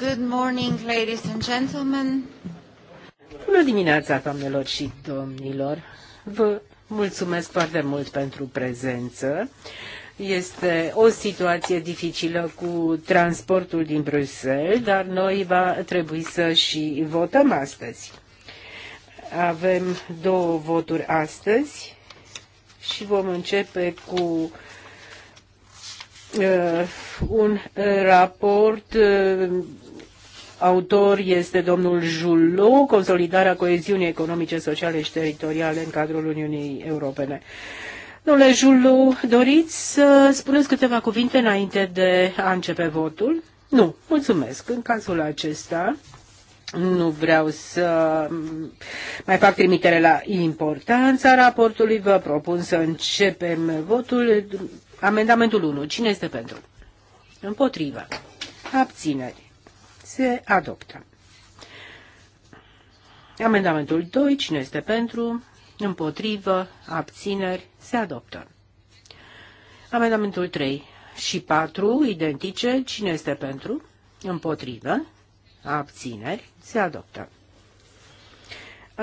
Good morning, ladies and gentlemen. Bună dimineața, doamnelor și domnilor. Vă mulțumesc foarte mult pentru prezență. Este o situație dificilă cu transportul din Bruxelles, dar noi va trebui să și votăm astăzi. Avem două voturi astăzi și vom începe cu Uh, un uh, raport uh, Autor este domnul Julu, Consolidarea coeziunii economice, sociale și teritoriale în cadrul Uniunii Europene. Domnule Julu, doriți să spuneți câteva cuvinte înainte de a începe votul? Nu, mulțumesc. În cazul acesta nu vreau să mai fac trimitere la importanța raportului. Vă propun să începem votul Amendamentul 1. Cine este pentru? Împotrivă. Abțineri. Se adoptă. Amendamentul 2. Cine este pentru? Împotrivă. Abțineri. Se adoptă. Amendamentul 3 și 4, identice. Cine este pentru? Împotrivă. Abțineri. Se adoptă.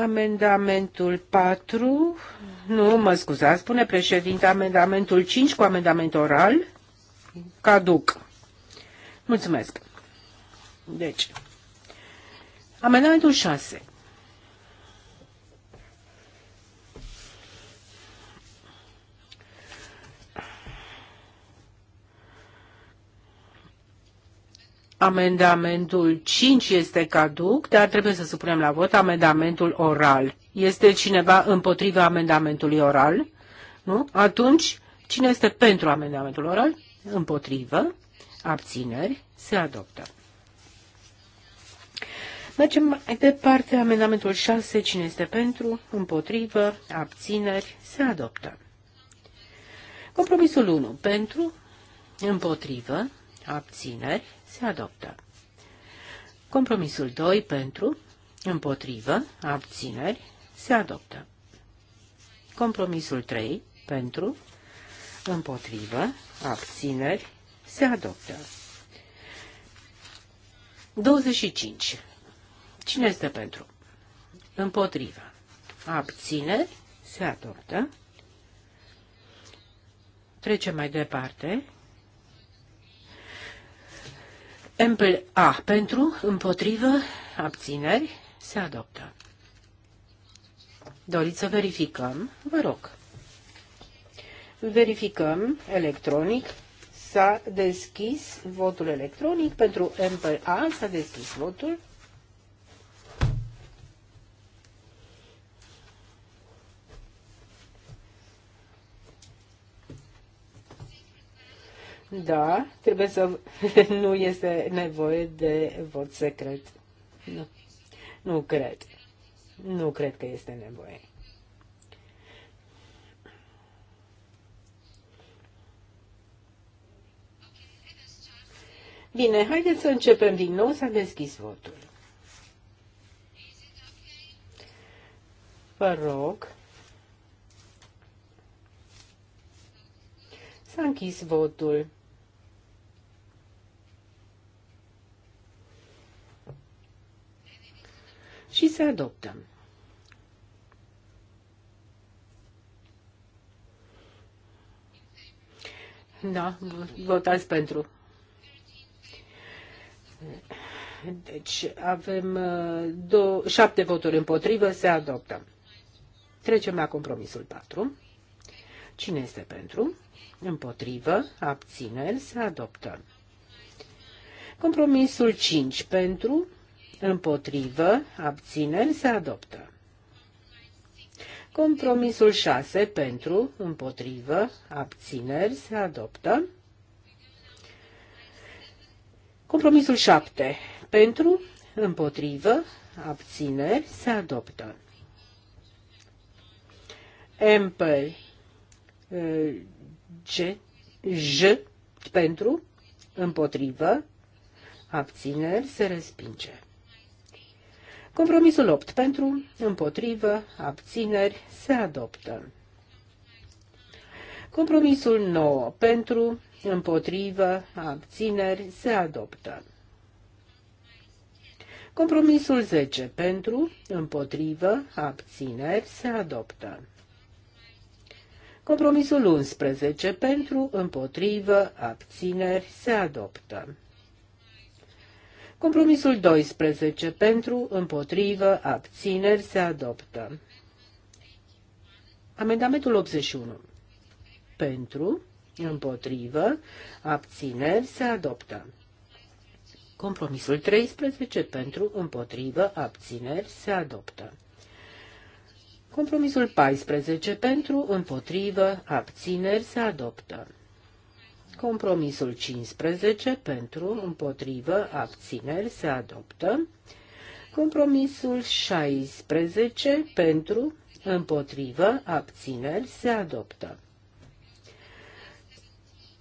Amendamentul 4, nu, mă scuzați, spune președinte, amendamentul 5 cu amendament oral, caduc. Mulțumesc. Deci, amendamentul 6. Amendamentul 5 este caduc, dar trebuie să supunem la vot amendamentul oral. Este cineva împotriva amendamentului oral? Nu? Atunci, cine este pentru amendamentul oral? Împotrivă. Abțineri. Se adoptă. Mergem mai departe. Amendamentul 6. Cine este pentru? Împotrivă. Abțineri. Se adoptă. Compromisul 1. Pentru. Împotrivă. Abțineri se adoptă. Compromisul 2 pentru, împotrivă, abțineri, se adoptă. Compromisul 3 pentru, împotrivă, abțineri, se adoptă. 25. Cine este pentru? Împotrivă. Abțineri, se adoptă. Trecem mai departe Empel A pentru, împotrivă, abțineri, se adoptă. Doriți să verificăm? Vă rog. Verificăm electronic. S-a deschis votul electronic. Pentru Empel A s-a deschis votul. Da, trebuie să... nu este nevoie de vot secret. Nu. Nu cred. Nu cred că este nevoie. Bine, haideți să începem din nou. S-a deschis votul. Vă rog. S-a închis votul. și se adoptă. Da, votați pentru. Deci avem uh, două, șapte voturi împotrivă, se adoptă. Trecem la compromisul 4. Cine este pentru? Împotrivă, abțineri, se adoptă. Compromisul 5 pentru, Împotrivă, abțineri, se adoptă. Compromisul 6 pentru, împotrivă, abțineri, se adoptă. Compromisul 7 pentru, împotrivă, abțineri, se adoptă. Empel G, J pentru, împotrivă, abțineri, se respinge. Compromisul 8 pentru, împotrivă, abțineri, se adoptă. Compromisul 9 pentru, împotrivă, abțineri, se adoptă. Compromisul 10 pentru, împotrivă, abțineri, se adoptă. Compromisul 11 pentru, împotrivă, abțineri, se adoptă. Compromisul 12 pentru, împotrivă, abțineri se adoptă. Amendamentul 81 pentru, împotrivă, abțineri se adoptă. Compromisul 13 pentru, împotrivă, abțineri se adoptă. Compromisul 14 pentru, împotrivă, abțineri se adoptă. Compromisul 15 pentru, împotrivă, abțineri se adoptă. Compromisul 16 pentru, împotrivă, abțineri se adoptă.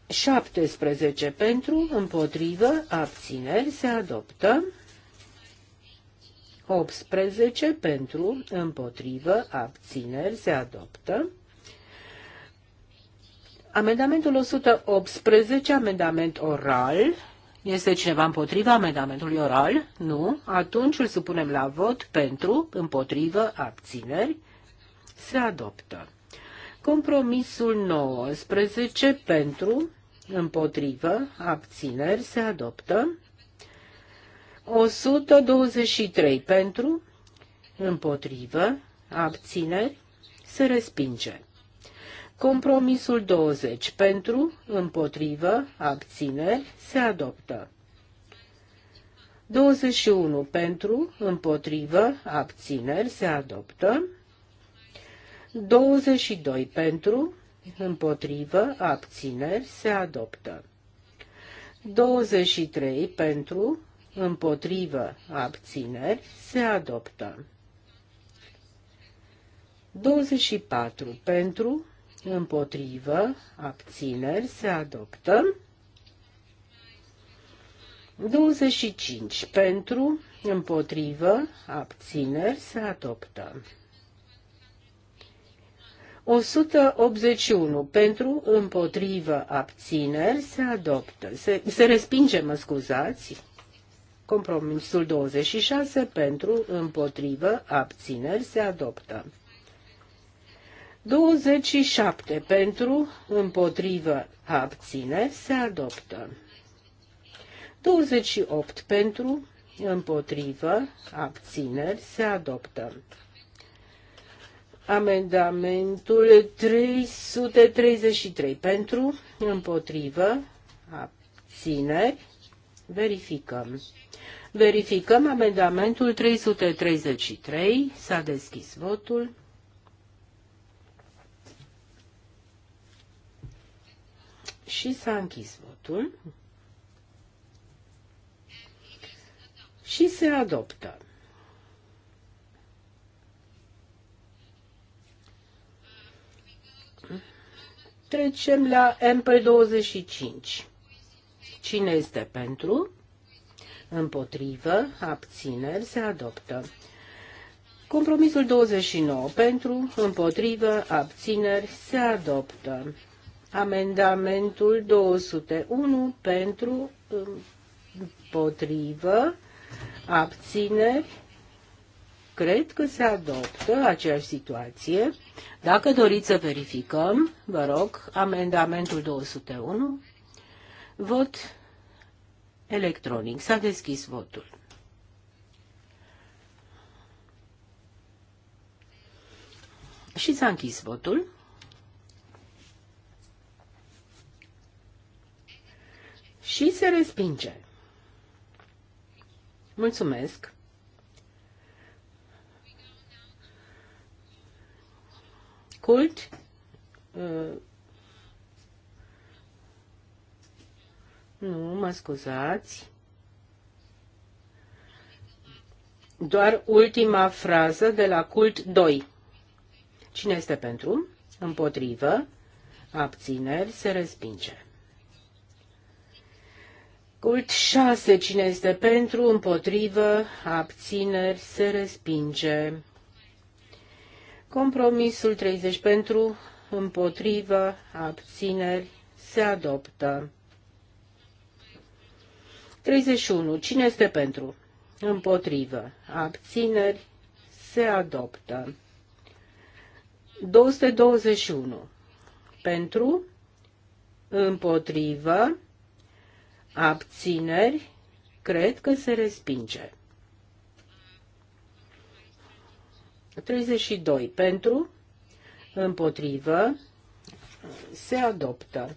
17 pentru, împotrivă, abțineri se adoptă. 18 pentru, împotrivă, abțineri se adoptă. Amendamentul 118, amendament oral. Este cineva împotriva amendamentului oral? Nu. Atunci îl supunem la vot pentru, împotrivă, abțineri. Se adoptă. Compromisul 19 pentru, împotrivă, abțineri. Se adoptă. 123 pentru, împotrivă, abțineri. Se respinge. Compromisul 20 pentru, împotrivă, abțineri, se adoptă. 21 pentru, împotrivă, abțineri, se adoptă. 22 pentru, împotrivă, abțineri, se adoptă. 23 pentru, împotrivă, abțineri, se adoptă. 24 pentru, împotrivă, abțineri, se adoptă. 25 pentru, împotrivă, abțineri, se adoptă. 181 pentru, împotrivă, abțineri, se adoptă. Se, se respinge, mă scuzați. Compromisul 26 pentru, împotrivă, abțineri, se adoptă. 27 pentru, împotrivă, abține, se adoptă. 28 pentru, împotrivă, abțineri, se adoptă. Amendamentul 333 pentru, împotrivă, abțineri, verificăm. Verificăm amendamentul 333, s-a deschis votul. și s-a închis votul și se adoptă. Trecem la MP25. Cine este pentru? Împotrivă, abțineri, se adoptă. Compromisul 29. Pentru, împotrivă, abțineri, se adoptă. Amendamentul 201 pentru potrivă, abțineri, cred că se adoptă aceeași situație. Dacă doriți să verificăm, vă rog, amendamentul 201, vot electronic. S-a deschis votul. Și s-a închis votul. și se respinge. Mulțumesc! Cult uh, Nu, mă scuzați. Doar ultima frază de la cult 2. Cine este pentru? Împotrivă? Abțineri? Se respinge. Cult 6. Cine este pentru, împotrivă, abțineri, se respinge. Compromisul 30 pentru, împotrivă, abțineri, se adoptă. 31. Cine este pentru? Împotrivă. Abțineri, se adoptă. 221. Pentru, împotrivă, abțineri, cred că se respinge. 32 pentru, împotrivă, se adoptă.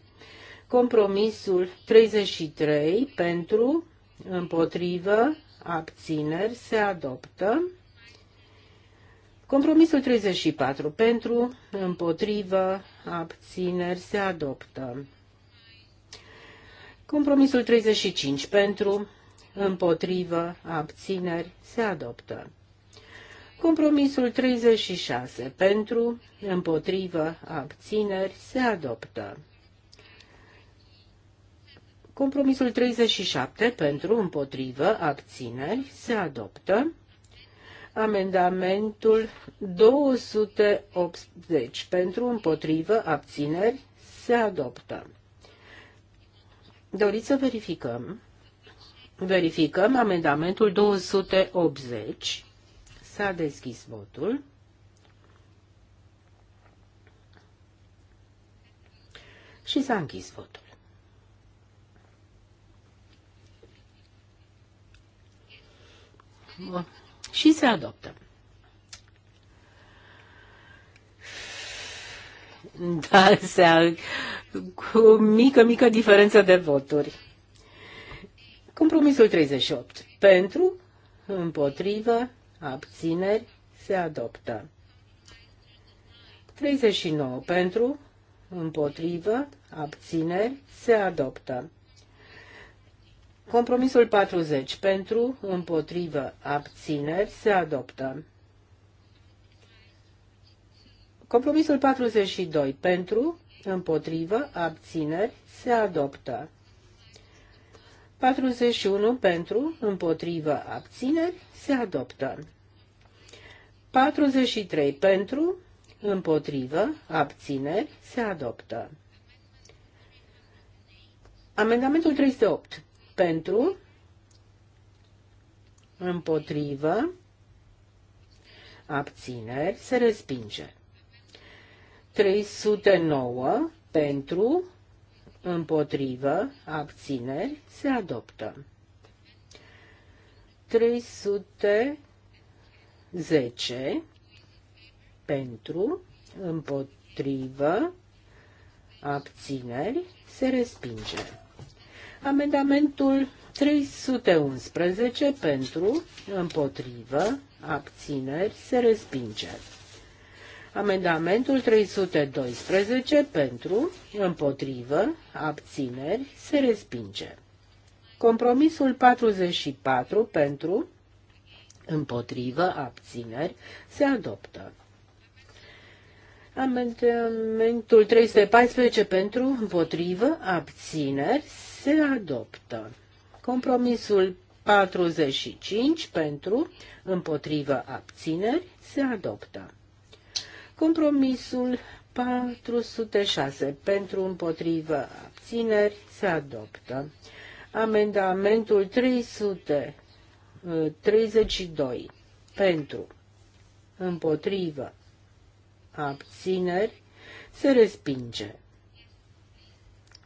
Compromisul 33 pentru, împotrivă, abțineri, se adoptă. Compromisul 34 pentru, împotrivă, abțineri, se adoptă. Compromisul 35 pentru, împotrivă, abțineri, se adoptă. Compromisul 36 pentru, împotrivă, abțineri, se adoptă. Compromisul 37 pentru, împotrivă, abțineri, se adoptă. Amendamentul 280 pentru, împotrivă, abțineri, se adoptă. Doriți să verificăm? Verificăm amendamentul 280. S-a deschis votul. Și s-a închis votul. Bun. Și se adoptă. Da, se cu mică, mică diferență de voturi. Compromisul 38. Pentru, împotrivă, abțineri, se adoptă. 39. Pentru, împotrivă, abțineri, se adoptă. Compromisul 40. Pentru, împotrivă, abțineri, se adoptă. Compromisul 42. Pentru, împotrivă, abțineri, se adoptă. 41 pentru, împotrivă, abțineri, se adoptă. 43 pentru, împotrivă, abțineri, se adoptă. Amendamentul 308 pentru, împotrivă, abțineri, se respinge. 309 pentru, împotrivă, abțineri, se adoptă. 310 pentru, împotrivă, abțineri, se respinge. Amendamentul 311 pentru, împotrivă, abțineri, se respinge. Amendamentul 312 pentru, împotrivă, abțineri, se respinge. Compromisul 44 pentru, împotrivă, abțineri, se adoptă. Amendamentul 314 pentru, împotrivă, abțineri, se adoptă. Compromisul 45 pentru, împotrivă, abțineri, se adoptă. Compromisul 406 pentru împotrivă abțineri se adoptă. Amendamentul 332 pentru împotrivă abțineri se respinge.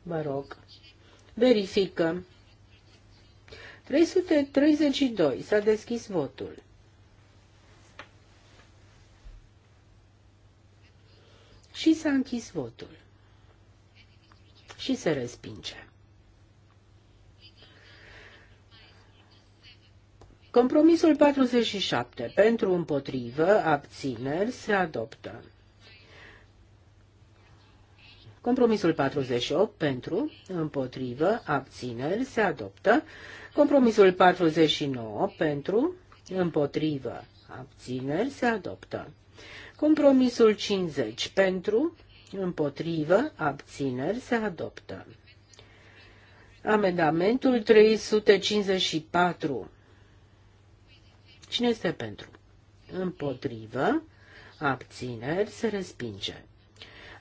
Vă rog, verificăm. 332. S-a deschis votul. Și s-a închis votul. Și se respinge. Compromisul 47. Pentru împotrivă, abțineri, se adoptă. Compromisul 48 pentru, împotrivă, abțineri se adoptă. Compromisul 49 pentru, împotrivă, abțineri se adoptă. Compromisul 50 pentru, împotrivă, abțineri se adoptă. Amendamentul 354. Cine este pentru? Împotrivă, abțineri se respinge.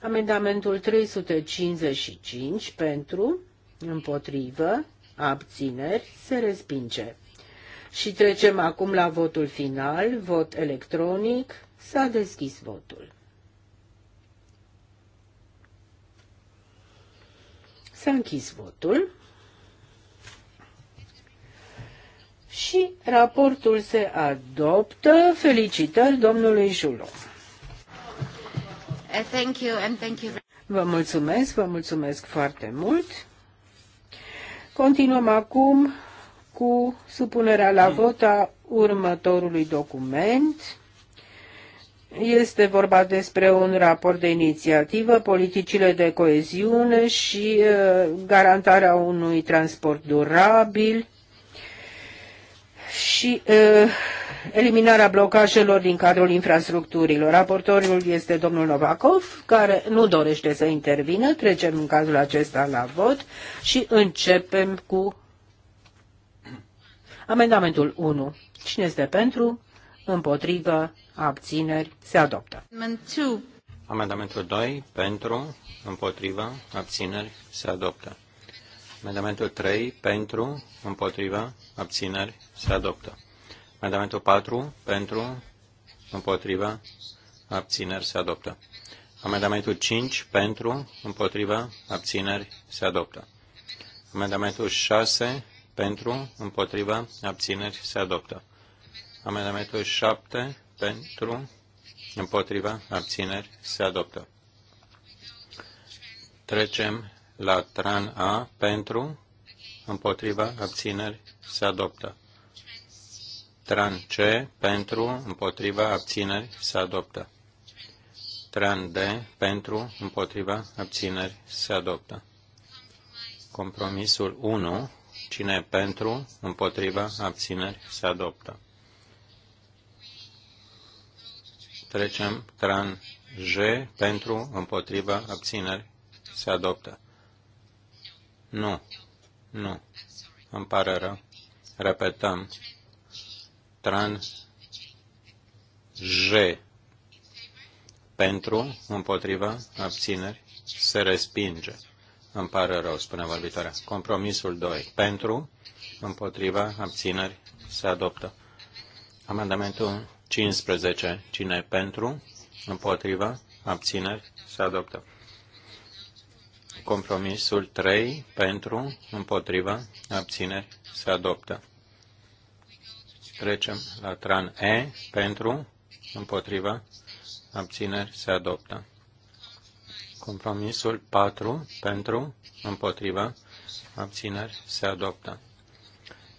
Amendamentul 355 pentru, împotrivă, abțineri se respinge. Și trecem acum la votul final, vot electronic. S-a deschis votul. S-a închis votul și raportul se adoptă. Felicitări domnului Julo. Uh, thank you and thank you. Vă mulțumesc, vă mulțumesc foarte mult. Continuăm acum cu supunerea la vot a următorului document. Este vorba despre un raport de inițiativă, politicile de coeziune și uh, garantarea unui transport durabil și uh, eliminarea blocajelor din cadrul infrastructurilor. Raportorul este domnul Novakov, care nu dorește să intervină. Trecem în cazul acesta la vot și începem cu amendamentul 1. Cine este pentru? împotrivă, abțineri, se adoptă. Amendamentul 2, pentru, împotrivă, abțineri, se adoptă. Amendamentul 3, pentru, împotrivă, abțineri, se adoptă. Amendamentul 4, pentru, împotrivă, abțineri, se adoptă. Amendamentul 5, pentru, împotrivă, abțineri, se adoptă. Amendamentul 6, pentru, împotrivă, abțineri, se adoptă. Amendamentul 7 pentru, împotriva, abțineri, se adoptă. Trecem la tran A pentru, împotriva, abțineri, se adoptă. Tran C pentru, împotriva, abțineri, se adoptă. Tran D pentru, împotriva, abțineri, se adoptă. Compromisul 1, cine pentru, împotriva, abțineri, se adoptă. Trecem tran J pentru, împotriva, abțineri. Se adoptă. Nu. Nu. Îmi pare rău. Repetăm. Tran J pentru, împotriva, abțineri, se respinge. Îmi pare rău, spune vorbitoarea. Compromisul 2. Pentru, împotriva, abțineri, se adoptă. Amendamentul 15. Cine pentru? Împotriva? Abțineri? Se adoptă. Compromisul 3. Pentru? Împotriva? Abțineri? Se adoptă. Trecem la tran E. Pentru? Împotriva? Abțineri? Se adoptă. Compromisul 4. Pentru? Împotriva? Abțineri? Se adoptă.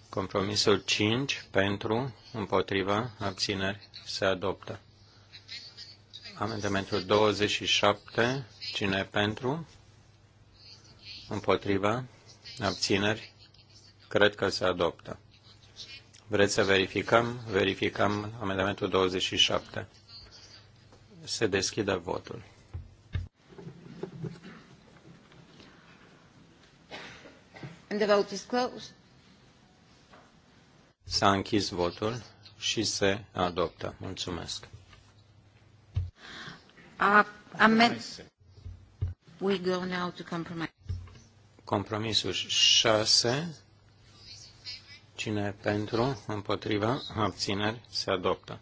Compromisul 5. Pentru? împotriva, abțineri, se adoptă. Amendamentul 27, cine e pentru, împotriva, abțineri, cred că se adoptă. Vreți să verificăm? Verificăm amendamentul 27. Se deschide votul. And the vote is closed. S-a închis votul și se adoptă. Mulțumesc. Uh, amen. We go now to compromise. Compromisul 6. Cine pentru, împotriva, abțineri, se adoptă.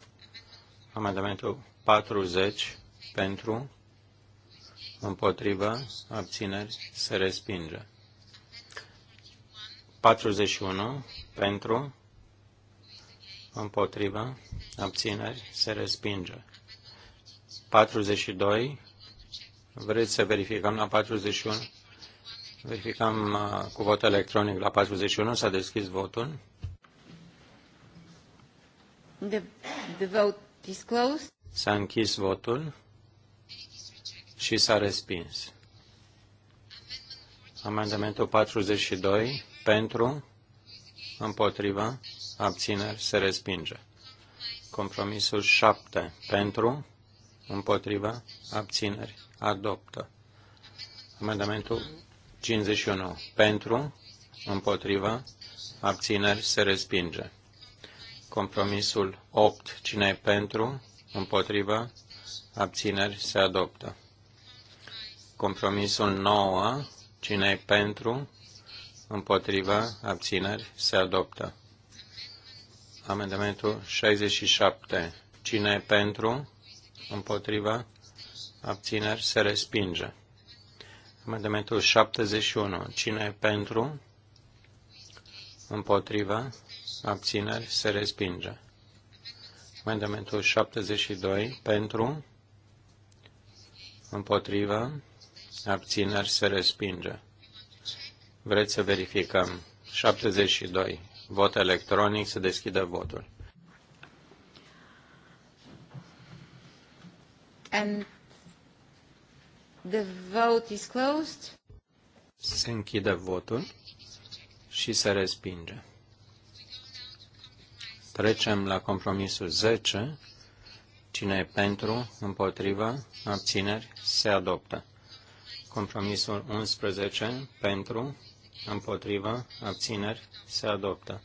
Amendamentul 40 pentru, împotriva, abțineri, se respinge. 41 pentru, împotriva, abțineri, se respinge. 42, vreți să verificăm la 41? Verificăm uh, cu vot electronic la 41, s-a deschis votul. The, the vote is closed. S-a închis votul și s-a respins. Amendamentul 42 pentru, împotriva, abțineri, se respinge. Compromisul 7 pentru, împotriva, abțineri, adoptă. Amendamentul 51 pentru, împotriva, abțineri, se respinge. Compromisul 8, cine e pentru, împotriva, abțineri, se adoptă. Compromisul 9, cine e pentru, împotriva, abțineri, se adoptă. Amendamentul 67. Cine e pentru? Împotriva? Abțineri? Se respinge. Amendamentul 71. Cine e pentru? Împotriva? Abțineri? Se respinge. Amendamentul 72. Pentru? Împotriva? Abțineri? Se respinge. Vreți să verificăm. 72. Vot electronic, se deschide votul. And the vote is closed. Se închide votul și se respinge. Trecem la compromisul 10. Cine e pentru, împotriva, abțineri, se adoptă. Compromisul 11, pentru, împotriva, abțineri, se adoptă.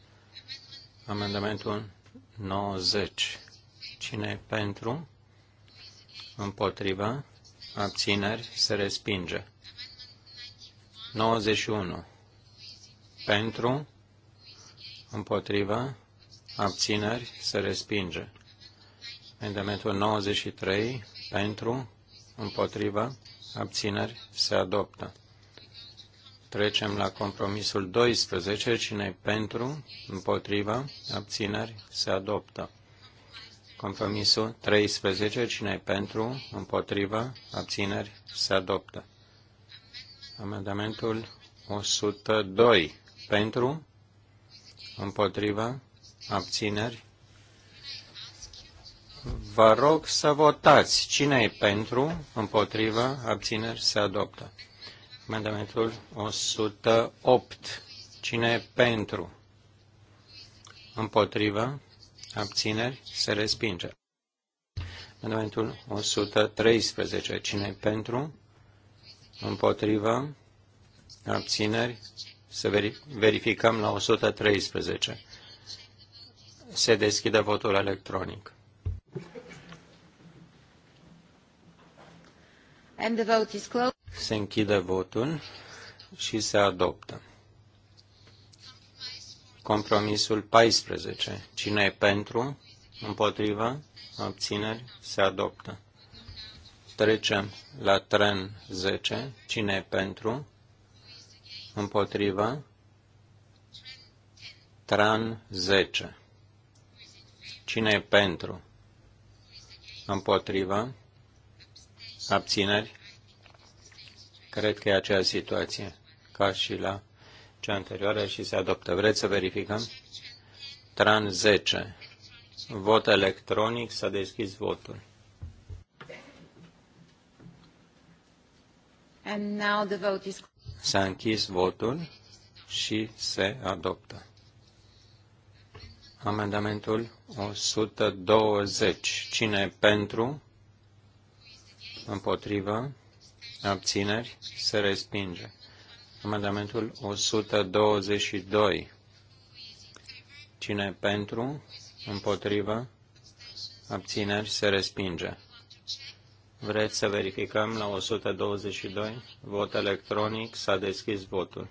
Amendamentul 90. Cine pentru, împotriva, abțineri, se respinge. 91. Pentru, împotriva, abțineri, se respinge. Amendamentul 93. Pentru, împotriva, abțineri, se adoptă. Trecem la compromisul 12. Cine pentru, împotriva, abțineri, se adoptă. Compromisul 13. Cine pentru, împotriva, abțineri, se adoptă. Amendamentul 102. Pentru, împotriva, abțineri. Vă rog să votați. Cine e pentru, împotriva, abțineri, se adoptă. Amendamentul 108. Cine e pentru? Împotrivă? Abțineri? Se respinge. Amendamentul 113. Cine e pentru? Împotrivă? Abțineri? Să verificăm la 113. Se deschide votul electronic. And the vote is closed. Se închide votul și se adoptă. Compromisul 14. Cine e pentru, împotriva, abțineri, se adoptă. Trecem la tren 10. Cine e pentru, împotriva, tren 10. Cine e pentru, împotriva, abțineri, Cred că e aceeași situație ca și la cea anterioară și se adoptă. Vreți să verificăm? Tran 10. Vot electronic. S-a deschis votul. S-a închis votul și se adoptă. Amendamentul 120. Cine pentru? Împotrivă? abțineri, se respinge. Amendamentul 122. Cine pentru, împotrivă, abțineri, se respinge. Vreți să verificăm la 122? Vot electronic, s-a deschis votul.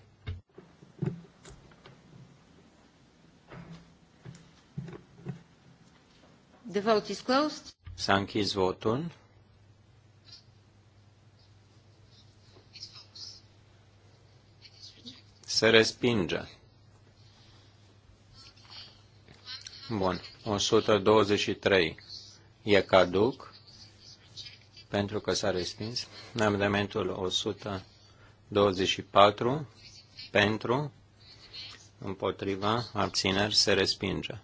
The vote is closed. S-a închis votul. Se respinge. Bun. 123 e caduc pentru că s-a respins. Amendamentul 124 pentru, împotriva, abțineri, se respinge.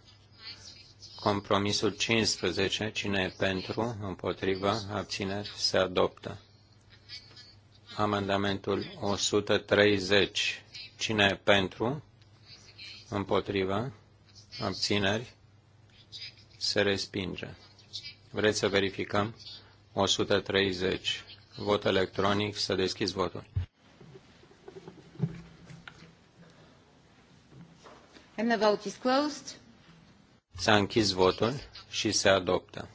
Compromisul 15, cine e pentru, împotriva, abțineri, se adoptă. Amendamentul 130 Cine pentru? Împotriva? Abțineri? Se respinge. Vreți să verificăm? 130. Vot electronic. Să deschizi votul. And the vote is closed. S-a închis votul și se adoptă.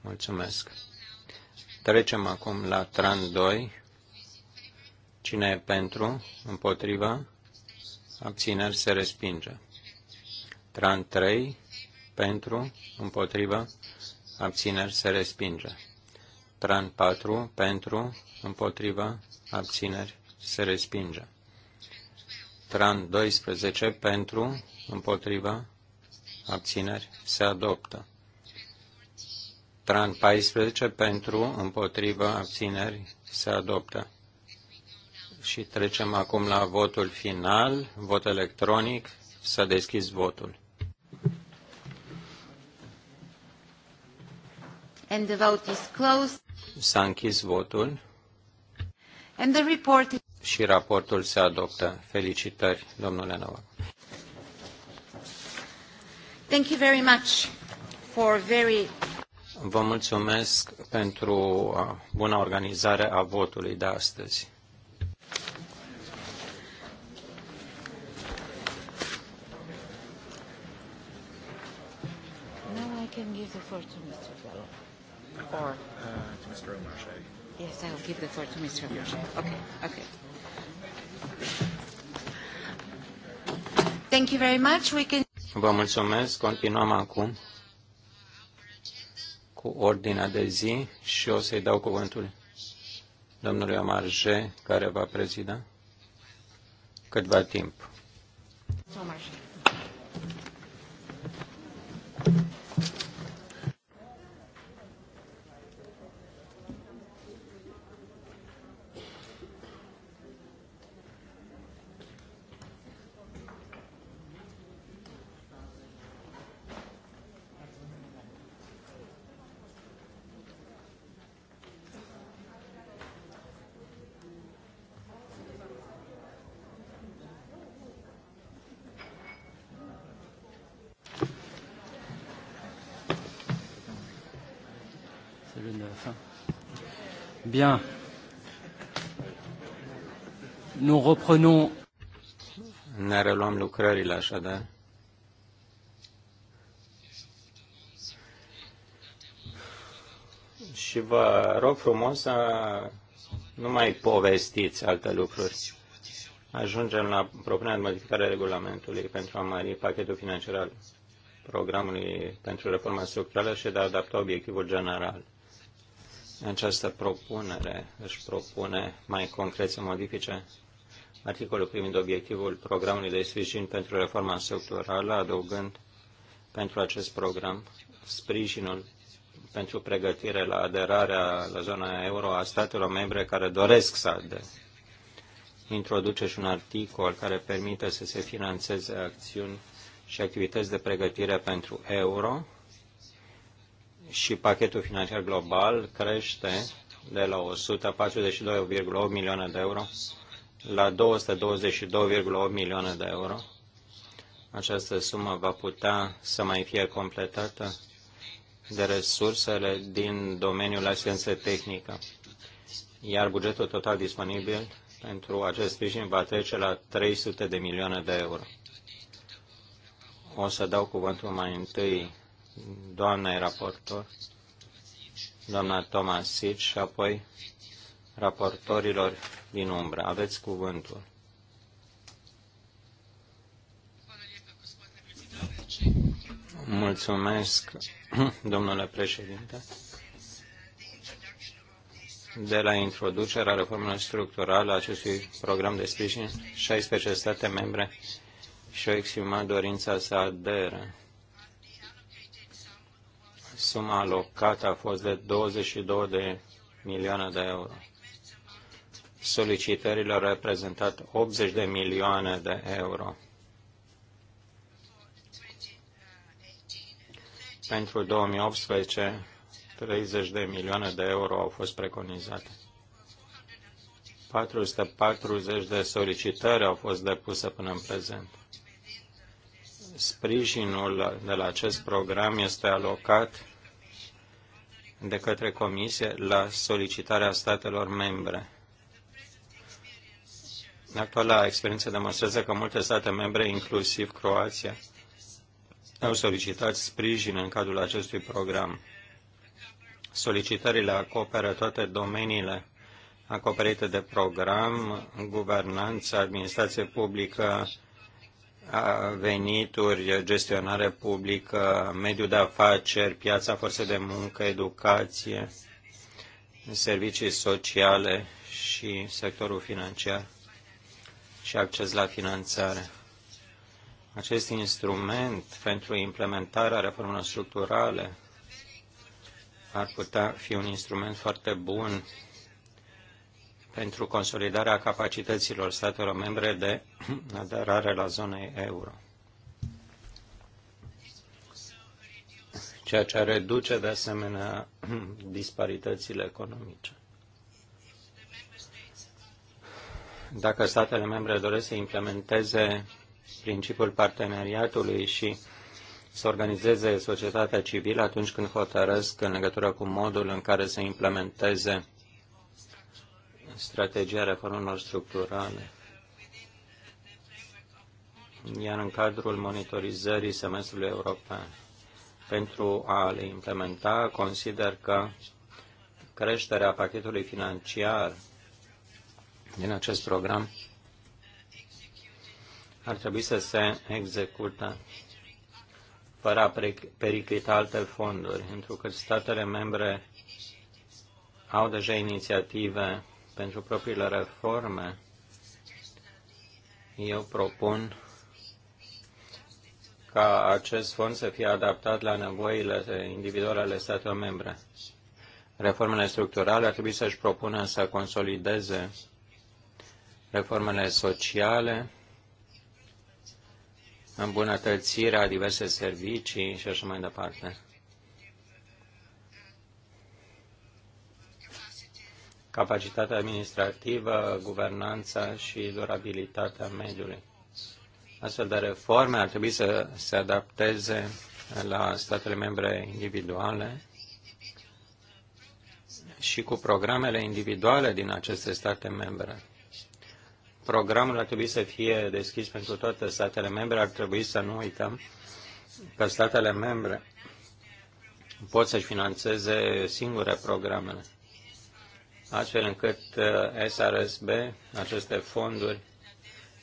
Mulțumesc. Trecem acum la TRAN 2, Cine e pentru? Împotriva? Abțineri se respinge. Tran 3. Pentru? Împotriva? Abțineri se respinge. Tran 4. Pentru? Împotriva? Abțineri se respinge. Tran 12. Pentru? Împotriva? Abțineri se adoptă. Tran 14. Pentru? Împotriva? Abțineri se adoptă și trecem acum la votul final, vot electronic. Să deschizi votul. And the vote is closed. S-a închis votul. And the report is... Și raportul se adoptă. Felicitări, domnule Novak. Thank you very much for very Vă mulțumesc pentru uh, buna organizare a votului de astăzi. give the floor to Mr. Vella. Or uh, to Mr. Omarche. Yes, I will give the floor to Mr. Omarche. Yeah. Okay, okay. Thank you very much. We can... Vă mulțumesc. Continuăm acum cu ordinea de zi și o să-i dau cuvântul domnului Omarje, care va prezida câtva timp. Omarje. le 9. Bien. Nous reprenons. Ne reluăm lucrările așadar. Și vă rog frumos să nu mai povestiți alte lucruri. Ajungem la propunerea de modificare a regulamentului pentru a mări pachetul financiar al programului pentru reforma structurală și de a adapta obiectivul general. Această propunere își propune mai concret să modifice articolul privind obiectivul programului de sprijin pentru reforma structurală, adăugând pentru acest program sprijinul pentru pregătire la aderarea la zona euro a statelor membre care doresc să adere. Introduce și un articol care permite să se financeze acțiuni și activități de pregătire pentru euro, și pachetul financiar global crește de la 142,8 milioane de euro la 222,8 milioane de euro. Această sumă va putea să mai fie completată de resursele din domeniul asistenței tehnică, iar bugetul total disponibil pentru acest sprijin va trece la 300 de milioane de euro. O să dau cuvântul mai întâi doamnei raportor, doamna Tomasic și apoi raportorilor din umbră. Aveți cuvântul. Mulțumesc, domnule președinte. De la introducerea reformelor structurale a acestui program de sprijin, 16 state membre și-au exprimat dorința să adere. Suma alocată a fost de 22 de milioane de euro. Solicitările au reprezentat 80 de milioane de euro. Pentru 2018, 30 de milioane de euro au fost preconizate. 440 de solicitări au fost depuse până în prezent. Sprijinul de la acest program este alocat de către Comisie la solicitarea statelor membre. Actuala experiență demonstrează că multe state membre, inclusiv Croația, au solicitat sprijin în cadrul acestui program. Solicitările acoperă toate domeniile acoperite de program, guvernanță, administrație publică, venituri, gestionare publică, mediu de afaceri, piața forței de muncă, educație, servicii sociale și sectorul financiar și acces la finanțare. Acest instrument pentru implementarea reformelor structurale ar putea fi un instrument foarte bun pentru consolidarea capacităților statelor membre de aderare la zonei euro. ceea ce ar reduce de asemenea disparitățile economice. Dacă statele membre doresc să implementeze principiul parteneriatului și să organizeze societatea civilă atunci când hotărăsc în legătură cu modul în care să implementeze strategia reformelor structurale, iar în cadrul monitorizării semestrului european. Pentru a le implementa, consider că creșterea pachetului financiar din acest program ar trebui să se execute fără a periclita alte fonduri, pentru că statele membre au deja inițiative pentru propriile reforme, eu propun ca acest fond să fie adaptat la nevoile individuale ale statelor membre. Reformele structurale ar trebui să-și propună să consolideze reformele sociale, îmbunătățirea diverse servicii și așa mai departe. capacitatea administrativă, guvernanța și durabilitatea mediului. Astfel de reforme ar trebui să se adapteze la statele membre individuale și cu programele individuale din aceste state membre. Programul ar trebui să fie deschis pentru toate statele membre, ar trebui să nu uităm că statele membre pot să-și financeze singure programele astfel încât uh, SRSB, aceste fonduri,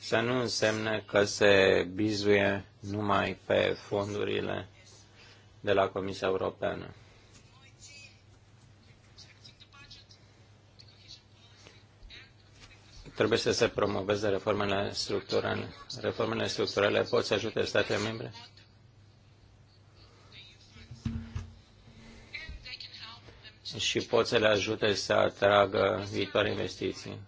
să nu însemne că se bizuie numai pe fondurile de la Comisia Europeană. Trebuie să se promoveze reformele structurale. Reformele structurale pot să ajute statele membre și pot să le ajute să atragă viitoare investiții.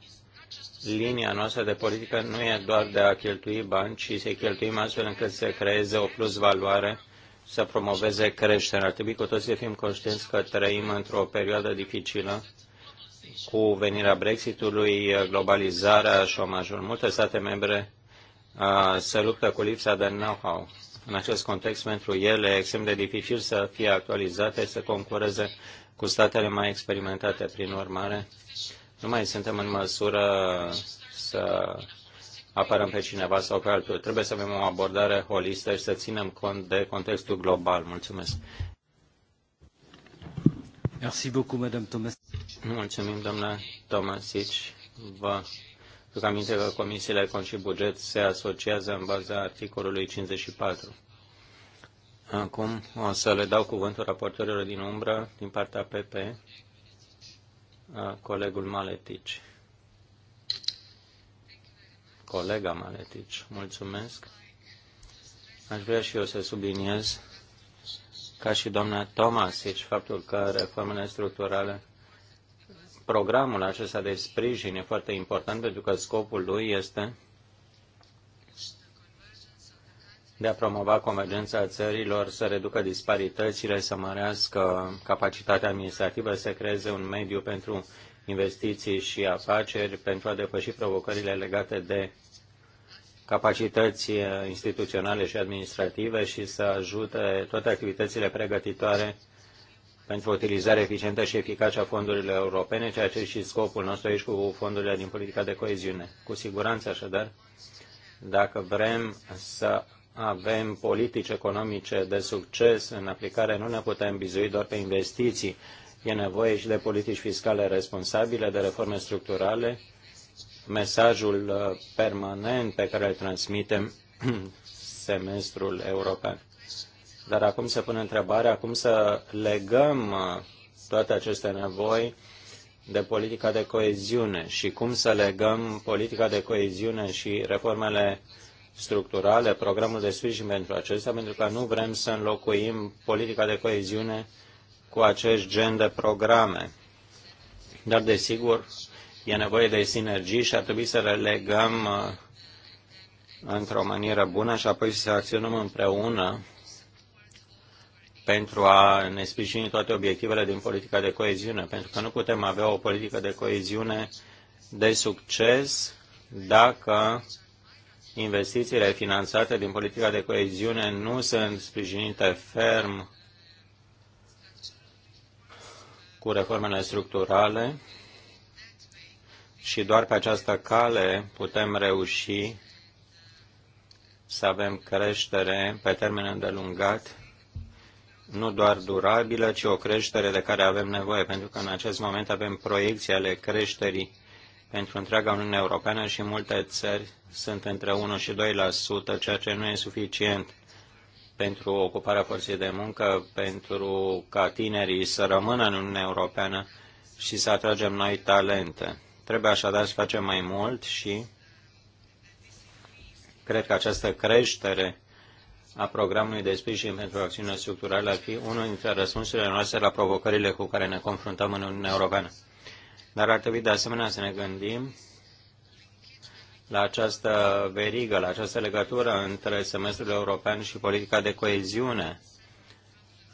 Linia noastră de politică nu e doar de a cheltui bani, ci să cheltuim astfel încât să creeze o plus valoare, să promoveze creșterea. Ar trebui cu toți să fim conștienți că trăim într-o perioadă dificilă cu venirea Brexitului, globalizarea, șomajul. Multe state membre uh, se luptă cu lipsa de know-how în acest context, pentru ele, e extrem de dificil să fie actualizate, să concureze cu statele mai experimentate. Prin urmare, nu mai suntem în măsură să apărăm pe cineva sau pe altul. Trebuie să avem o abordare holistă și să ținem cont de contextul global. Mulțumesc. Merci beaucoup, Madame Thomas. Mulțumim, doamna Tomasic. Deci, vă Vă aminte că comisiile Cont și Buget se asociază în baza articolului 54. Acum o să le dau cuvântul raportorilor din umbră, din partea PP, colegul Maletici. Colega Maletici, mulțumesc. Aș vrea și eu să subliniez, ca și doamna Thomas, faptul că reformele structurale Programul acesta de sprijin e foarte important pentru că scopul lui este de a promova convergența țărilor, să reducă disparitățile, să mărească capacitatea administrativă, să creeze un mediu pentru investiții și afaceri, pentru a depăși provocările legate de capacități instituționale și administrative și să ajute toate activitățile pregătitoare pentru utilizarea eficientă și eficace a fondurilor europene, ceea ce și scopul nostru aici cu fondurile din politica de coeziune. Cu siguranță, așadar, dacă vrem să avem politici economice de succes în aplicare, nu ne putem bizui doar pe investiții. E nevoie și de politici fiscale responsabile, de reforme structurale. Mesajul uh, permanent pe care îl transmitem semestrul european. Dar acum se pune întrebarea cum să legăm uh, toate aceste nevoi de politica de coeziune și cum să legăm politica de coeziune și reformele structurale, programul de sprijin pentru acestea, pentru că nu vrem să înlocuim politica de coeziune cu acest gen de programe. Dar, desigur, e nevoie de sinergii și ar trebui să le legăm uh, într-o manieră bună și apoi să acționăm împreună pentru a ne sprijini toate obiectivele din politica de coeziune, pentru că nu putem avea o politică de coeziune de succes dacă investițiile finanțate din politica de coeziune nu sunt sprijinite ferm cu reformele structurale și doar pe această cale putem reuși să avem creștere pe termen îndelungat nu doar durabilă, ci o creștere de care avem nevoie, pentru că în acest moment avem proiecții ale creșterii pentru întreaga Uniune Europeană și multe țări sunt între 1 și 2%, ceea ce nu e suficient pentru ocuparea forței de muncă, pentru ca tinerii să rămână în Uniunea Europeană și să atragem noi talente. Trebuie așadar să facem mai mult și cred că această creștere a programului de sprijin pentru acțiune structurală ar fi unul dintre răspunsurile noastre la provocările cu care ne confruntăm în Uniunea Europeană. Dar ar trebui de asemenea să ne gândim la această verigă, la această legătură între semestrul european și politica de coeziune.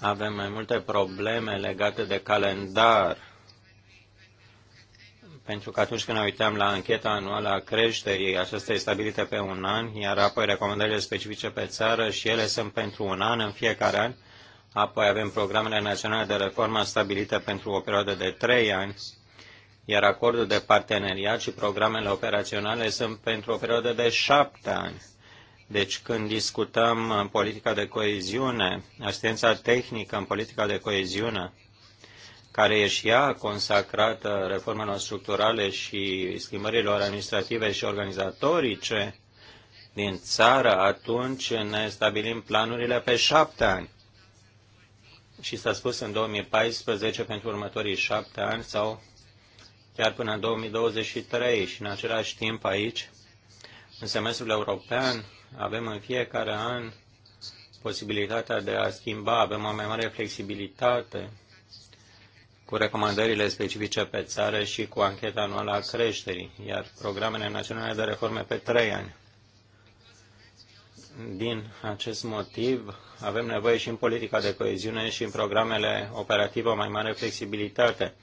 Avem mai multe probleme legate de calendar, pentru că atunci când ne uităm la încheta anuală a creșterii, aceasta este stabilită pe un an, iar apoi recomandările specifice pe țară și ele sunt pentru un an în fiecare an, apoi avem programele naționale de reformă stabilite pentru o perioadă de trei ani, iar acordul de parteneriat și programele operaționale sunt pentru o perioadă de șapte ani. Deci când discutăm politica de coeziune, asistența tehnică în politica de coeziune, care e și ea consacrată reformelor structurale și schimbărilor administrative și organizatorice din țară, atunci ne stabilim planurile pe șapte ani. Și s-a spus în 2014 pentru următorii șapte ani sau chiar până în 2023 și în același timp aici, în semestrul european, avem în fiecare an posibilitatea de a schimba, avem o mai mare flexibilitate cu recomandările specifice pe țară și cu ancheta anuală a creșterii, iar programele naționale de reforme pe trei ani. Din acest motiv, avem nevoie și în politica de coeziune și în programele operative o mai mare flexibilitate.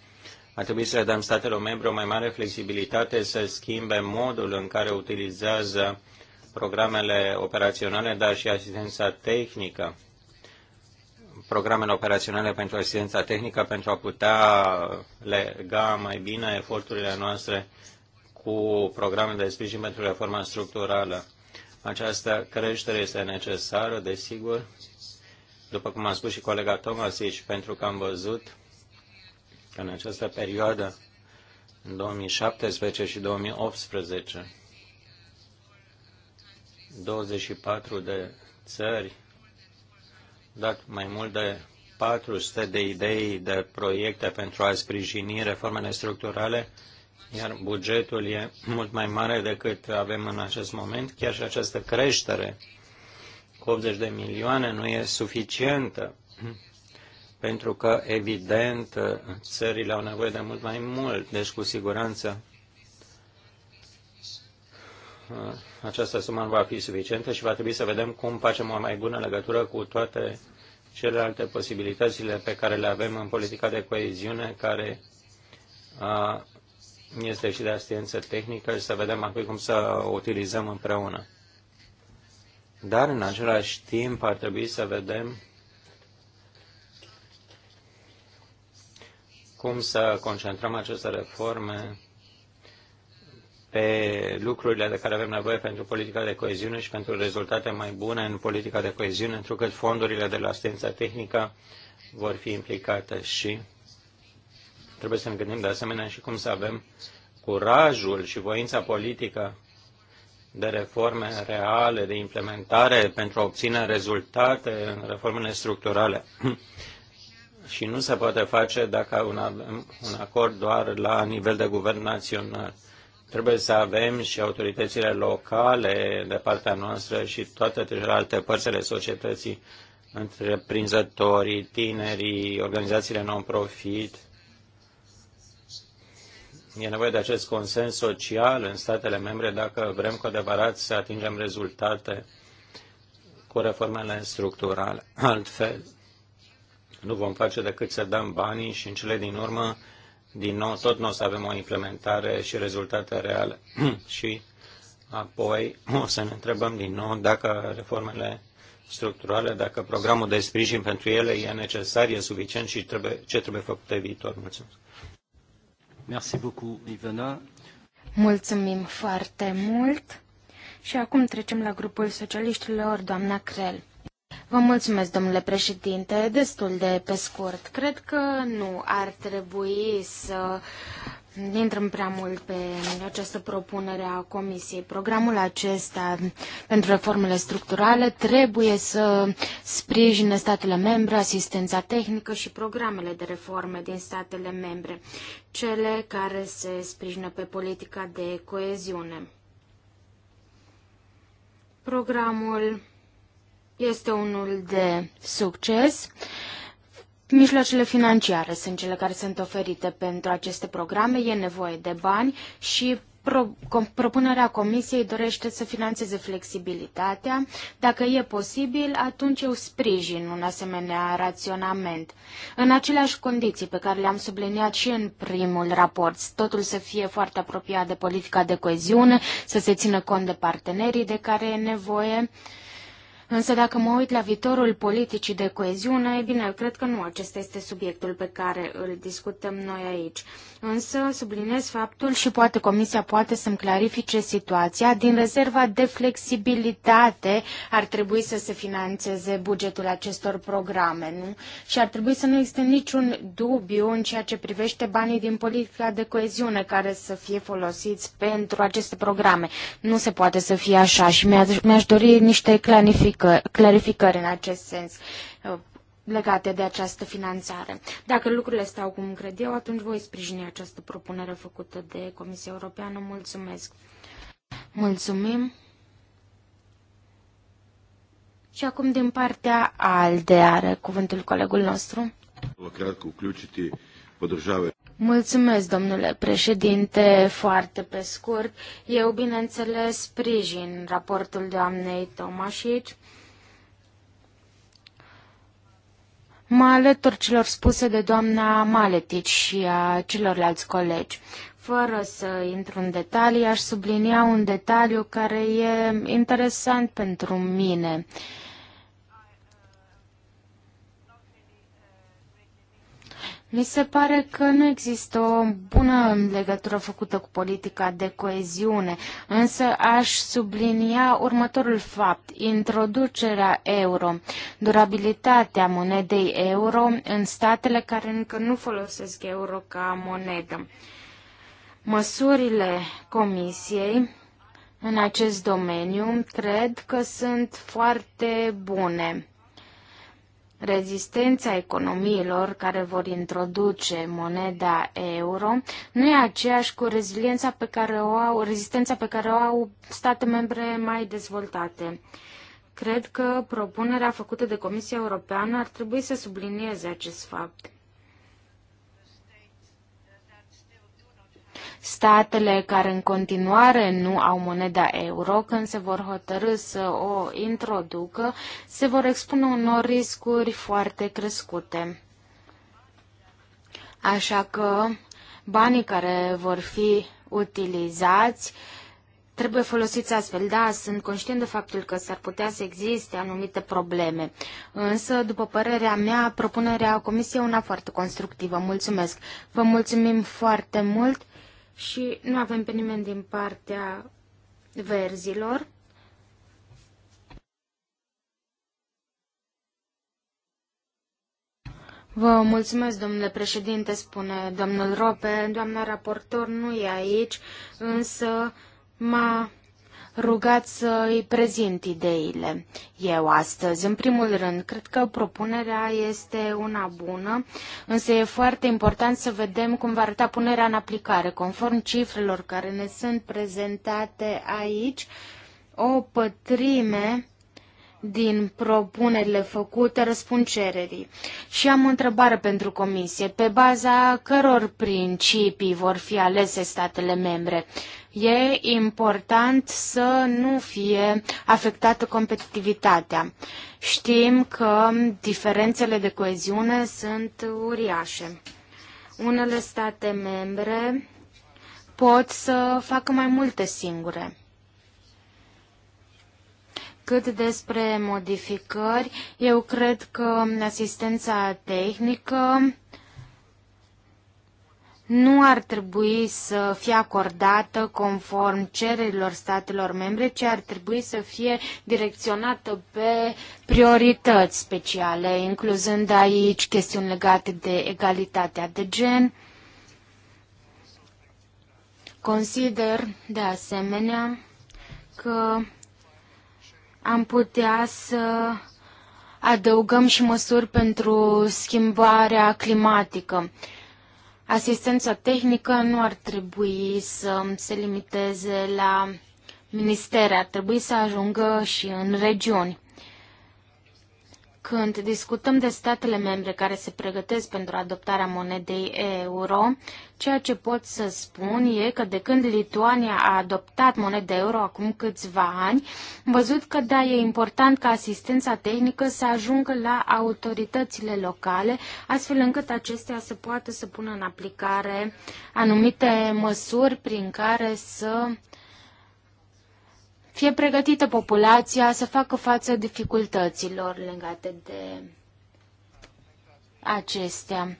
A trebuit să le dăm statelor membre o mai mare flexibilitate să schimbe modul în care utilizează programele operaționale, dar și asistența tehnică programele operaționale pentru asistența tehnică pentru a putea lega mai bine eforturile noastre cu programele de sprijin pentru reforma structurală. Această creștere este necesară, desigur, după cum a spus și colega Tomasici, pentru că am văzut că în această perioadă, în 2017 și 2018, 24 de țări dat mai mult de 400 de idei de proiecte pentru a sprijini reformele structurale, iar bugetul e mult mai mare decât avem în acest moment. Chiar și această creștere cu 80 de milioane nu e suficientă, pentru că, evident, țările au nevoie de mult mai mult. Deci, cu siguranță, Uh, această sumă nu va fi suficientă și va trebui să vedem cum facem o mai bună legătură cu toate celelalte posibilitățile pe care le avem în politica de coeziune, care uh, este și de asistență tehnică și să vedem apoi cum să o utilizăm împreună. Dar în același timp ar trebui să vedem cum să concentrăm aceste reforme pe lucrurile de care avem nevoie pentru politica de coeziune și pentru rezultate mai bune în politica de coeziune, pentru că fondurile de la asistența tehnică vor fi implicate și trebuie să ne gândim de asemenea și cum să avem curajul și voința politică de reforme reale, de implementare pentru a obține rezultate în reformele structurale. și nu se poate face dacă un, un acord doar la nivel de guvern național. Trebuie să avem și autoritățile locale de partea noastră și toate celelalte părți ale societății, întreprinzătorii, tinerii, organizațiile non-profit. E nevoie de acest consens social în statele membre dacă vrem cu adevărat să atingem rezultate cu reformele structurale. Altfel, nu vom face decât să dăm banii și în cele din urmă din nou, tot nu o să avem o implementare și rezultate reale. și apoi o să ne întrebăm din nou dacă reformele structurale, dacă programul de sprijin pentru ele e necesar, e suficient și trebuie, ce trebuie făcut pe viitor. Mulțumesc. Merci beaucoup, Ivana. Mulțumim foarte mult. Și acum trecem la grupul socialiștilor, doamna Crel. Vă mulțumesc, domnule președinte, destul de pe scurt. Cred că nu ar trebui să intrăm prea mult pe această propunere a Comisiei. Programul acesta pentru reformele structurale trebuie să sprijine statele membre, asistența tehnică și programele de reforme din statele membre, cele care se sprijină pe politica de coeziune. Programul este unul de succes. Mijloacele financiare sunt cele care sunt oferite pentru aceste programe, e nevoie de bani și pro, com, propunerea comisiei dorește să financeze flexibilitatea. Dacă e posibil, atunci eu sprijin un asemenea raționament. În aceleași condiții pe care le-am subliniat și în primul raport, totul să fie foarte apropiat de politica de coeziune, să se țină cont de partenerii de care e nevoie. Însă dacă mă uit la viitorul politicii de coeziune, e bine, cred că nu acesta este subiectul pe care îl discutăm noi aici. Însă subliniez faptul și poate Comisia poate să-mi clarifice situația. Din rezerva de flexibilitate ar trebui să se financeze bugetul acestor programe, nu? Și ar trebui să nu existe niciun dubiu în ceea ce privește banii din politica de coeziune care să fie folosiți pentru aceste programe. Nu se poate să fie așa și mi-aș mi dori niște clarificări clarificări în acest sens uh, legate de această finanțare. Dacă lucrurile stau cum cred eu, atunci voi sprijini această propunere făcută de Comisia Europeană. Mulțumesc! Mulțumim! Și acum din partea ALDE are cuvântul colegul nostru. Mulțumesc, domnule președinte, foarte pe scurt. Eu, bineînțeles, sprijin raportul doamnei Tomașici Mă alătur celor spuse de doamna Maletic și a celorlalți colegi. Fără să intru în detalii, aș sublinia un detaliu care e interesant pentru mine. Uh, Mi se pare că nu există o bună legătură făcută cu politica de coeziune, însă aș sublinia următorul fapt. Introducerea euro, durabilitatea monedei euro în statele care încă nu folosesc euro ca monedă. Măsurile Comisiei în acest domeniu cred că sunt foarte bune rezistența economiilor care vor introduce moneda euro nu e aceeași cu reziliența pe care o au, rezistența pe care o au state membre mai dezvoltate. Cred că propunerea făcută de Comisia Europeană ar trebui să sublinieze acest fapt. Statele care în continuare nu au moneda euro, când se vor hotărâ să o introducă, se vor expune unor riscuri foarte crescute. Așa că banii care vor fi utilizați trebuie folosiți astfel. Da, sunt conștient de faptul că s-ar putea să existe anumite probleme. Însă, după părerea mea, propunerea Comisiei e una foarte constructivă. Mulțumesc! Vă mulțumim foarte mult! și nu avem pe nimeni din partea verzilor. Vă mulțumesc, domnule președinte, spune domnul Rope. Doamna raportor nu e aici, însă m-a rugat să îi prezint ideile eu astăzi. În primul rând, cred că propunerea este una bună, însă e foarte important să vedem cum va arăta punerea în aplicare. Conform cifrelor care ne sunt prezentate aici, o pătrime din propunerile făcute răspund cererii. Și am o întrebare pentru comisie. Pe baza căror principii vor fi alese statele membre? E important să nu fie afectată competitivitatea. Știm că diferențele de coeziune sunt uriașe. Unele state membre pot să facă mai multe singure. Cât despre modificări, eu cred că asistența tehnică nu ar trebui să fie acordată conform cererilor statelor membre, ci ar trebui să fie direcționată pe priorități speciale, incluzând aici chestiuni legate de egalitatea de gen. Consider, de asemenea, că am putea să adăugăm și măsuri pentru schimbarea climatică asistența tehnică nu ar trebui să se limiteze la ministere, ar trebui să ajungă și în regiuni. Când discutăm de statele membre care se pregătesc pentru adoptarea monedei euro, ceea ce pot să spun e că de când Lituania a adoptat moneda euro acum câțiva ani, am văzut că da, e important ca asistența tehnică să ajungă la autoritățile locale, astfel încât acestea să poată să pună în aplicare anumite măsuri prin care să fie pregătită populația să facă față dificultăților legate de acestea.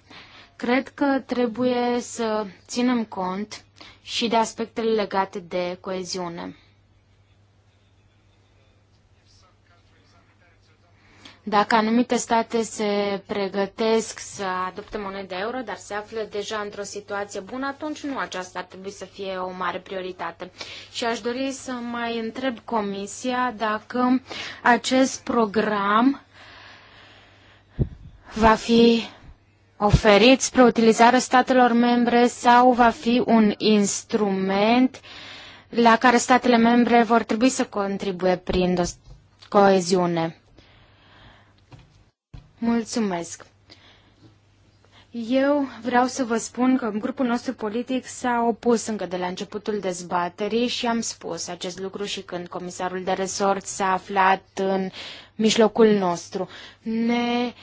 Cred că trebuie să ținem cont și de aspectele legate de coeziune. Dacă anumite state se pregătesc să adopte moneda euro, dar se află deja într-o situație bună, atunci nu aceasta ar trebui să fie o mare prioritate. Și aș dori să mai întreb Comisia dacă acest program va fi oferit spre utilizarea statelor membre sau va fi un instrument la care statele membre vor trebui să contribuie prin coeziune. Mulțumesc! Eu vreau să vă spun că grupul nostru politic s-a opus încă de la începutul dezbaterii și am spus acest lucru și când comisarul de resort s-a aflat în mijlocul nostru. Ne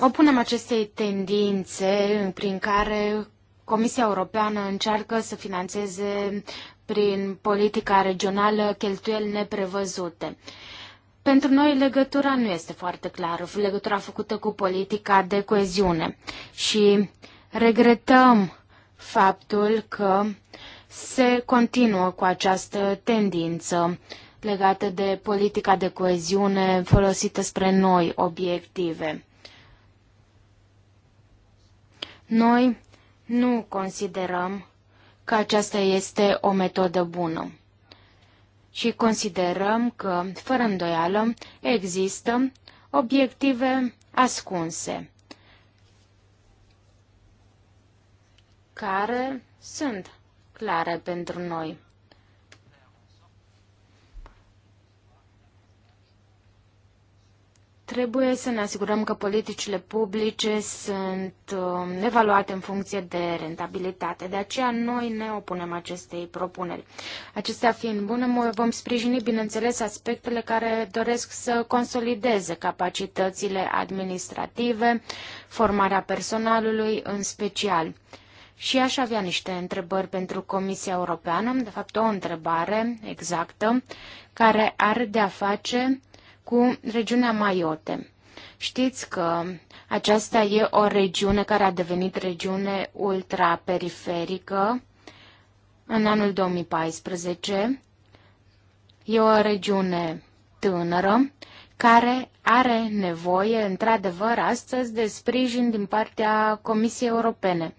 opunem acestei tendințe prin care Comisia Europeană încearcă să financeze prin politica regională cheltuieli neprevăzute. Pentru noi legătura nu este foarte clară, legătura făcută cu politica de coeziune și regretăm faptul că se continuă cu această tendință legată de politica de coeziune folosită spre noi obiective. Noi nu considerăm că aceasta este o metodă bună și considerăm că, fără îndoială, există obiective ascunse care sunt clare pentru noi. Trebuie să ne asigurăm că politicile publice sunt um, evaluate în funcție de rentabilitate. De aceea noi ne opunem acestei propuneri. Acestea fiind bune, vom sprijini, bineînțeles, aspectele care doresc să consolideze capacitățile administrative, formarea personalului în special. Și aș avea niște întrebări pentru Comisia Europeană, de fapt o întrebare exactă, care are de-a face cu regiunea Maiote. Știți că aceasta e o regiune care a devenit regiune ultraperiferică în anul 2014. E o regiune tânără care are nevoie, într-adevăr, astăzi de sprijin din partea Comisiei Europene.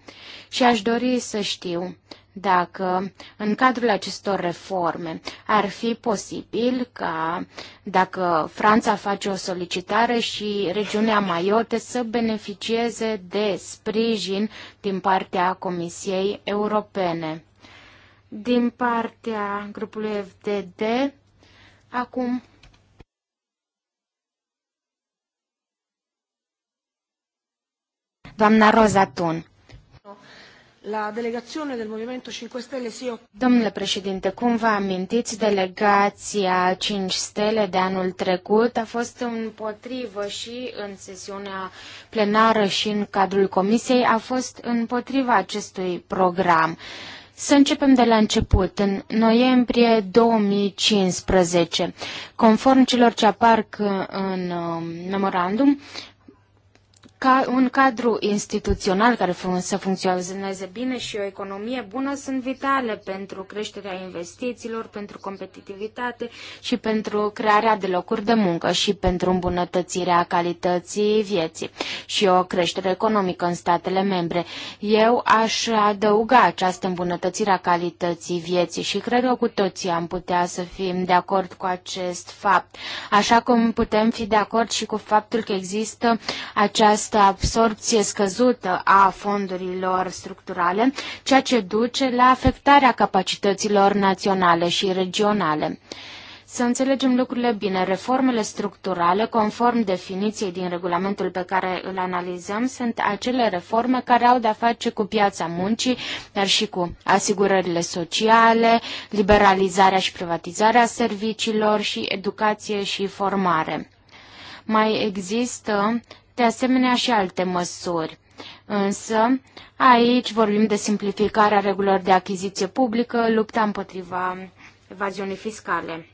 Și aș dori să știu dacă în cadrul acestor reforme ar fi posibil ca dacă Franța face o solicitare și regiunea Maiote să beneficieze de sprijin din partea Comisiei Europene. Din partea grupului FDD, acum doamna Rozatun. La delegazione del Movimento 5 Stelle si Domnule președinte, cum vă amintiți, delegația 5 Stele de anul trecut a fost împotrivă și în sesiunea plenară și în cadrul comisiei a fost împotriva acestui program. Să începem de la început, în noiembrie 2015. Conform celor ce apar în um, memorandum, ca un cadru instituțional care să funcționeze bine și o economie bună sunt vitale pentru creșterea investițiilor, pentru competitivitate și pentru crearea de locuri de muncă și pentru îmbunătățirea calității vieții și o creștere economică în statele membre. Eu aș adăuga această îmbunătățire a calității vieții și cred că cu toții am putea să fim de acord cu acest fapt, așa cum putem fi de acord și cu faptul că există această această absorpție scăzută a fondurilor structurale, ceea ce duce la afectarea capacităților naționale și regionale. Să înțelegem lucrurile bine, reformele structurale, conform definiției din regulamentul pe care îl analizăm, sunt acele reforme care au de-a face cu piața muncii, dar și cu asigurările sociale, liberalizarea și privatizarea serviciilor și educație și formare. Mai există de asemenea și alte măsuri. Însă, aici vorbim de simplificarea regulilor de achiziție publică, lupta împotriva evaziunii fiscale.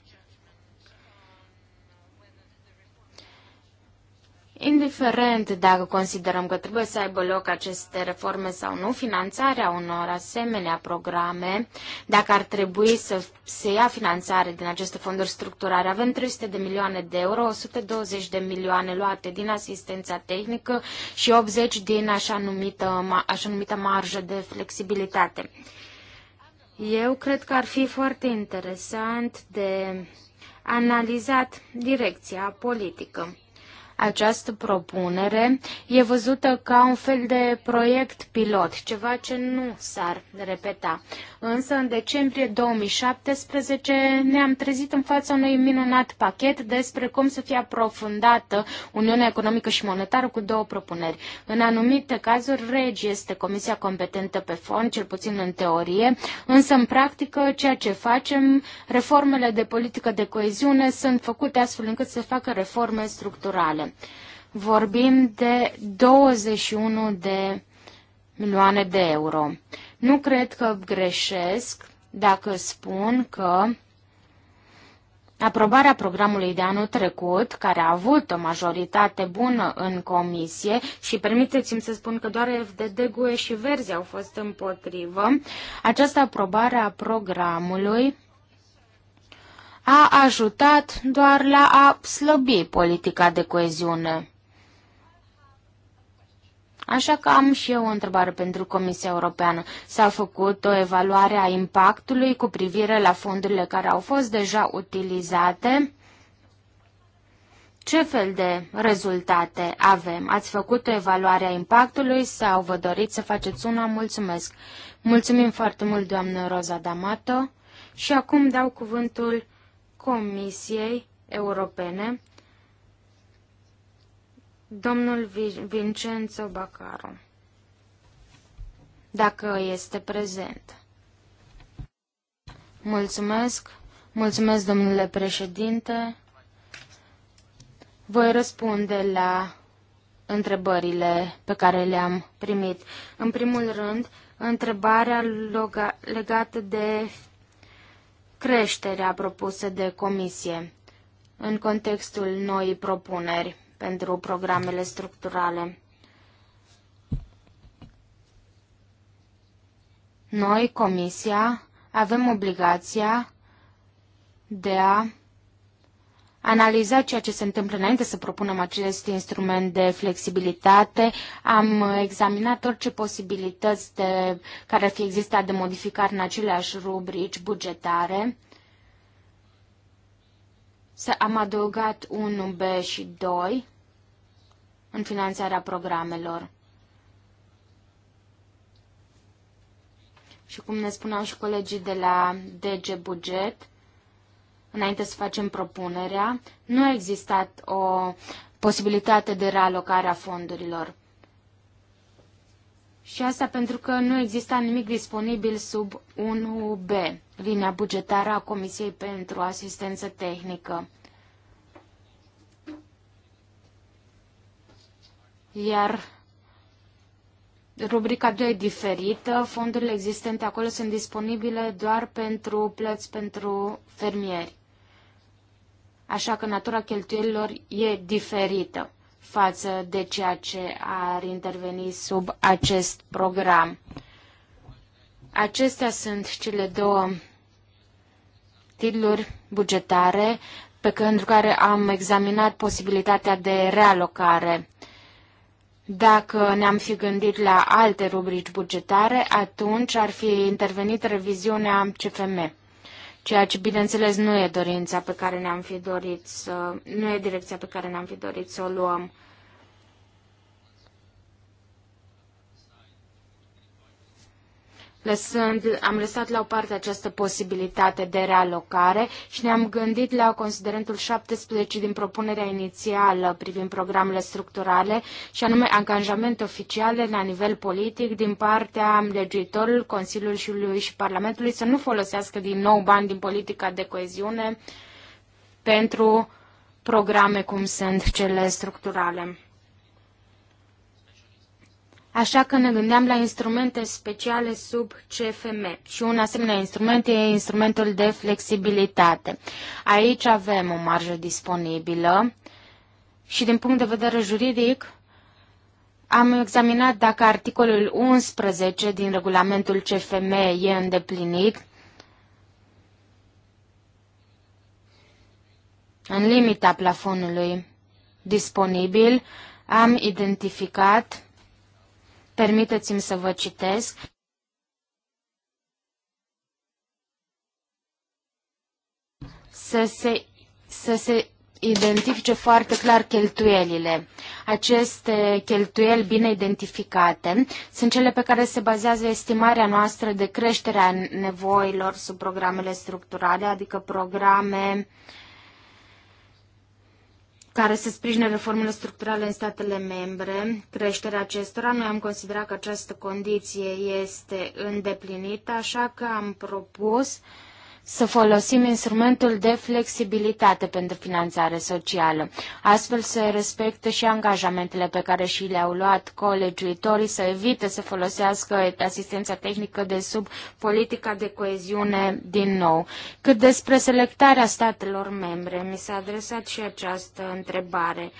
Indiferent dacă considerăm că trebuie să aibă loc aceste reforme sau nu, finanțarea unor asemenea programe, dacă ar trebui să se ia finanțare din aceste fonduri structurare, avem 300 de milioane de euro, 120 de milioane luate din asistența tehnică și 80 din așa numită, așa numită marjă de flexibilitate. Eu cred că ar fi foarte interesant de analizat direcția politică. Această propunere e văzută ca un fel de proiect pilot, ceva ce nu s-ar repeta. Însă, în decembrie 2017 ne-am trezit în fața unui minunat pachet despre cum să fie aprofundată Uniunea Economică și Monetară cu două propuneri. În anumite cazuri, regi este comisia competentă pe fond, cel puțin în teorie, însă, în practică, ceea ce facem, reformele de politică de coeziune sunt făcute astfel încât să facă reforme structurale. Vorbim de 21 de milioane de euro. Nu cred că greșesc dacă spun că Aprobarea programului de anul trecut, care a avut o majoritate bună în comisie și permiteți-mi să spun că doar FDD, GUE și Verzi au fost împotrivă, această aprobare a programului a ajutat doar la a slăbi politica de coeziune. Așa că am și eu o întrebare pentru Comisia Europeană. S-a făcut o evaluare a impactului cu privire la fondurile care au fost deja utilizate? Ce fel de rezultate avem? Ați făcut o evaluare a impactului sau vă doriți să faceți una? Mulțumesc! Mulțumim foarte mult, doamnă Roza D'Amato. Și acum dau cuvântul Comisiei Europene, domnul Vincenzo Baccaro, dacă este prezent. Mulțumesc, mulțumesc domnule președinte. Voi răspunde la întrebările pe care le-am primit. În primul rând, întrebarea legată de creșterea propusă de comisie în contextul noii propuneri pentru programele structurale. Noi, Comisia, avem obligația de a analizat ceea ce se întâmplă înainte să propunem acest instrument de flexibilitate. Am examinat orice posibilități de, care ar fi existat de modificare în aceleași rubrici bugetare. Să Am adăugat 1B și 2 în finanțarea programelor. Și cum ne spuneau și colegii de la DG Buget, înainte să facem propunerea, nu a existat o posibilitate de realocare a fondurilor. Și asta pentru că nu exista nimic disponibil sub 1B, linia bugetară a Comisiei pentru Asistență Tehnică. Iar rubrica 2 e diferită, fondurile existente acolo sunt disponibile doar pentru plăți pentru fermieri așa că natura cheltuielilor e diferită față de ceea ce ar interveni sub acest program. Acestea sunt cele două titluri bugetare pe care am examinat posibilitatea de realocare. Dacă ne-am fi gândit la alte rubrici bugetare, atunci ar fi intervenit reviziunea CFM ceea ce, bineînțeles, nu e dorința pe care ne-am fi dorit să, nu e direcția pe care ne-am fi dorit să o luăm. lăsând, am lăsat la o parte această posibilitate de realocare și ne-am gândit la considerentul 17 din propunerea inițială privind programele structurale și anume angajamente oficiale la nivel politic din partea legiuitorului, Consiliului și Parlamentului să nu folosească din nou bani din politica de coeziune pentru programe cum sunt cele structurale. Așa că ne gândeam la instrumente speciale sub CFM și un asemenea instrument e instrumentul de flexibilitate. Aici avem o marjă disponibilă și din punct de vedere juridic am examinat dacă articolul 11 din regulamentul CFM e îndeplinit în limita plafonului disponibil am identificat Permiteți-mi să vă citesc. Să se, să se identifice foarte clar cheltuielile. Aceste cheltuieli bine identificate sunt cele pe care se bazează estimarea noastră de creșterea nevoilor sub programele structurale, adică programe uh, care să sprijine reformele structurale în statele membre, creșterea acestora. Noi am considerat că această condiție este îndeplinită, așa că am propus uh, să folosim instrumentul de flexibilitate pentru finanțare socială. Astfel se respectă și angajamentele pe care și le-au luat colegiuitorii să evite să folosească asistența tehnică de sub politica de coeziune din nou. Cât despre selectarea statelor membre, mi s-a adresat și această întrebare.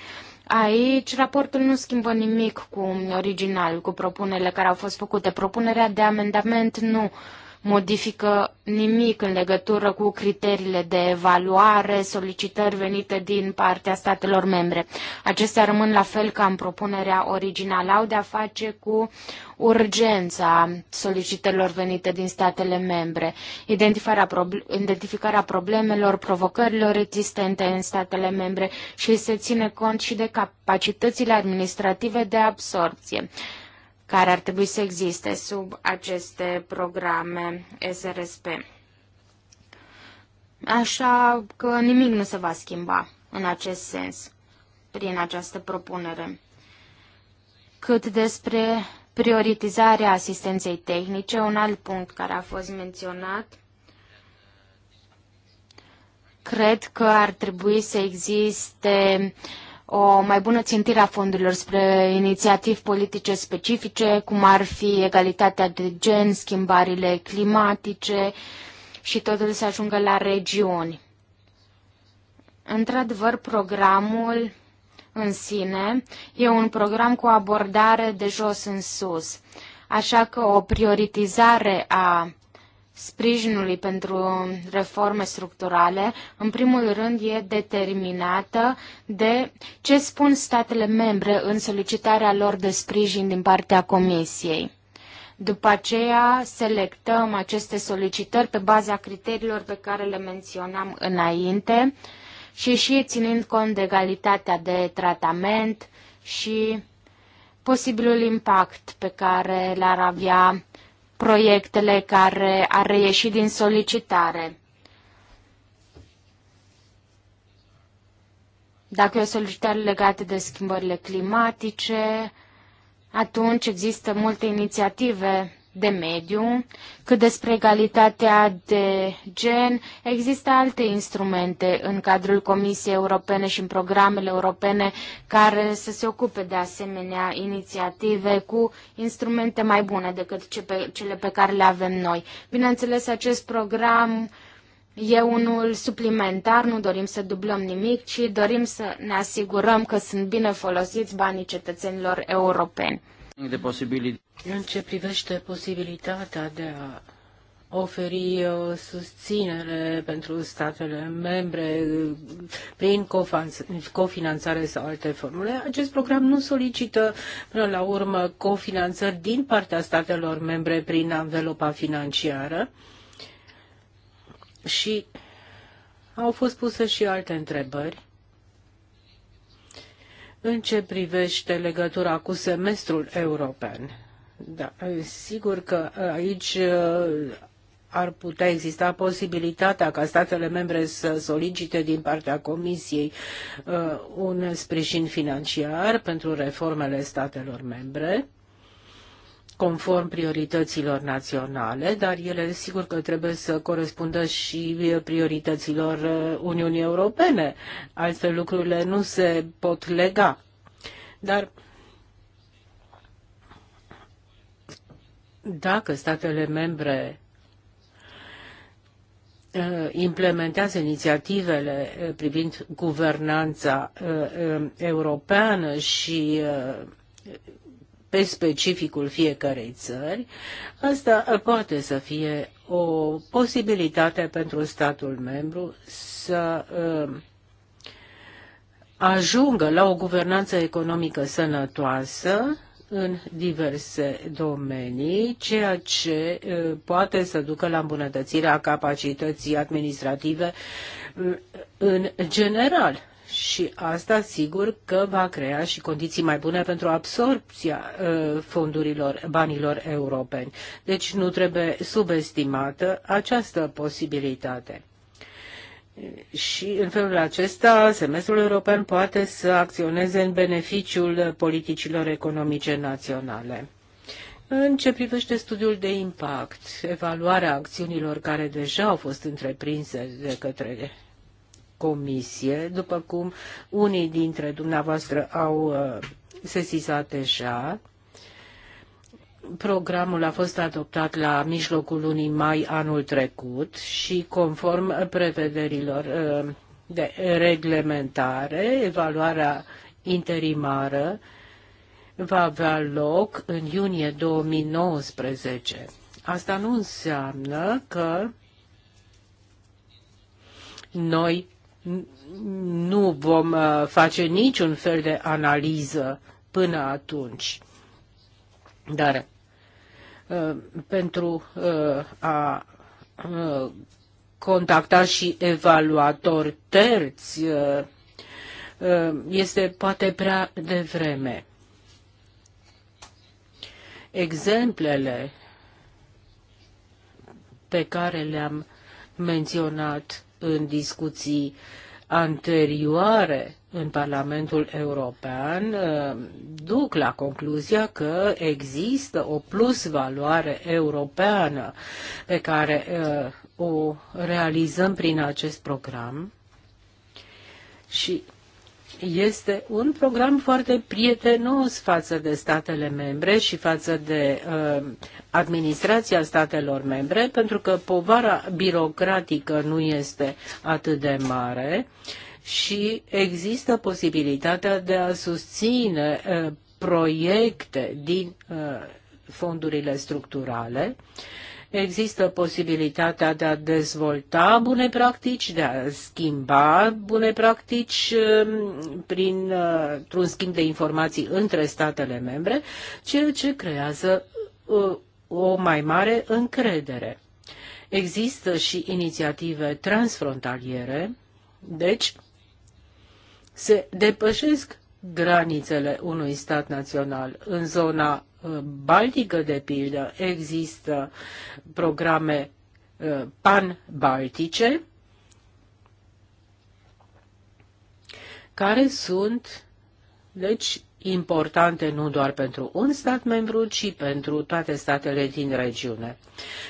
Aici raportul nu schimbă nimic cu originalul, cu propunerile care au fost făcute. Propunerea de amendament nu uh, modifică nimic în legătură cu criteriile de evaluare, solicitări venite din partea statelor membre. Acestea rămân la fel ca în propunerea originală, au de-a face cu urgența solicitărilor venite din statele membre, identificarea problemelor, provocărilor existente în statele membre și se ține cont și de capacitățile administrative de absorbție care ar trebui să existe sub aceste programe SRSP. Așa că nimic nu se va schimba în acest sens prin această propunere. Cât despre prioritizarea asistenței tehnice, un alt punct care a fost menționat, cred că ar trebui să existe uh, o mai bună țintire a fondurilor spre inițiativ politice specifice, cum ar fi egalitatea de gen, schimbările climatice și totul să ajungă la regiuni. Într-adevăr, programul în sine e un program cu abordare de jos în sus, așa că o prioritizare a sprijinului pentru reforme structurale, în primul rând, e determinată de ce spun statele membre în solicitarea lor de sprijin din partea Comisiei. După aceea selectăm aceste solicitări pe baza criteriilor pe care le menționam înainte și și ținând cont de egalitatea de tratament și posibilul impact pe care l-ar avea proiectele care ar reieși din solicitare. Dacă e o solicitare legată de schimbările climatice, atunci există multe inițiative de mediu, cât despre egalitatea de gen, există alte instrumente în cadrul Comisiei Europene și în programele europene care să se ocupe de asemenea inițiative cu instrumente mai bune decât cele pe care le avem noi. Bineînțeles, acest program E unul suplimentar, nu dorim să dublăm nimic, ci dorim să ne asigurăm că sunt bine folosiți banii cetățenilor europeni. În ce privește posibilitatea de a oferi o uh, susținere pentru statele membre uh, prin cofinanțare sau alte formule. Acest program nu solicită până la urmă cofinanțări din partea statelor membre prin anvelopa financiară și au fost puse și alte întrebări. În ce privește legătura cu semestrul european? Da, sigur că uh, aici uh, ar putea exista posibilitatea ca statele membre să solicite din partea Comisiei uh, un sprijin financiar pentru reformele statelor membre conform priorităților naționale, dar ele sigur că trebuie să corespundă și priorităților uh, Uniunii Europene, altfel lucrurile nu se pot lega. Dar dacă statele membre uh, implementează inițiativele uh, privind guvernanța europeană și pe specificul fiecarei țări, asta poate să fie o posibilitate pentru statul membru să uh, ajungă la o guvernanță economică sănătoasă în diverse domenii, ceea ce uh, poate să ducă la îmbunătățirea capacității administrative uh, în general și asta sigur că va crea și condiții mai bune pentru absorpția ă, fondurilor, banilor europeni. Deci nu trebuie subestimată această posibilitate. Și în felul acesta, semestrul european poate să acționeze în beneficiul politicilor economice naționale. În ce privește studiul de impact, evaluarea acțiunilor care deja au fost întreprinse de către comisie, după cum unii dintre dumneavoastră au uh, sesizat deja. Programul a fost adoptat la mijlocul lunii mai anul trecut și conform prevederilor uh, de reglementare, evaluarea interimară va avea loc în iunie 2019. Asta nu înseamnă că noi nu vom uh, face niciun fel de analiză până atunci. Dar uh, pentru uh, a contacta și evaluatori terți este poate prea devreme. Exemplele pe care le-am menționat în discuții anterioare în Parlamentul European uh, duc la concluzia că există o plusvaloare europeană pe care uh, o realizăm prin acest program și este un program foarte prietenos față de statele membre și față de uh, administrația statelor membre, pentru că povara birocratică nu este atât de mare și există posibilitatea de a susține uh, proiecte din uh, fondurile structurale uh, există posibilitatea de a dezvolta bune practici, de a schimba bune practici um, prin uh, un schimb de informații între statele membre, ceea ce creează uh, o mai mare încredere. Există și inițiative transfrontaliere, deci se depășesc granițele unui stat național. În zona Baltică, de pildă, există programe uh, pan-baltice care sunt, deci, importante nu doar pentru un stat membru, ci pentru toate statele din regiune.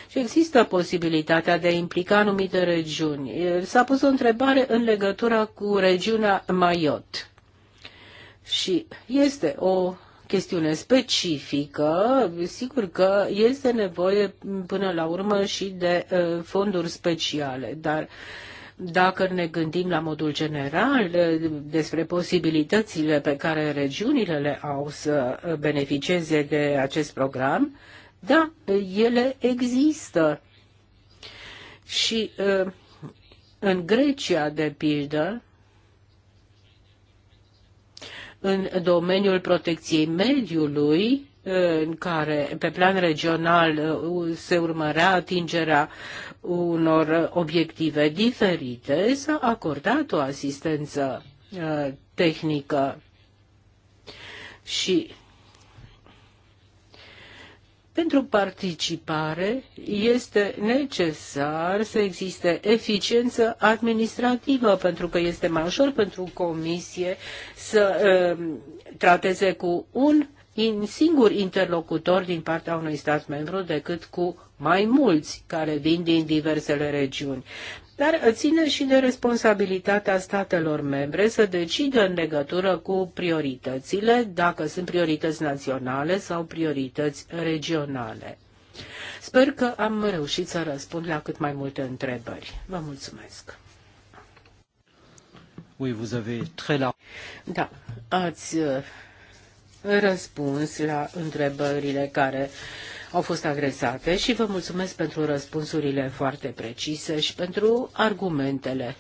Și există posibilitatea de a implica anumite regiuni. S-a pus o întrebare în legătură cu regiunea Maiot. Și este o chestiune specifică, sigur că este nevoie până la urmă și de uh, fonduri speciale, dar dacă ne gândim la modul general uh, despre posibilitățile pe care regiunile le au să uh, beneficieze de acest program, da, ele există. Și în Grecia, de pildă, în domeniul protecției mediului, în care pe plan regional se urmărea atingerea unor obiective diferite, s-a acordat o asistență uh, tehnică și pentru participare este necesar să existe eficiență administrativă, pentru că este mai ușor pentru comisie să uh, trateze cu un in singur interlocutor din partea unui stat membru decât cu mai mulți care vin din diversele regiuni dar ține și de responsabilitatea statelor membre să decidă în legătură cu prioritățile, dacă sunt priorități naționale sau priorități regionale. Sper că am reușit să răspund la cât mai multe întrebări. Vă mulțumesc! Oui, vous avez très la... Da, ați uh, răspuns la întrebările care uh, au fost agresate și vă mulțumesc pentru răspunsurile foarte precise și pentru argumentele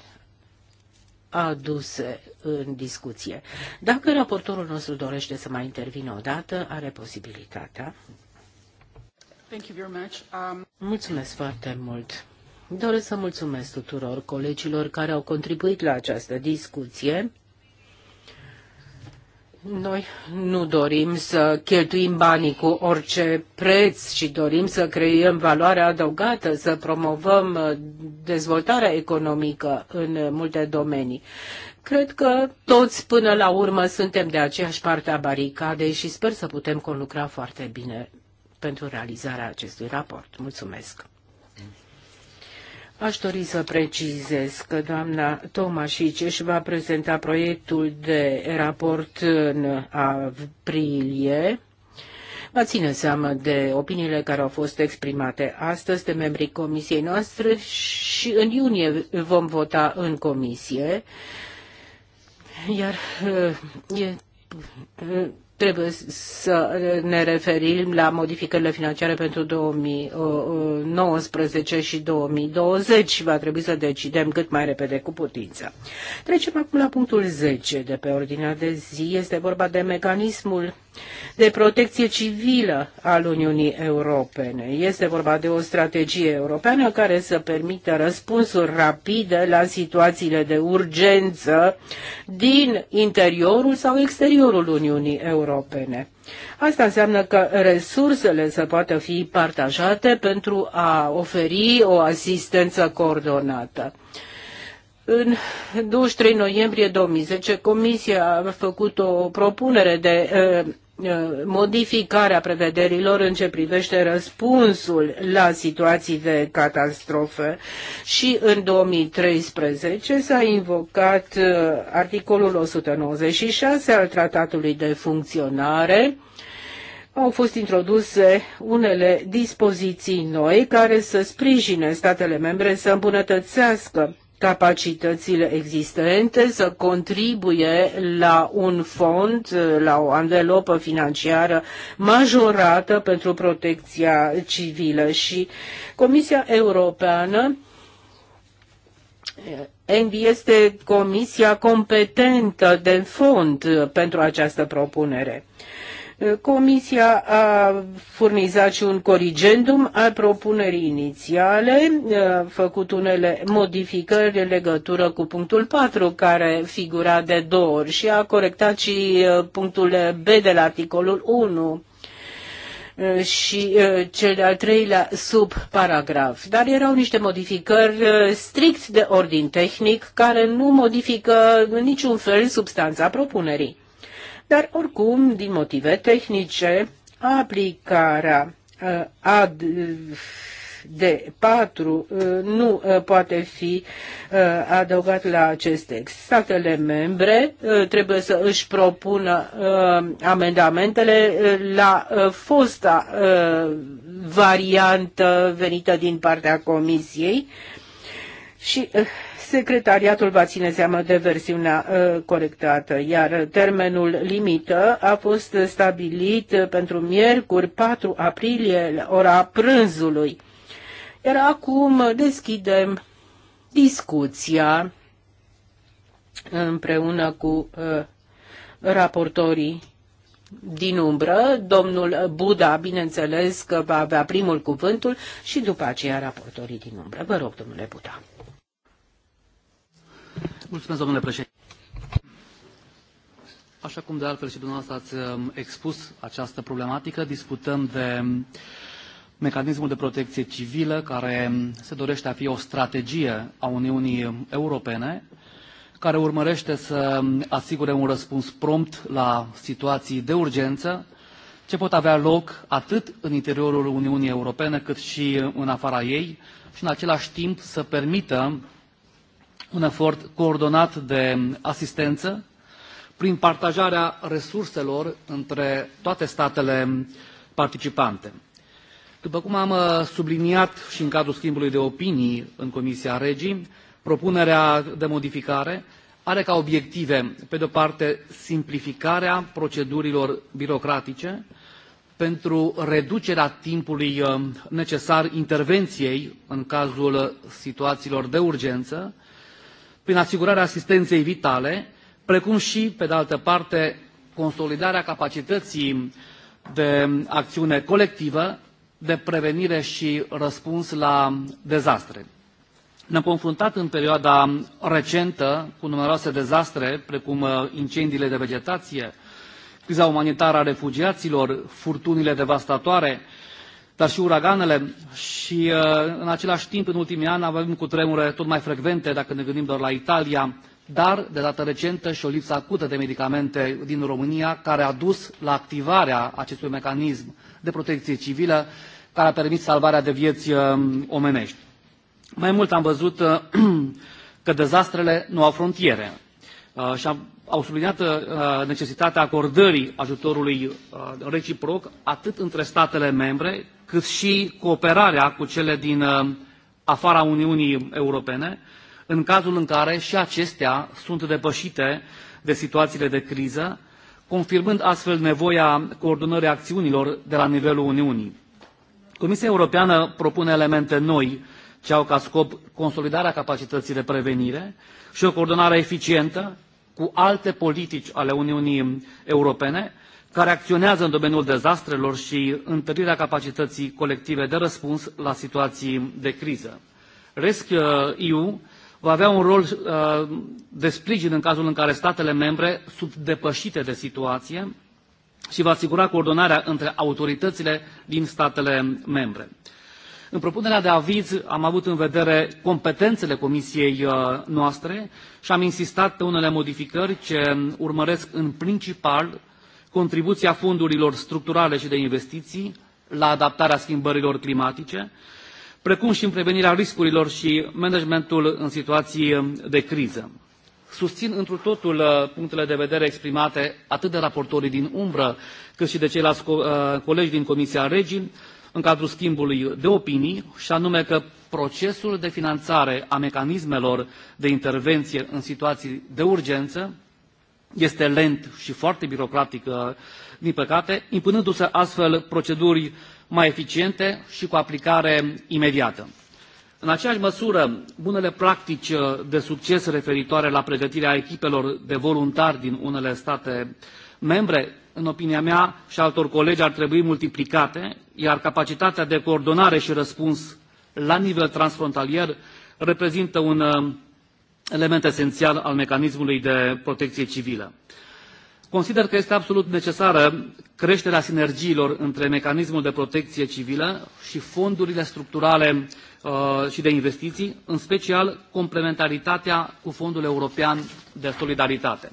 aduse în discuție. Dacă raportorul nostru dorește să mai intervină o dată, are posibilitatea. Thank you very much. Um... Mulțumesc foarte mult. Doresc să mulțumesc tuturor colegilor care au contribuit la această discuție. Noi nu dorim să cheltuim banii cu orice preț și dorim să creăm valoare adăugată, să promovăm uh, dezvoltarea economică în multe domenii. Cred că toți până la urmă suntem de aceeași parte a baricadei și sper să putem conlucra foarte bine pentru realizarea acestui raport. Mulțumesc! Aș dori să precizez că doamna Tomașici își va prezenta proiectul de raport în aprilie. Va ține seamă de opiniile care au fost exprimate astăzi de membrii comisiei noastre și în iunie vom vota în comisie. Iar uh, e, e, uh, trebuie să ne referim la modificările financiare pentru 2019 și 2020 și va trebui să decidem cât mai repede cu putință. Trecem acum la punctul 10 de pe ordinea de zi. Este vorba de mecanismul de protecție civilă al Uniunii Europene. Este vorba de o strategie europeană care să permită răspunsuri rapide la situațiile de urgență din interiorul sau exteriorul Uniunii Europene. Asta înseamnă că resursele să poată fi partajate pentru a oferi o asistență coordonată. În 23 noiembrie 2010, Comisia a făcut o propunere de eh, Uh, modificarea prevederilor în ce privește răspunsul la situații de catastrofă și în 2013 s-a invocat uh, articolul 196 al Tratatului de Funcționare au fost introduse unele dispoziții noi care să sprijine statele membre să îmbunătățească capacitățile existente, să contribuie la un fond, la o anvelopă financiară majorată pentru protecția civilă și Comisia Europeană ENVI este comisia competentă de fond pentru această propunere. Comisia a furnizat și un corigendum al propunerii inițiale, a făcut unele modificări în legătură cu punctul 4, care figura de două ori și a corectat și uh, punctul B de la articolul 1 uh, și uh, cel de-al treilea subparagraf. Dar erau niște modificări strict de ordin tehnic care nu modifică în niciun fel substanța propunerii. Dar oricum, din motive tehnice, aplicarea uh, ad de 4 uh, nu uh, poate fi adăugat la acest text. Statele membre trebuie să își propună amendamentele la fosta variantă venită din partea Comisiei și Secretariatul va ține seama de versiunea uh, corectată, iar termenul limită a fost stabilit uh, pentru miercuri 4 aprilie, ora prânzului. Iar acum deschidem discuția împreună cu uh, raportorii din umbră. Domnul Buda, bineînțeles că va avea primul cuvântul și după aceea raportorii din umbră. Vă rog, domnule Buda. Mulțumesc, domnule președinte. Așa cum de altfel și dumneavoastră ați um, expus această problematică, discutăm de mecanismul de protecție civilă care um, se dorește a fi o strategie a Uniunii Europene care urmărește să um, asigure un răspuns prompt la situații de urgență ce pot avea loc atât în interiorul Uniunii Europene cât și în afara ei și în același timp să permită un efort coordonat de asistență prin partajarea resurselor între toate statele participante. După cum am uh, subliniat și în cadrul schimbului de opinii în Comisia Regii, propunerea de modificare are ca obiective, pe de-o parte, simplificarea procedurilor birocratice pentru reducerea timpului uh, necesar intervenției în cazul uh, situațiilor de urgență prin asigurarea asistenței vitale precum și pe de altă parte consolidarea capacității de acțiune colectivă de prevenire și răspuns la dezastre. Ne-am confruntat în perioada recentă cu numeroase dezastre, precum uh, incendiile de vegetație, criza umanitară a refugiaților, furtunile devastatoare, dar și uraganele și uh, în același timp, în ultimii ani, avem cu tremure tot mai frecvente, dacă ne gândim doar la Italia, dar de dată recentă și o lipsă acută de medicamente din România, care a dus la activarea acestui mecanism de protecție civilă, care a permis salvarea de vieți uh, omenești. Mai mult am văzut uh, că dezastrele nu au frontiere și au subliniat necesitatea acordării ajutorului reciproc atât între statele membre cât și cooperarea cu cele din uh, afara Uniunii Europene, în cazul în care și acestea sunt depășite de situațiile de criză, confirmând astfel nevoia coordonării acțiunilor de la nivelul Uniunii. Comisia Europeană propune elemente noi ce au ca scop consolidarea capacității de prevenire și o coordonare eficientă cu alte politici ale Uniunii Europene, care acționează în domeniul dezastrelor și întărirea capacității colective de răspuns la situații de criză. resceu uh, va avea un rol uh, de sprijin în cazul în care statele membre sunt depășite de situație și va asigura coordonarea între autoritățile din statele membre. În propunerea de aviz am avut în vedere competențele comisiei uh, noastre și am insistat pe unele modificări ce urmăresc în principal contribuția fondurilor structurale și de investiții la adaptarea schimbărilor climatice, precum și în prevenirea riscurilor și managementul în situații de criză. Susțin întru totul uh, punctele de vedere exprimate atât de raportorii din umbră, cât și de ceilalți uh, colegi din Comisia Regii în cadrul schimbului de opinii, și anume că procesul de finanțare a mecanismelor de intervenție în situații de urgență este lent și foarte birocratic, uh, din păcate, impunându-se astfel proceduri mai eficiente și cu aplicare imediată. În aceeași măsură, bunele practici uh, de succes referitoare la pregătirea echipelor de voluntari din unele state membre, în opinia mea și altor colegi, ar trebui multiplicate, iar capacitatea de coordonare și răspuns la nivel transfrontalier reprezintă un uh, element esențial al mecanismului de protecție civilă. Consider că este absolut necesară creșterea sinergiilor între mecanismul de protecție civilă și fondurile structurale uh, și de investiții, în special complementaritatea cu Fondul European de Solidaritate.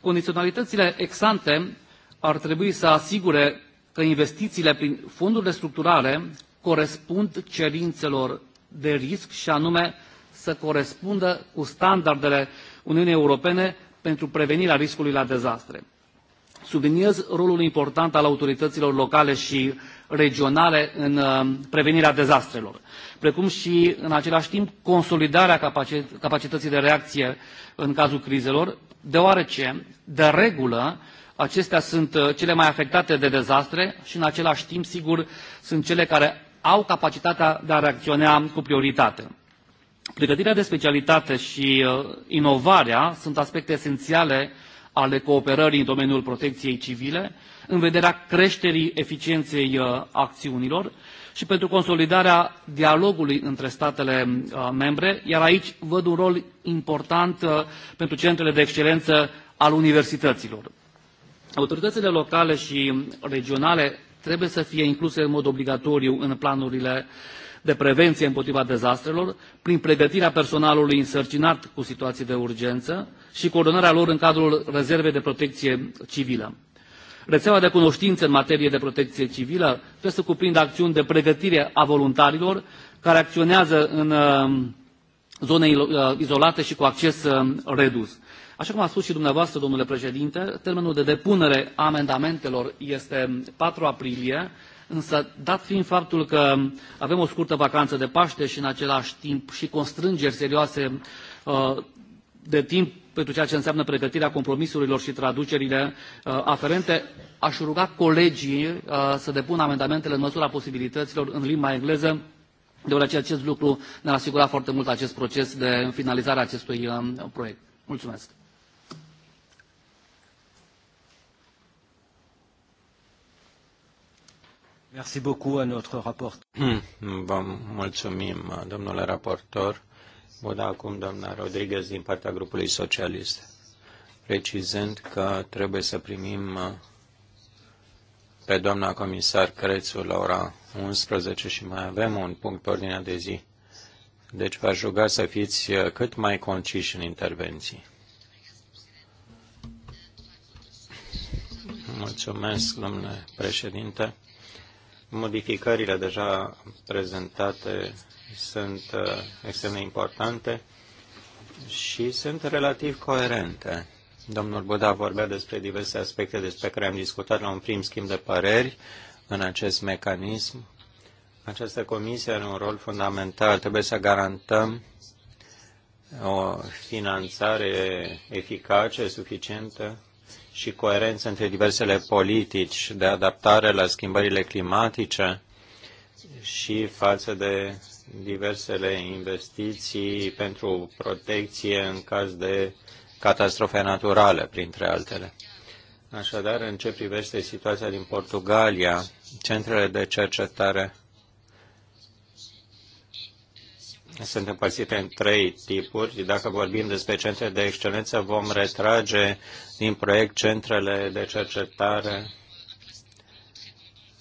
Condiționalitățile exante ar trebui să asigure că investițiile prin fondurile structurale corespund cerințelor de risc și anume să corespundă cu standardele Uniunii Europene pentru prevenirea riscului la dezastre. Subliniez rolul important al autorităților locale și regionale în uh, prevenirea dezastrelor, precum și, în același timp, consolidarea capacității de reacție în cazul crizelor, deoarece, de regulă, acestea sunt uh, cele mai afectate de dezastre și, în același timp, sigur, sunt cele care au capacitatea de a reacționa cu prioritate. Pregătirea de specialitate și uh, inovarea sunt aspecte esențiale ale cooperării în domeniul protecției civile, în vederea creșterii eficienței uh, acțiunilor și pentru consolidarea dialogului între statele uh, membre, iar aici văd un rol important pentru centrele de excelență al universităților. Autoritățile locale și regionale trebuie să fie incluse în mod obligatoriu în planurile uh, de prevenție împotriva dezastrelor prin pregătirea personalului însărcinat cu situații de urgență și coordonarea lor în cadrul rezervei de protecție civilă. Rețeaua de cunoștințe în materie de protecție civilă trebuie să cuprindă acțiuni de pregătire a voluntarilor care acționează în uh, zone uh, izolate și cu acces uh, redus. Așa cum a spus și dumneavoastră, domnule președinte, termenul de depunere a amendamentelor este 4 aprilie Însă, dat fiind faptul că avem o scurtă vacanță de Paște și în același timp și constrângeri serioase uh, de timp pentru ceea ce înseamnă pregătirea compromisurilor și traducerile uh, aferente, aș ruga colegii uh, să depună amendamentele în măsura posibilităților în limba engleză, deoarece acest lucru ne-ar asigura foarte mult acest proces de finalizare a acestui proiect. Mulțumesc! Merci beaucoup à notre rapporteur. Vă mulțumim, domnule raportor. văd acum doamna Rodriguez din partea grupului socialist, precizând că trebuie să primim pe doamna comisar Crețu la ora 11 și mai avem un punct pe ordinea de zi. Deci v-aș ruga să fiți cât mai conciși în intervenții. Mulțumesc, domnule președinte. Modificările deja prezentate sunt uh, extrem de importante și sunt relativ coerente. Domnul Buda vorbea despre diverse aspecte despre care am discutat la un prim schimb de păreri în acest mecanism. Această comisie are un rol fundamental. Trebuie să garantăm o finanțare eficace, suficientă și coerență între diversele politici de adaptare la schimbările climatice și față de diversele investiții pentru protecție în caz de catastrofe naturale, printre altele. Așadar, în ce privește situația din Portugalia, centrele de cercetare sunt împărțite în trei tipuri. Dacă vorbim despre centre de excelență, vom retrage din proiect centrele de cercetare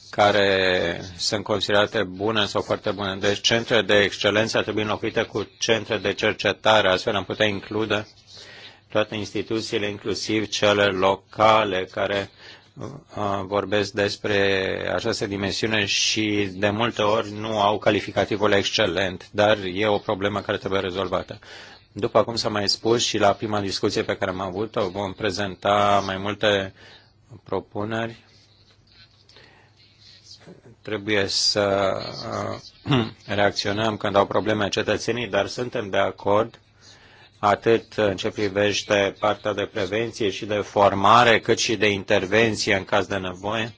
care sunt considerate bune sau foarte bune. Deci centre de excelență trebuie înlocuite cu centre de cercetare, astfel am putea include toate instituțiile, inclusiv cele locale, care vorbesc despre această dimensiune și de multe ori nu au calificativul excelent, dar e o problemă care trebuie rezolvată. După cum s-a mai spus și la prima discuție pe care am avut-o, vom prezenta mai multe propuneri. Trebuie să reacționăm când au probleme cetățenii, dar suntem de acord atât în ce privește partea de prevenție și de formare, cât și de intervenție în caz de nevoie.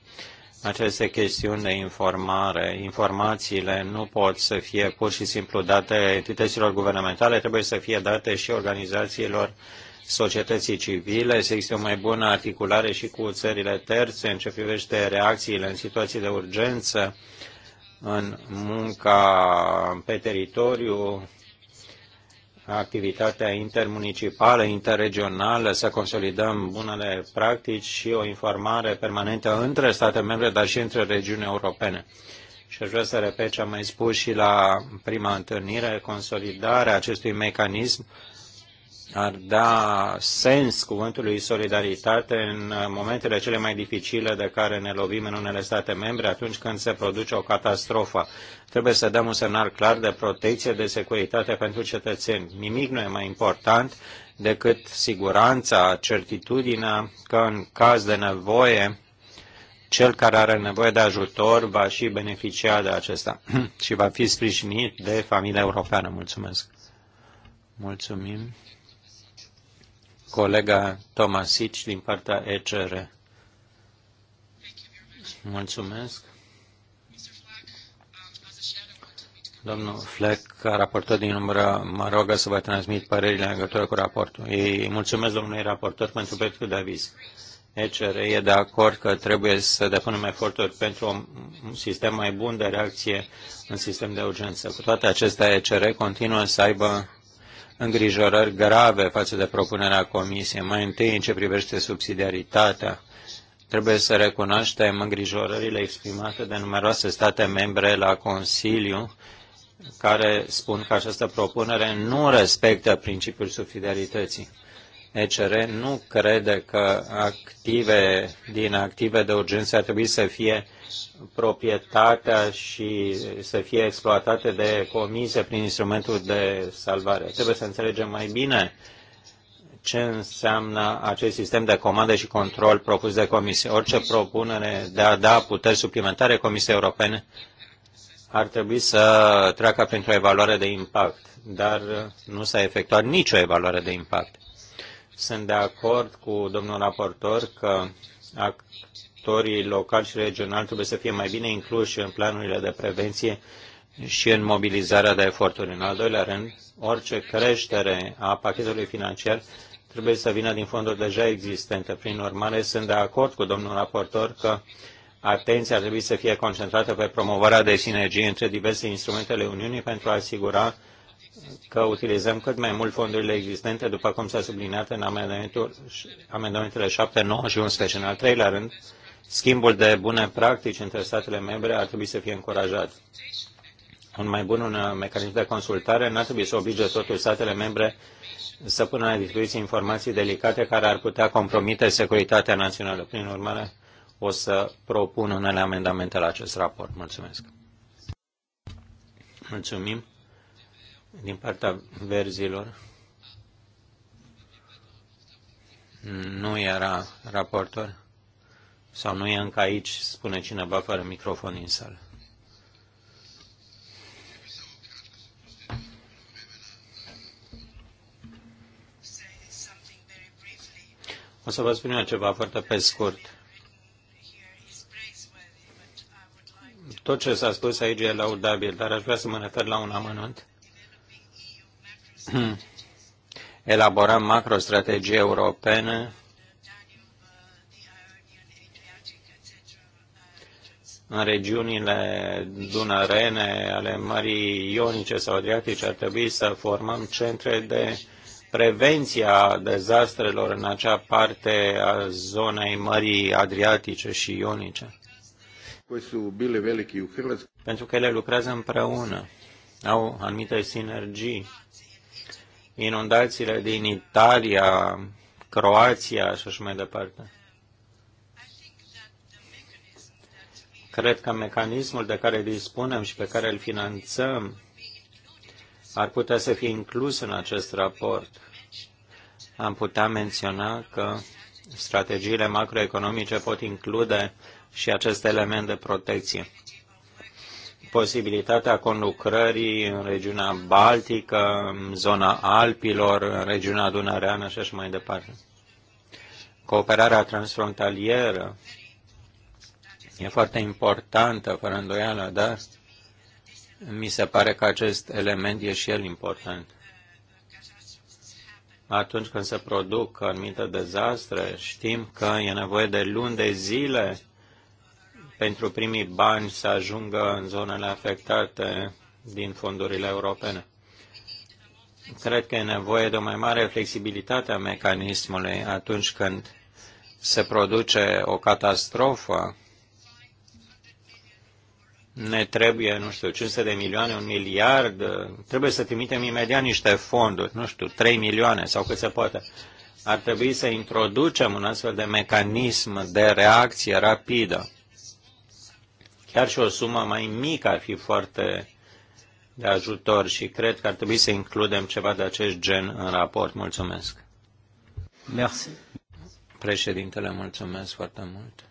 Aceste chestiuni de informare, informațiile nu pot să fie pur și simplu date entităților guvernamentale, trebuie să fie date și organizațiilor societății civile, să existe o mai bună articulare și cu țările terțe în ce privește reacțiile în situații de urgență, în munca pe teritoriu, activitatea intermunicipală, interregională, să consolidăm bunele practici și o informare permanentă între state membre, dar și între regiuni europene. Și aș vrea să repet ce am mai spus și la prima întâlnire, consolidarea acestui mecanism ar da sens cuvântului solidaritate în momentele cele mai dificile de care ne lovim în unele state membre atunci când se produce o catastrofă. Trebuie să dăm un semnal clar de protecție, de securitate pentru cetățeni. Nimic nu e mai important decât siguranța, certitudinea că în caz de nevoie cel care are nevoie de ajutor va și beneficia de acesta și va fi sprijinit de familia europeană. Mulțumesc! Mulțumim! colega Tomasici din partea ECR. Mulțumesc. Domnul Fleck, raportor din umbră, mă rog să vă transmit părerile în legătură cu raportul. Îi mulțumesc domnului raportor pentru proiectul de aviz. ECR e de acord că trebuie să depunem eforturi pentru un sistem mai bun de reacție în sistem de urgență. Cu toate acestea, ECR continuă să aibă îngrijorări grave față de propunerea Comisiei. Mai întâi, în ce privește subsidiaritatea, trebuie să recunoaștem îngrijorările exprimate de numeroase state membre la Consiliu, care spun că această propunere nu respectă principiul subsidiarității. ECR nu crede că active din active de urgență ar trebui să fie proprietatea și să fie exploatate de comise prin instrumentul de salvare. Trebuie să înțelegem mai bine ce înseamnă acest sistem de comandă și control propus de comisie. Orice propunere de a da puteri suplimentare Comisiei Europene ar trebui să treacă pentru o evaluare de impact, dar nu s-a efectuat nicio evaluare de impact. Sunt de acord cu domnul raportor că actorii locali și regionali trebuie să fie mai bine incluși în planurile de prevenție și în mobilizarea de eforturi. În al doilea rând, orice creștere a pachetului financiar trebuie să vină din fonduri deja existente. Prin urmare, sunt de acord cu domnul raportor că atenția ar trebui să fie concentrată pe promovarea de sinergie între diverse instrumentele Uniunii pentru a asigura că utilizăm cât mai mult fondurile existente, după cum s-a subliniat în amendamentul, amendamentele 7, 9 și 11. În al treilea rând, Schimbul de bune practici între statele membre ar trebui să fie încurajat. Un mai bun un uh, mecanism de consultare n-ar trebui să oblige totul statele membre să pună la dispoziție informații delicate care ar putea compromite securitatea națională. Prin urmare, o să propun unele amendamente la acest raport. Mulțumesc. Mulțumim. Din partea verzilor, nu era raportor. Sau nu e încă aici, spune cineva fără microfon în sală. O să vă spun eu ceva foarte pe scurt. Tot ce s-a spus aici e laudabil, dar aș vrea să mă refer la un amănunt. Elaborăm macrostrategii europene în regiunile dunărene ale Mării Ionice sau Adriatice ar trebui să formăm centre de a dezastrelor în acea parte a zonei Mării Adriatice și Ionice. Pentru că ele lucrează împreună, au anumite sinergii. Inundațiile din Italia, Croația și așa mai departe. Cred că mecanismul de care dispunem și pe care îl finanțăm ar putea să fie inclus în acest raport. Am putea menționa că strategiile macroeconomice pot include și acest element de protecție. Posibilitatea conlucrării în regiunea Baltică, în zona Alpilor, în regiunea Dunăreană și așa mai departe. Cooperarea transfrontalieră e foarte importantă, fără îndoială, dar mi se pare că acest element e și el important. Atunci când se produc anumite dezastre, știm că e nevoie de luni de zile pentru primii bani să ajungă în zonele afectate din fondurile europene. Cred că e nevoie de o mai mare flexibilitate a mecanismului atunci când se produce o catastrofă ne trebuie, nu știu, 500 de milioane, un miliard, trebuie să trimitem imediat niște fonduri, nu știu, 3 milioane sau cât se poate. Ar trebui să introducem un astfel de mecanism de reacție rapidă. Chiar și o sumă mai mică ar fi foarte de ajutor și cred că ar trebui să includem ceva de acest gen în raport. Mulțumesc. Merci. Președintele, mulțumesc foarte mult.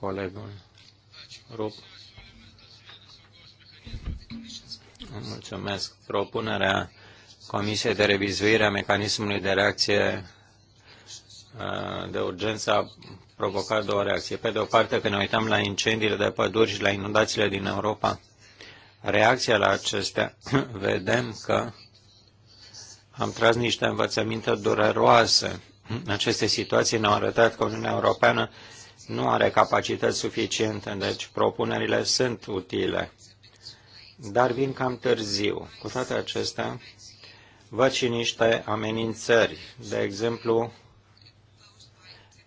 colegul Rup. Mulțumesc. Propunerea Comisiei de revizuire a mecanismului de reacție de urgență a provocat două reacții. Pe de o parte, când ne uitam la incendiile de păduri și la inundațiile din Europa, reacția la acestea, vedem că am tras niște învățăminte dureroase. Aceste situații ne-au arătat că Uniunea Europeană nu are capacități suficiente, deci propunerile sunt utile, dar vin cam târziu. Cu toate acestea, văd și niște amenințări. De exemplu,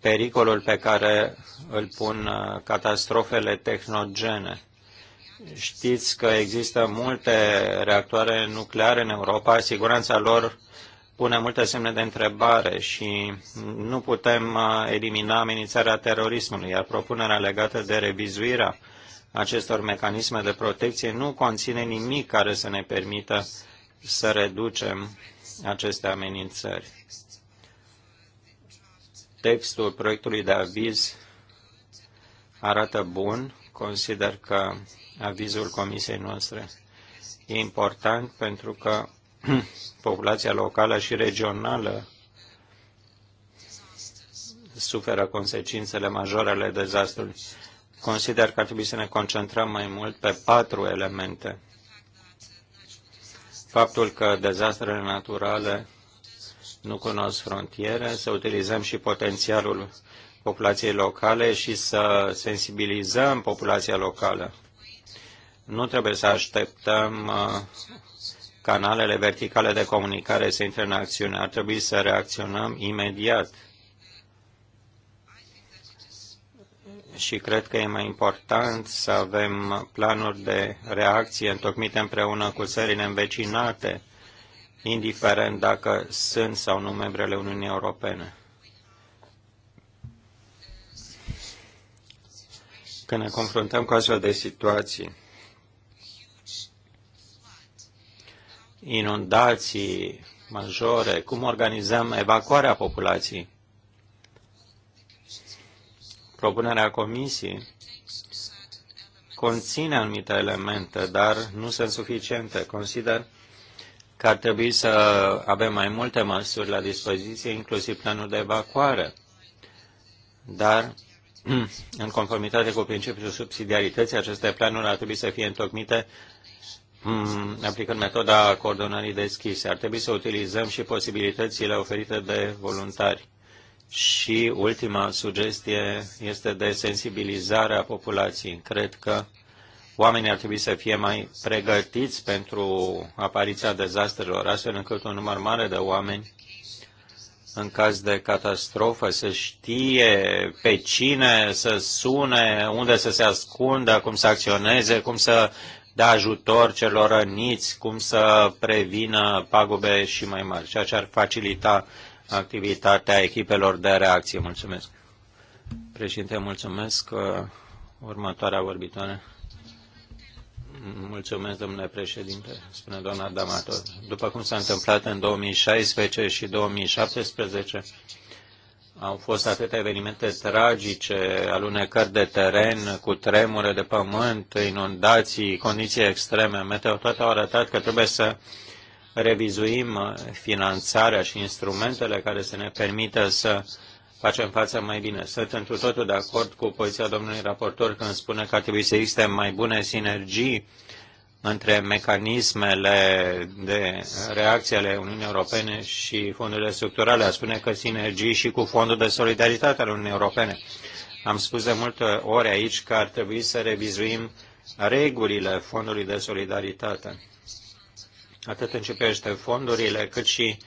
pericolul pe care îl pun uh, catastrofele tehnogene. Știți că există multe reactoare nucleare în Europa, siguranța lor pune multe semne de întrebare și nu putem uh, elimina amenințarea terorismului, iar propunerea legată de revizuirea acestor mecanisme de protecție nu conține nimic care să ne permită să reducem aceste amenințări. Textul proiectului de aviz arată bun. Consider că avizul comisiei noastre e important pentru că populația locală și regională suferă consecințele majore ale dezastrului. Consider că ar trebui să ne concentrăm mai mult pe patru elemente. Faptul că dezastrele naturale nu cunosc frontiere, să utilizăm și potențialul populației locale și să sensibilizăm populația locală. Nu trebuie să așteptăm uh, canalele verticale de comunicare să intre în acțiune. Ar trebui să reacționăm imediat. Și cred că e mai important să avem planuri de reacție întocmite împreună cu țările învecinate, indiferent dacă sunt sau nu membrele Uniunii Europene. Când ne confruntăm cu astfel de situații, inundații majore, cum organizăm evacuarea populației. Propunerea comisiei conține anumite elemente, dar nu sunt suficiente. Consider că ar trebui să avem mai multe măsuri la dispoziție, inclusiv planul de evacuare. Dar, în conformitate cu principiul subsidiarității, aceste planuri ar trebui să fie întocmite Hmm, aplicând metoda coordonării deschise. Ar trebui să utilizăm și posibilitățile oferite de voluntari. Și ultima sugestie este de sensibilizarea populației. Cred că oamenii ar trebui să fie mai pregătiți pentru apariția dezastrelor, astfel încât un număr mare de oameni în caz de catastrofă, să știe pe cine să sune, unde să se ascundă, cum să acționeze, cum să de da ajutor celor răniți, cum să prevină pagube și mai mari, ceea ce ar facilita activitatea echipelor de reacție. Mulțumesc. Președinte, mulțumesc. Uh, următoarea vorbitoare. Mulțumesc, domnule președinte, spune doamna Damator. După cum s-a întâmplat în 2016 și 2017, au fost atâtea evenimente tragice, alunecări de teren, cu tremure de pământ, inundații, condiții extreme. Meteo toate au arătat că trebuie să revizuim finanțarea și instrumentele care să ne permită să facem fața mai bine. Sunt întru totul de acord cu poziția domnului raportor când spune că ar trebui să existe mai bune sinergii între mecanismele de reacție ale Uniunii Europene și fondurile structurale. A spune că sinergii și cu fondul de solidaritate al Uniunii Europene. Am spus de multe ori aici că ar trebui să revizuim regulile fondului de solidaritate. Atât începește fondurile, cât și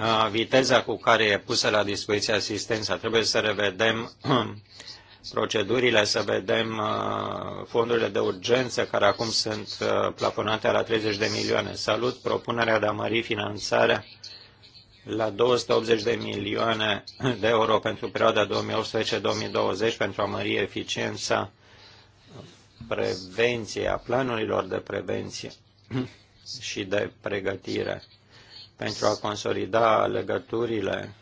uh, viteza cu care e pusă la dispoziție asistența. Trebuie să revedem procedurile, să vedem uh, fondurile de urgență care acum sunt uh, plafonate la 30 de milioane. Salut propunerea de a mări finanțarea la 280 de milioane de euro pentru perioada 2018-2020 pentru a mări eficiența prevenției, a planurilor de prevenție și de pregătire pentru a consolida legăturile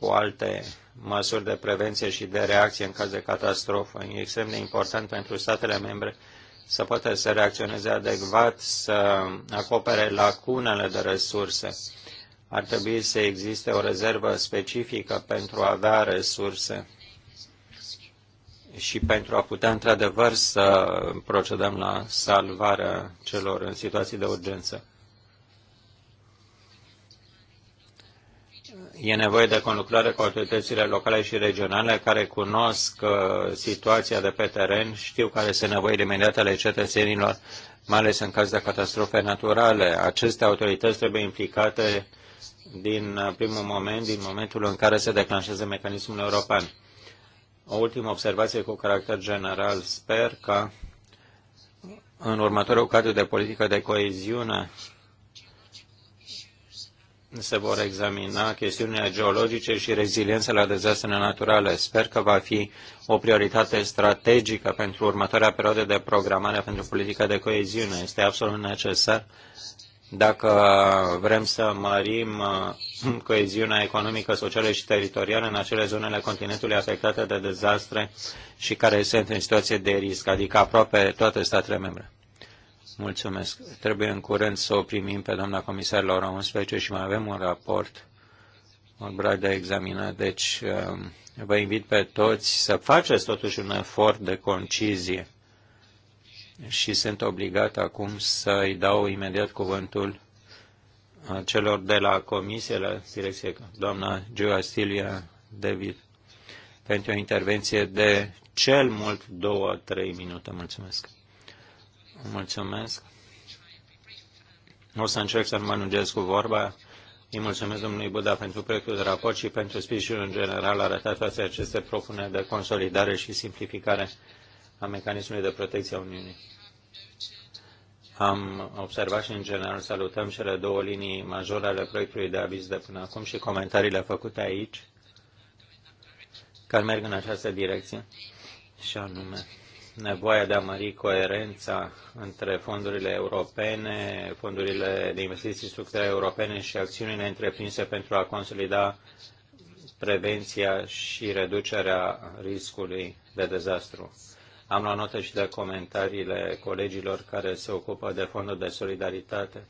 cu alte măsuri de prevenție și de reacție în caz de catastrofă. E extrem de important pentru statele membre să poată să reacționeze adecvat, să acopere lacunele de resurse. Ar trebui să existe o rezervă specifică pentru a avea resurse și pentru a putea într-adevăr să procedăm la salvarea celor în situații de urgență. E nevoie de conlucrare cu autoritățile locale și regionale care cunosc uh, situația de pe teren, știu care sunt nevoile imediate ale cetățenilor, mai ales în caz de catastrofe naturale. Aceste autorități trebuie implicate din uh, primul moment, din momentul în care se declanșează mecanismul european. O ultimă observație cu caracter general. Sper că în următorul cadru de politică de coeziune se vor examina chestiunile geologice și reziliența la dezastre naturale. Sper că va fi o prioritate strategică pentru următoarea perioadă de programare pentru politica de coeziune. Este absolut necesar dacă vrem să mărim uh, coeziunea economică, socială și teritorială în acele zonele continentului afectate de dezastre și care sunt în situație de risc, adică aproape toate statele membre. Mulțumesc. Trebuie în curând să o primim pe doamna comisar la ora 11 și mai avem un raport un brad de examinat. Deci um, vă invit pe toți să faceți totuși un efort de concizie și sunt obligat acum să-i dau imediat cuvântul uh, celor de la comisie, la direcție, doamna Gioa Stilia David, pentru o intervenție de cel mult două, trei minute. Mulțumesc. Mulțumesc. O să încerc să nu mă lungesc cu vorba. Îi mulțumesc domnului Buda pentru proiectul de raport și pentru sprijinul în general arătat toate aceste propune de consolidare și simplificare a mecanismului de protecție a Uniunii. Am observat și în general salutăm cele două linii majore ale proiectului de aviz de până acum și comentariile făcute aici care merg în această direcție și anume nevoia de a mări coerența între fondurile europene, fondurile de investiții structurale europene și acțiunile întreprinse pentru a consolida prevenția și reducerea riscului de dezastru. Am luat notă și de comentariile colegilor care se ocupă de fondul de solidaritate.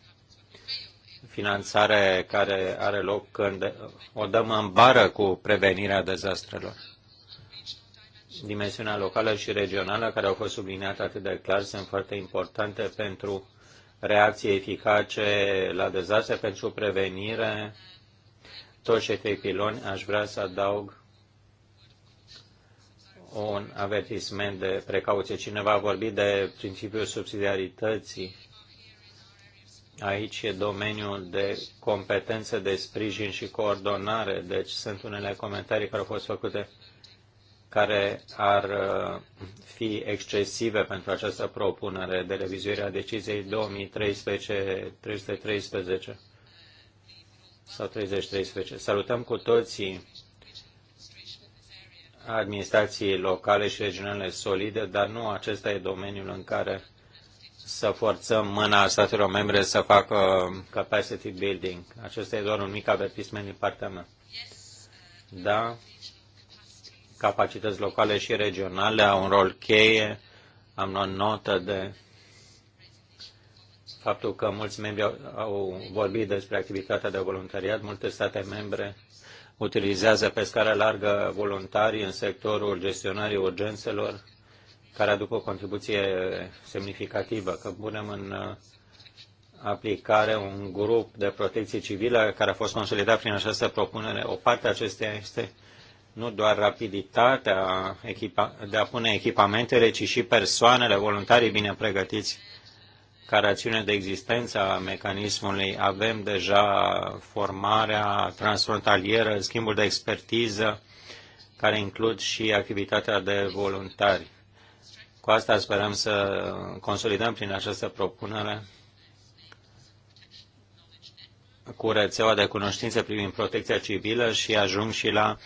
Finanțare care are loc când o dăm în bară cu prevenirea dezastrelor dimensiunea locală și regională, care au fost subliniate atât de clar, sunt foarte importante pentru reacții eficace la dezastre, pentru prevenire. Toți cei trei piloni aș vrea să adaug un avertisment de precauție. Cineva a vorbit de principiul subsidiarității. Aici e domeniul de competență, de sprijin și coordonare, deci sunt unele comentarii care au fost făcute care ar uh, fi excesive pentru această propunere de revizuire a deciziei 2013-313 sau 3013. Salutăm cu toții administrații locale și regionale solide, dar nu acesta e domeniul în care să forțăm mâna statelor membre să facă uh, capacity building. Acesta e doar un mic avertisment din partea mea. Da, capacități locale și regionale au un rol cheie. Am luat notă de faptul că mulți membri au, au vorbit despre activitatea de voluntariat. Multe state membre utilizează pe scară largă voluntarii în sectorul gestionării urgențelor, care aduc o contribuție semnificativă, că punem în uh, aplicare un grup de protecție civilă care a fost consolidat prin această propunere. O parte a acesteia este nu doar rapiditatea de a pune echipamentele, ci și persoanele, voluntarii bine pregătiți ca rațiune de existență a mecanismului. Avem deja formarea transfrontalieră, schimbul de expertiză, care includ și activitatea de voluntari. Cu asta sperăm să consolidăm prin această propunere cu rețeaua de cunoștințe privind protecția civilă și ajung și la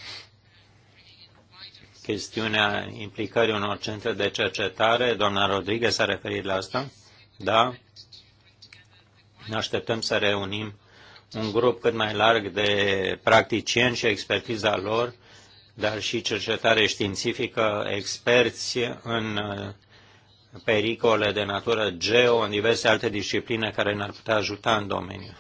chestiunea implicării unor centre de cercetare. Doamna Rodriguez s-a referit la asta. Da, ne așteptăm să reunim un grup cât mai larg de practicieni și expertiza lor, dar și cercetare științifică, experți în uh, pericole de natură geo, în diverse alte discipline care ne-ar putea ajuta în domeniu.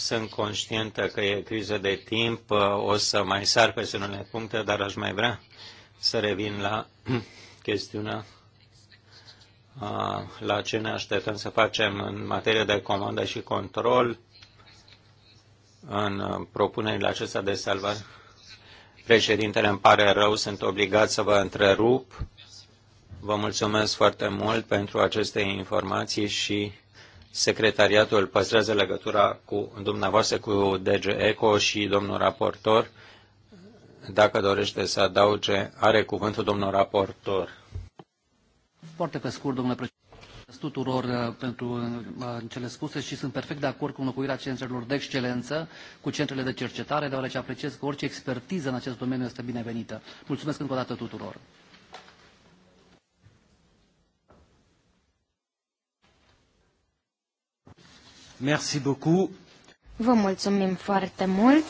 Sunt conștientă că e criză de timp, o să mai sar peste unele puncte, dar aș mai vrea să revin la chestiunea la ce ne așteptăm să facem în materie de comandă și control în propunerile acestea de salvare. Președintele, îmi pare rău, sunt obligat să vă întrerup. Vă mulțumesc foarte mult pentru aceste informații și Secretariatul păstrează legătura cu dumneavoastră, cu DG ECO și domnul raportor. Dacă dorește să adauge, are cuvântul domnul raportor. Foarte pe scurt, domnule președinte tuturor uh, pentru uh, cele spuse și sunt perfect de acord cu înlocuirea centrelor de excelență cu centrele de cercetare, deoarece apreciez că orice expertiză în acest domeniu este binevenită. Mulțumesc încă o dată tuturor! Merci beaucoup. Vă mulțumim foarte mult.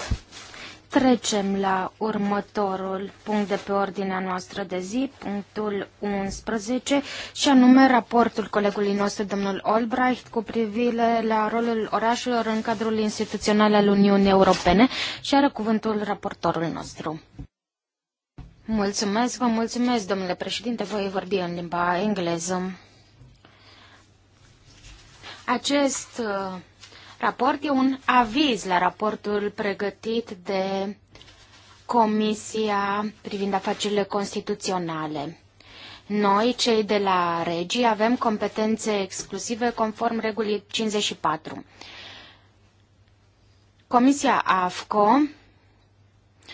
Trecem la următorul punct de pe ordinea noastră de zi, punctul 11, și anume raportul colegului nostru, domnul Olbricht, cu privire la rolul orașelor în cadrul instituțional al Uniunii Europene și are cuvântul raportorul nostru. Mulțumesc, vă mulțumesc, domnule președinte, voi vorbi în limba engleză. Acest uh, raport e un aviz la raportul pregătit de Comisia privind afacerile constituționale. Noi, cei de la Regii, avem competențe exclusive conform regulii 54. Comisia AFCO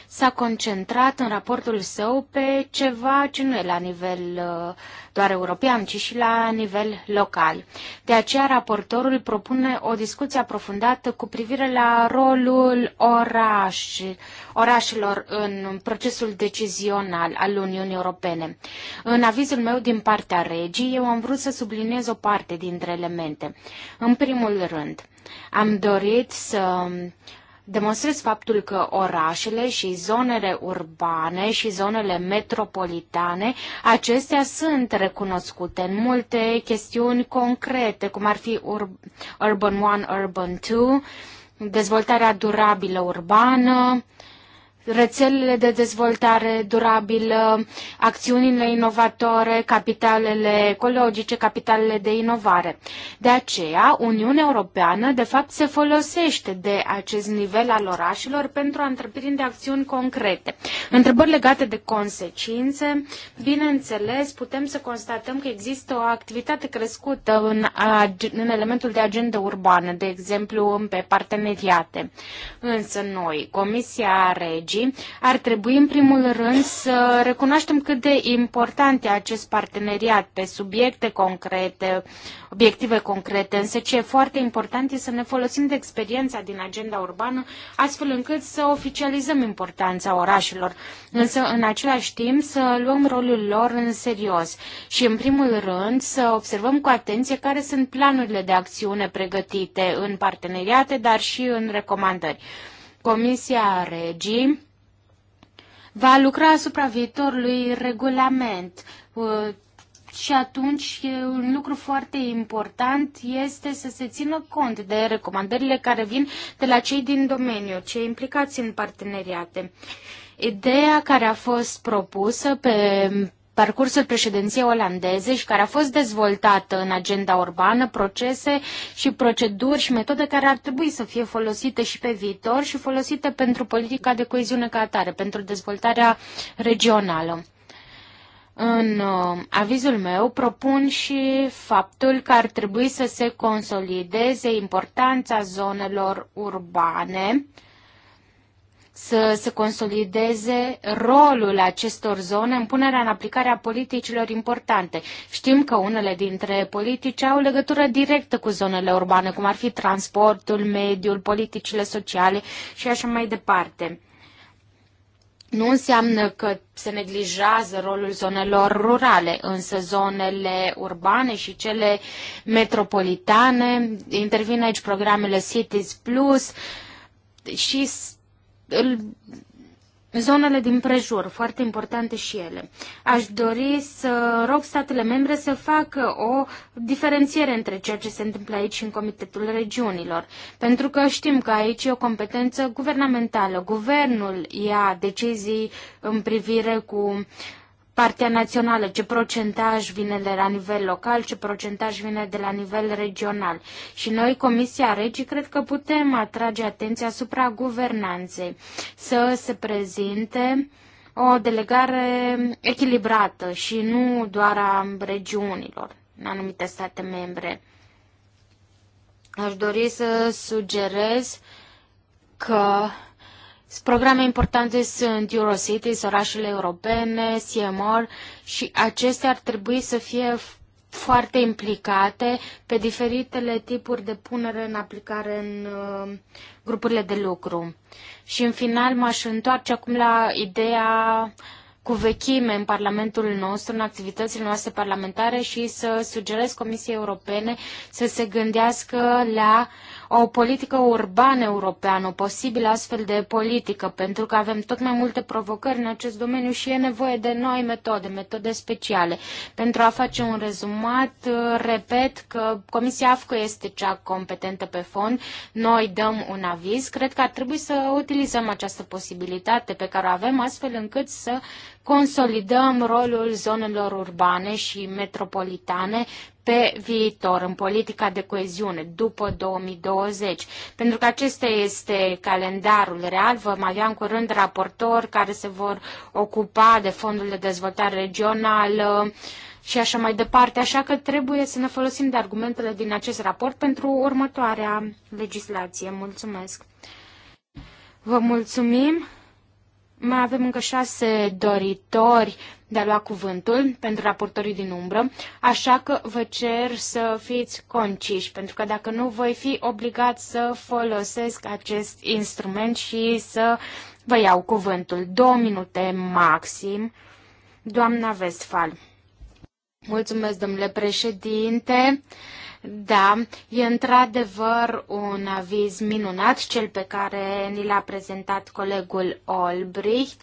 s-a concentrat în raportul său pe ceva ce nu e la nivel uh, doar european, ci și la nivel local. De aceea, raportorul propune o discuție aprofundată cu privire la rolul oraș, orașelor în procesul decizional al Uniunii Europene. În avizul meu din partea regii, eu am vrut să subliniez o parte dintre elemente. În primul rând, am dorit să demonstrez faptul că orașele și zonele urbane și zonele metropolitane, acestea sunt recunoscute în multe chestiuni concrete, cum ar fi Urban 1, Urban 2, dezvoltarea durabilă urbană, rețelele de dezvoltare durabilă, acțiunile inovatoare, capitalele ecologice, capitalele de inovare. De aceea, Uniunea Europeană, de fapt, se folosește de acest nivel al orașelor pentru a întreprinde acțiuni concrete. Întrebări legate de consecințe, bineînțeles, putem să constatăm că există o activitate crescută în, în elementul de agenda urbană, de exemplu, pe parteneriate. Însă noi, Comisia Regi, strategii, ar trebui în primul rând să recunoaștem cât de important e acest parteneriat pe subiecte concrete, obiective concrete, însă ce e foarte important e să ne folosim de experiența din agenda urbană, astfel încât să oficializăm importanța orașelor, însă în același timp să luăm rolul lor în serios și în primul rând să observăm cu atenție care sunt planurile de acțiune pregătite în parteneriate, dar și în recomandări. Comisia Regii va lucra asupra viitorului regulament uh, și atunci un lucru foarte important este să se țină cont de recomandările care vin de la cei din domeniu, cei implicați în parteneriate. Ideea care a fost propusă pe parcursul președinției olandeze și care a fost dezvoltată în agenda urbană, procese și proceduri și metode care ar trebui să fie folosite și pe viitor și folosite pentru politica de coeziune ca atare, pentru dezvoltarea regională. În uh, avizul meu propun și faptul că ar trebui să se consolideze importanța zonelor urbane uh, să se consolideze rolul acestor zone în punerea în aplicare a politicilor importante. Știm că unele dintre politici au legătură directă cu zonele urbane, cum ar fi transportul, mediul, politicile sociale și așa mai departe. Nu înseamnă că se neglijează rolul zonelor rurale, însă zonele urbane și cele metropolitane, intervin aici programele Cities Plus și zonele din prejur, foarte importante și ele. Aș dori să rog statele membre să facă o diferențiere între ceea ce se întâmplă aici în Comitetul Regiunilor, pentru că știm că aici e o competență guvernamentală. Guvernul ia decizii în privire cu uh, partea națională, ce procentaj vine de la nivel local, ce procentaj vine de la nivel regional. Și noi, Comisia Regii, cred că putem atrage atenția asupra guvernanței, să se prezinte o delegare echilibrată și nu doar a regiunilor în anumite state membre. Aș dori să sugerez că Programe importante sunt Eurocities, orașele europene, CMR și acestea ar trebui să fie foarte implicate pe diferitele tipuri de punere în aplicare în uh, grupurile de lucru. Și în final m-aș întoarce acum la ideea cu vechime în Parlamentul nostru, în activitățile noastre parlamentare și să sugerez Comisiei Europene să se gândească la uh, o politică urbană europeană, o posibilă astfel de politică, pentru că avem tot mai multe provocări în acest domeniu și e nevoie de noi metode, metode speciale. Pentru a face un rezumat, uh, repet că Comisia AFCO este cea competentă pe fond, noi dăm un aviz, cred că ar trebui să utilizăm această posibilitate pe care o avem astfel încât să consolidăm rolul zonelor urbane și metropolitane pe viitor, în politica de coeziune, după 2020. Pentru că acesta este calendarul real, vom avea în curând raportori care se vor ocupa de fondul de dezvoltare regională și așa mai departe, așa că trebuie să ne folosim de argumentele din acest raport pentru următoarea legislație. Mulțumesc! Vă mulțumim! Mai avem încă șase doritori de a lua cuvântul pentru raportorii din umbră, așa că vă cer să fiți conciși, pentru că dacă nu voi fi obligat să folosesc acest instrument și să vă iau cuvântul. Două minute maxim. Doamna Vestfal. Mulțumesc, domnule președinte. Da, e într-adevăr un aviz minunat, cel pe care ni l-a prezentat colegul Olbricht.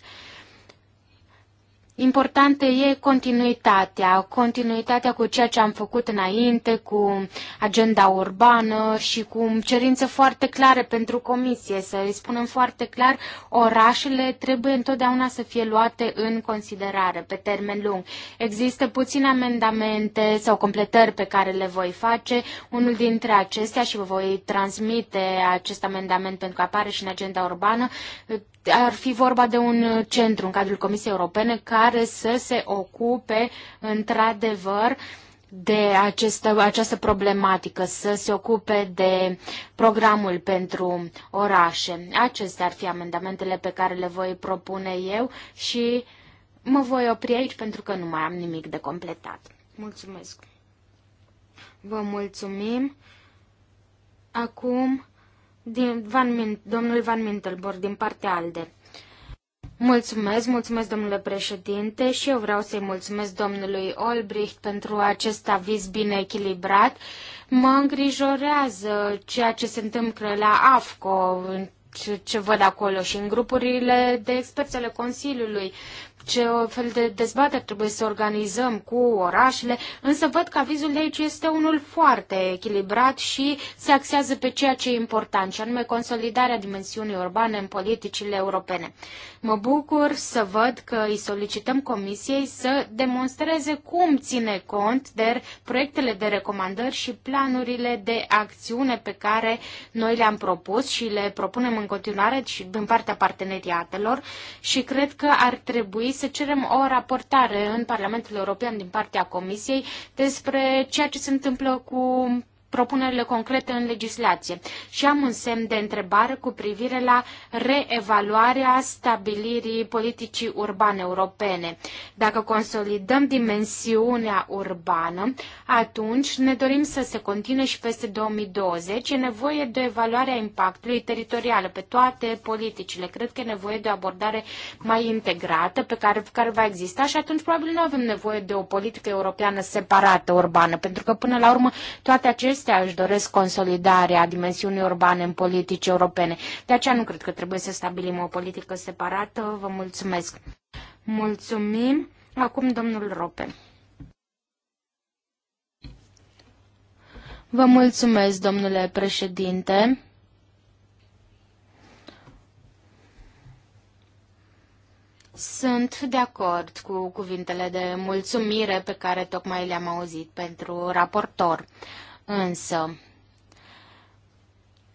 Importantă e continuitatea, continuitatea cu ceea ce am făcut înainte, cu agenda urbană și cu cerințe foarte clare pentru comisie, să îi spunem foarte clar, orașele trebuie întotdeauna să fie luate în considerare pe termen lung. Există puține amendamente sau completări pe care le voi face, unul dintre acestea și vă voi transmite acest amendament pentru că apare și în agenda urbană, ar fi vorba de un centru în cadrul Comisiei Europene care care să se ocupe într-adevăr de această, această problematică, să se ocupe de programul pentru orașe. Acestea ar fi amendamentele pe care le voi propune eu și mă voi opri aici pentru că nu mai am nimic de completat. Mulțumesc! Vă mulțumim! Acum, din Van Min, domnul Van Mintelbor, din partea ALDE. Mulțumesc, mulțumesc domnule președinte și eu vreau să-i mulțumesc domnului Olbricht pentru acest aviz bine echilibrat. Mă îngrijorează ceea ce se întâmplă la AFCO, ce, ce văd acolo și în grupurile de experți ale Consiliului, ce fel de dezbateri trebuie să organizăm cu orașele, însă văd că avizul de aici este unul foarte echilibrat și se axează pe ceea ce e important, și anume consolidarea dimensiunii urbane în politicile europene. Mă bucur să văd că îi solicităm Comisiei să demonstreze cum ține cont de proiectele de recomandări și planurile de acțiune pe care noi le-am propus și le propunem în continuare și din partea parteneriatelor și cred că ar trebui să cerem o raportare în Parlamentul European din partea Comisiei despre ceea ce se întâmplă cu propunerile concrete în legislație și am un semn de întrebare cu privire la reevaluarea stabilirii politicii urbane europene. Dacă consolidăm dimensiunea urbană, atunci ne dorim să se continue și peste 2020. E nevoie de evaluarea impactului teritorial pe toate politicile. Cred că e nevoie de o abordare mai integrată pe care, care va exista și atunci probabil nu avem nevoie de o politică europeană separată urbană, pentru că până la urmă toate acestea acestea își doresc consolidarea dimensiunii urbane în politici europene. De aceea nu cred că trebuie să stabilim o politică separată. Vă mulțumesc. Mulțumim. Acum domnul Rope. Vă mulțumesc, domnule președinte. Sunt de acord cu cuvintele de mulțumire pe care tocmai le-am auzit pentru raportor însă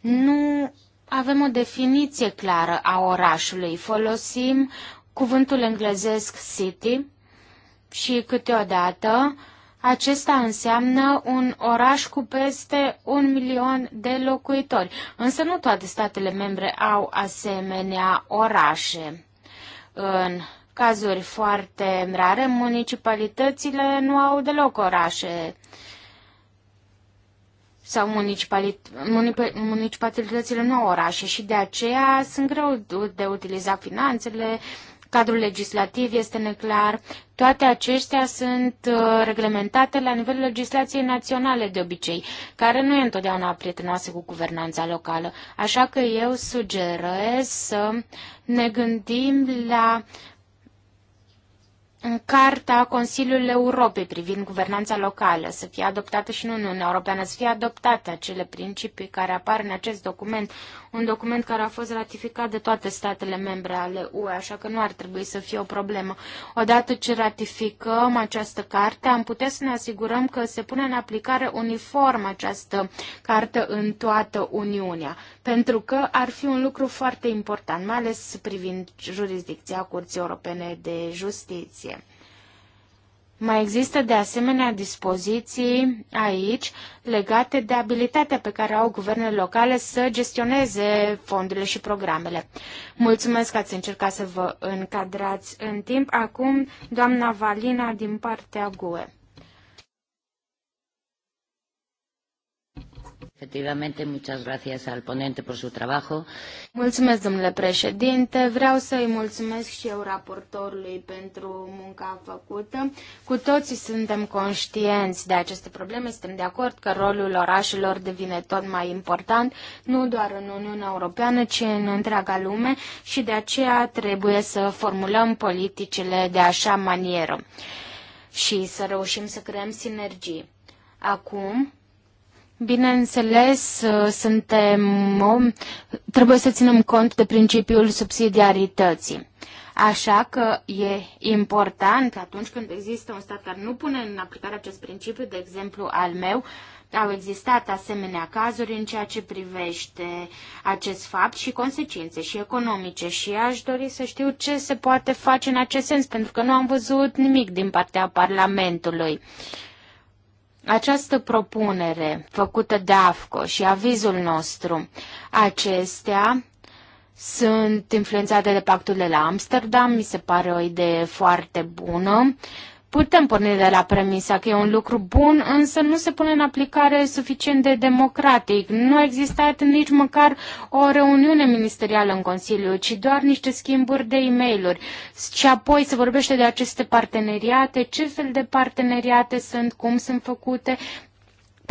nu avem o definiție clară a orașului. Folosim cuvântul englezesc city și câteodată acesta înseamnă un oraș cu peste un milion de locuitori, însă nu toate statele membre au asemenea orașe. În cazuri foarte rare, municipalitățile nu au deloc orașe sau municipalitățile nu orașe și de aceea sunt greu de utilizat finanțele, cadrul legislativ este neclar. Toate acestea sunt uh, reglementate la nivelul legislației naționale de obicei, care nu e întotdeauna prietenoasă cu guvernanța locală. Așa că eu sugerez să ne gândim la în Carta Consiliului Europei privind guvernanța locală să fie adoptată și în Uniunea Europeană, să fie adoptate acele principii care apar în acest document, un document care a fost ratificat de toate statele membre ale UE, așa că nu ar trebui să fie o problemă. Odată ce ratificăm această carte, am putea să ne asigurăm că se pune în aplicare uniform această carte în toată Uniunea pentru că ar fi un lucru foarte important, mai ales privind jurisdicția Curții Europene de Justiție. Mai există de asemenea dispoziții aici legate de abilitatea pe care au guvernele locale să gestioneze fondurile și programele. Mulțumesc că ați încercat să vă încadrați în timp. Acum, doamna Valina din partea GUE. Efectivamente, muchas gracias al ponente por su trabajo. Mulțumesc, domnule președinte. Vreau să-i mulțumesc și eu raportorului pentru munca făcută. Cu toții suntem conștienți de aceste probleme, suntem de acord că rolul orașelor devine tot mai important, nu doar în Uniunea Europeană, ci în întreaga lume și de aceea trebuie să formulăm politicile de așa manieră și să reușim să creăm sinergii. Acum, Bineînțeles, uh, suntem, trebuie să ținem cont de principiul subsidiarității. Așa că e important că atunci când există un stat care nu pune în aplicare acest principiu, de exemplu al meu, au existat asemenea cazuri în ceea ce privește acest fapt și consecințe și economice și aș dori să știu ce se poate face în acest sens, pentru că nu am văzut nimic din partea Parlamentului. Uh, această propunere făcută de AFCO și avizul nostru, acestea sunt influențate de pactul de la Amsterdam, mi se pare o idee foarte bună Putem porni de la premisa că e un lucru bun, însă nu se pune în aplicare suficient de democratic. Nu a existat nici măcar o reuniune ministerială în Consiliu, ci doar niște schimburi de e mail Și apoi se vorbește de aceste parteneriate, ce fel de parteneriate sunt, cum sunt făcute,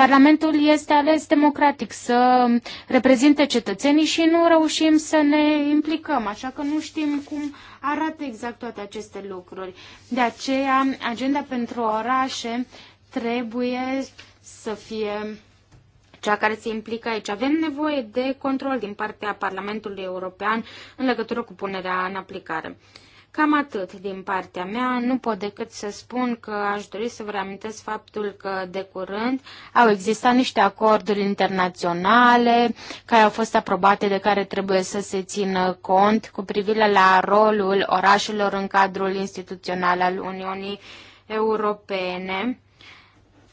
Parlamentul este ales democratic să reprezinte cetățenii și nu reușim să ne implicăm, așa că nu știm cum arată exact toate aceste lucruri. De aceea, agenda pentru orașe trebuie să fie cea care se implică aici. Avem nevoie de control din partea Parlamentului European în legătură cu punerea în aplicare. Cam atât din partea mea. Nu pot decât să spun că aș dori să vă reamintesc faptul că de curând au existat niște acorduri internaționale care au fost aprobate de care trebuie să se țină cont cu privire la rolul orașelor în cadrul instituțional al Uniunii Europene.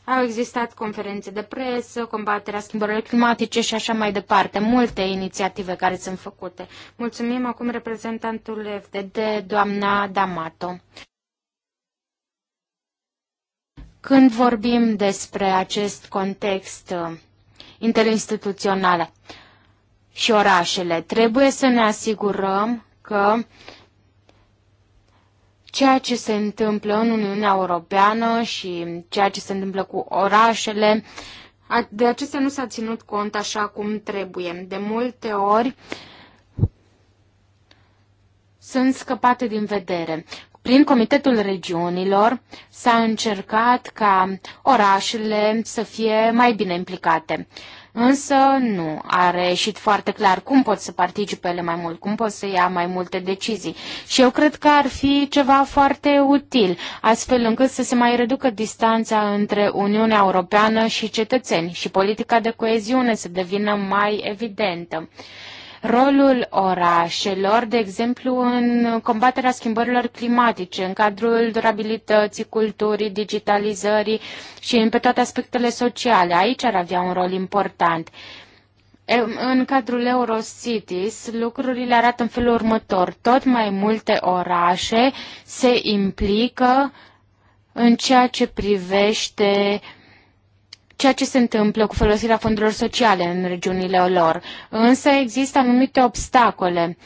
Au existat conferințe de presă, combaterea schimbărilor climatice și așa mai departe. Multe inițiative care sunt făcute. Mulțumim acum reprezentantul FDD, doamna Damato. Când vorbim despre acest context uh, interinstituțional și orașele, trebuie să ne asigurăm că uh, ceea ce se întâmplă în Uniunea Europeană și ceea ce se întâmplă cu orașele, de acestea nu s-a ținut cont așa cum trebuie. De multe ori sunt scăpate din vedere. Prin Comitetul Regiunilor s-a încercat ca orașele să fie mai bine implicate însă nu a reieșit foarte clar cum pot să participe ele mai mult, cum pot să ia mai multe decizii. Și eu cred că ar fi ceva foarte util, astfel încât să se mai reducă distanța între Uniunea Europeană și cetățeni și politica de coeziune să devină mai evidentă rolul orașelor, de exemplu, în combaterea schimbărilor climatice, în cadrul durabilității, culturii, digitalizării și pe toate aspectele sociale. Aici ar avea un rol important. În cadrul Eurocities, lucrurile arată în felul următor. Tot mai multe orașe se implică în ceea ce privește ceea ce se întâmplă cu folosirea fondurilor sociale în regiunile lor. Însă există anumite obstacole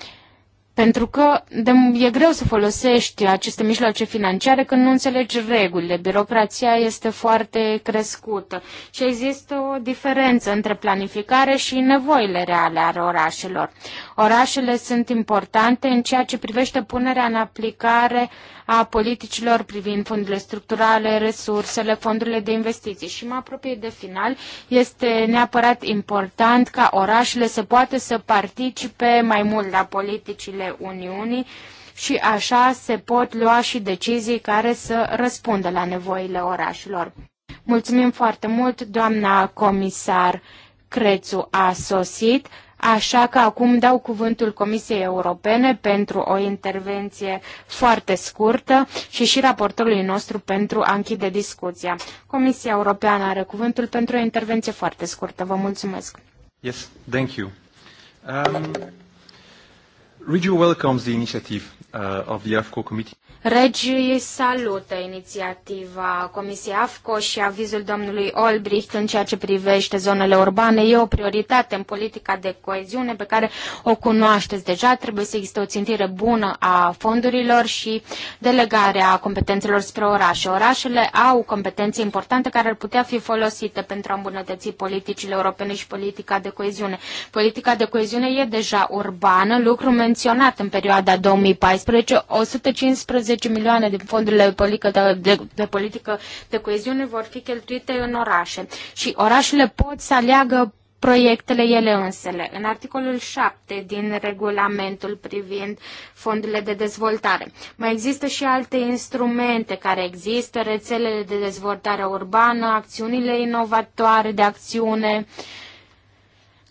pentru că de, e greu să folosești aceste mijloace financiare când nu înțelegi regulile. Birocrația este foarte crescută și există o diferență între planificare și nevoile reale ale orașelor. Orașele sunt importante în ceea ce privește punerea în aplicare a politicilor privind fondurile structurale, resursele, fondurile de investiții. Și mă apropie de final, este neapărat important ca orașele să poată să participe mai mult la politicile Uniunii și așa se pot lua și decizii care să răspundă la nevoile orașelor. Mulțumim foarte mult, doamna comisar Crețu a sosit. Așa că acum dau cuvântul Comisiei Europene pentru o intervenție foarte scurtă și și raportorului nostru pentru a închide discuția. Comisia Europeană are cuvântul pentru o intervenție foarte scurtă. Vă mulțumesc. Yes, thank you. Um, Regiu welcomes the initiative uh, of the AFCO committee. Regii salută inițiativa Comisiei AFCO și avizul domnului Olbricht în ceea ce privește zonele urbane. E o prioritate în politica de coeziune pe care o cunoașteți deja. Trebuie să existe o țintire bună a fondurilor și delegarea competențelor spre orașe. Orașele au competențe importante care ar putea fi folosite pentru a îmbunătăți politicile europene și politica de coeziune. Politica de coeziune e deja urbană, lucru menționat în perioada 2014, 115 10 milioane din fondurile de, de, de politică de coeziune vor fi cheltuite în orașe și orașele pot să aleagă proiectele ele însele. În articolul 7 din regulamentul privind fondurile de dezvoltare. Mai există și alte instrumente care există, rețelele de dezvoltare urbană, acțiunile inovatoare de acțiune, uh,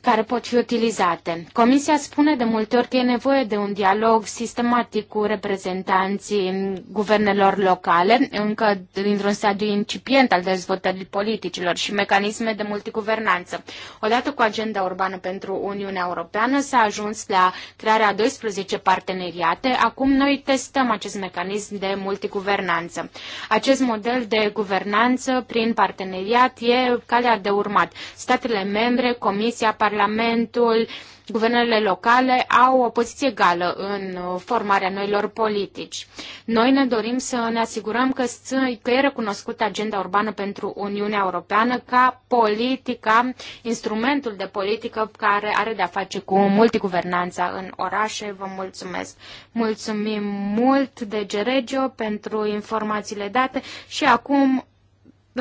care pot fi utilizate. Comisia spune de multe ori că e nevoie de un dialog sistematic cu reprezentanții guvernelor locale, încă dintr-un stadiu incipient al dezvoltării politicilor și mecanisme de multiguvernanță. Odată cu agenda urbană pentru Uniunea Europeană s-a ajuns la crearea 12 parteneriate. Acum noi testăm acest mecanism de multiguvernanță. Acest model de guvernanță prin parteneriat e calea de urmat. Statele membre, Comisia, Parlamentul, Parlamentul, guvernele locale au o poziție egală în formarea noilor politici. Noi ne dorim să ne asigurăm că, că e recunoscută agenda urbană pentru Uniunea Europeană ca politica, instrumentul de politică care are de-a face cu multiguvernanța în orașe. Vă mulțumesc! Mulțumim mult de Geregio pentru informațiile date și acum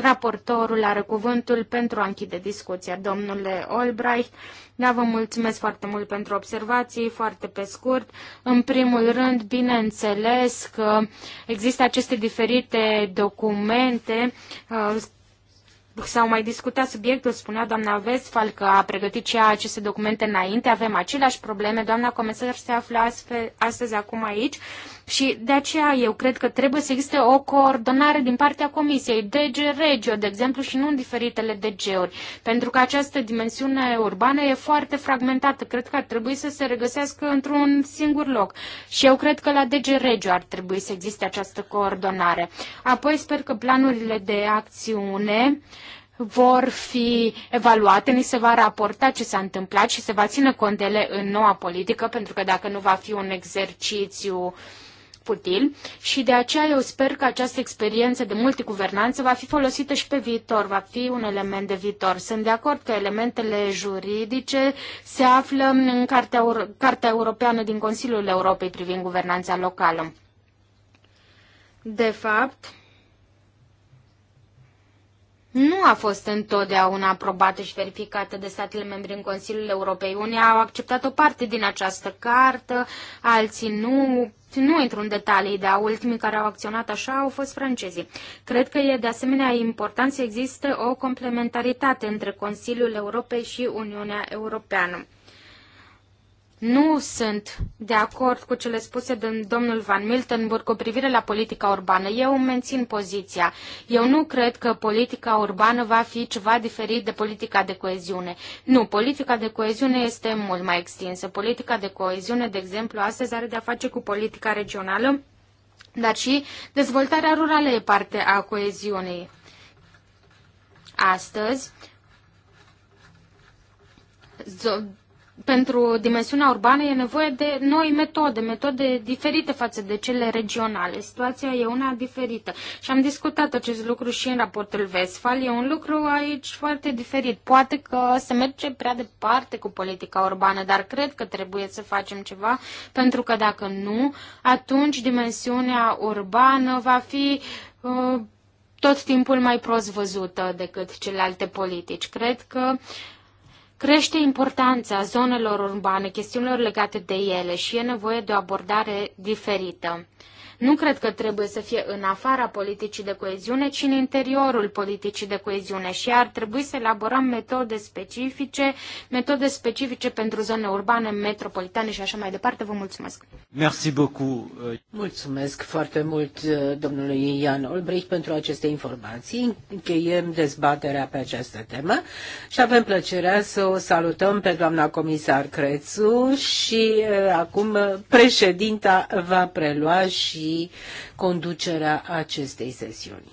Raportorul are cuvântul pentru a închide discuția. Domnule Olbright, da, vă mulțumesc foarte mult pentru observații, foarte pe scurt. În primul rând, bineînțeles că există aceste diferite documente uh, s-au mai discutat subiectul, spunea doamna Westphal că a pregătit și aceste documente înainte, avem aceleași probleme, doamna comisar se află astfel, astăzi acum aici și de aceea eu cred că trebuie să existe o coordonare din partea Comisiei, DG Regio, de exemplu, și nu în diferitele DG-uri, pentru că această dimensiune urbană e foarte fragmentată. Cred că ar trebui să se regăsească într-un singur loc. Și eu cred că la DG Regio ar trebui să existe această coordonare. Apoi sper că planurile de acțiune vor fi evaluate, ni se va raporta ce s-a întâmplat și se va ține cont de ele în noua politică, pentru că dacă nu va fi un exercițiu uh, util și de aceea eu sper că această experiență de multiguvernanță va fi folosită și pe viitor, va fi un element de viitor. Sunt de acord că elementele juridice se află în Cartea, Euro- Cartea Europeană din Consiliul Europei privind guvernanța locală. De fapt, nu a fost întotdeauna aprobată și verificată de statele membre în Consiliul Europei. Unii au acceptat o parte din această cartă, alții nu. Nu intru în detalii, dar ultimii care au acționat așa au fost francezii. Cred că e de asemenea important să există o complementaritate între Consiliul Europei și Uniunea Europeană. Nu sunt de acord cu cele spuse de domnul Van Miltenburg cu privire la politica urbană. Eu mențin poziția. Eu nu cred că politica urbană va fi ceva diferit de politica de coeziune. Nu, politica de coeziune este mult mai extinsă. Politica de coeziune, de exemplu, astăzi are de-a face cu politica regională, dar și dezvoltarea rurală e parte a coeziunii. Astăzi, pentru dimensiunea urbană e nevoie de noi metode, metode diferite față de cele regionale. Situația e una diferită și am discutat acest lucru și în raportul Vesfal. E un lucru aici foarte diferit. Poate că se merge prea departe cu politica urbană, dar cred că trebuie să facem ceva, pentru că dacă nu, atunci dimensiunea urbană va fi uh, tot timpul mai prost văzută decât celelalte politici. Cred că uh, Crește importanța zonelor urbane, chestiunilor legate de ele și e nevoie de o abordare diferită. Nu cred că trebuie să fie în afara politicii de coeziune, ci în interiorul politicii de coeziune și ar trebui să elaborăm metode specifice, metode specifice pentru zone urbane, metropolitane și așa mai departe. Vă mulțumesc! Merci beaucoup. Euh, mulțumesc foarte mult uh, domnului Ian Olbricht pentru aceste informații. Încheiem dezbaterea pe această temă și avem plăcerea să o salutăm pe doamna comisar Crețu și uh, acum uh, președinta va prelua și și conducerea acestei sesiuni.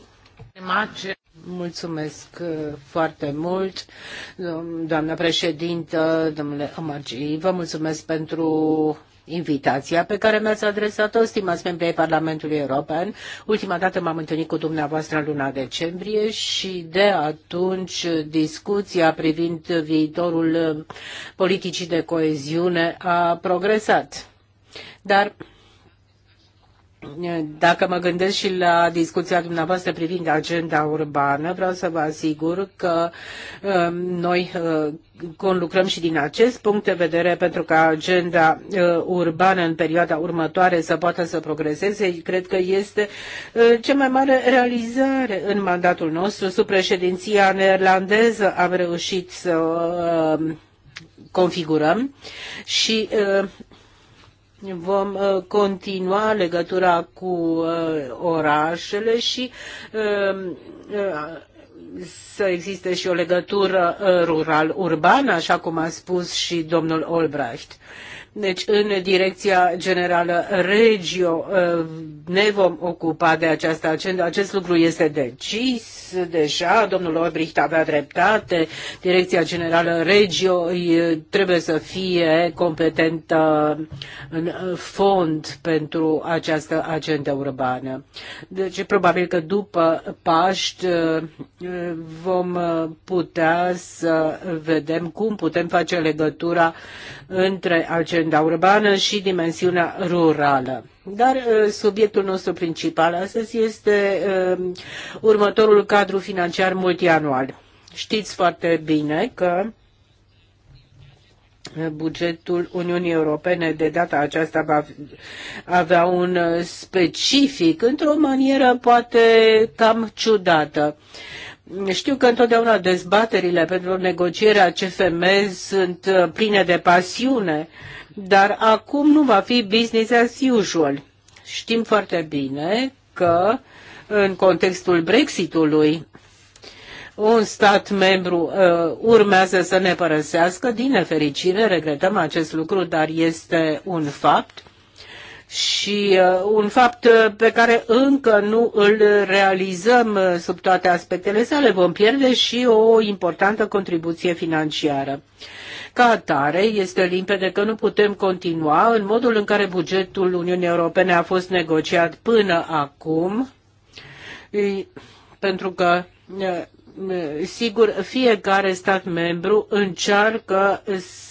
Mulțumesc uh, foarte mult, doamna președintă, domnule Amagi. vă mulțumesc pentru invitația pe care mi-ați adresat-o, stimați membri ai Parlamentului European. Ultima dată m-am întâlnit cu dumneavoastră în luna decembrie și de atunci discuția privind viitorul politicii de coeziune a progresat. Dar dacă mă gândesc și la discuția dumneavoastră privind agenda urbană, vreau să vă asigur că um, noi uh, conlucrăm și din acest punct de vedere pentru ca agenda uh, urbană în perioada următoare să poată să progreseze. Cred că este uh, cea mai mare realizare în mandatul nostru. Sub președinția neerlandeză am reușit să configurăm și vom uh, continua legătura cu uh, orașele și um, uh, să existe și o legătură rural-urbană, așa cum a spus și domnul Olbracht. Deci, în direcția generală Regio ă, ne vom ocupa de această agenda. Acest lucru este decis deja. Domnul Obricht avea dreptate. Direcția generală Regio trebuie să fie competentă în fond pentru această agenda urbană. Deci, probabil că după Paști ă, vom putea să vedem cum putem face legătura între acest agenda urbană și dimensiunea rurală. Dar uh, subiectul nostru principal astăzi este uh, următorul cadru financiar multianual. Știți foarte bine că uh, bugetul Uniunii Europene de data aceasta va avea un specific, într-o manieră poate cam ciudată. Știu că întotdeauna dezbaterile pentru negocierea CFM sunt pline de pasiune, dar acum nu va fi business as usual. Știm foarte bine că în contextul Brexitului un stat membru uh, urmează să ne părăsească. Din nefericire, regretăm acest lucru, dar este un fapt și uh, un fapt uh, pe care încă nu îl realizăm uh, sub toate aspectele sale. Vom pierde și o importantă contribuție financiară. Uh, ca atare, este limpede că nu putem continua în modul în care bugetul Uniunii Europene a fost negociat până acum, pentru că sigur, fiecare stat membru încearcă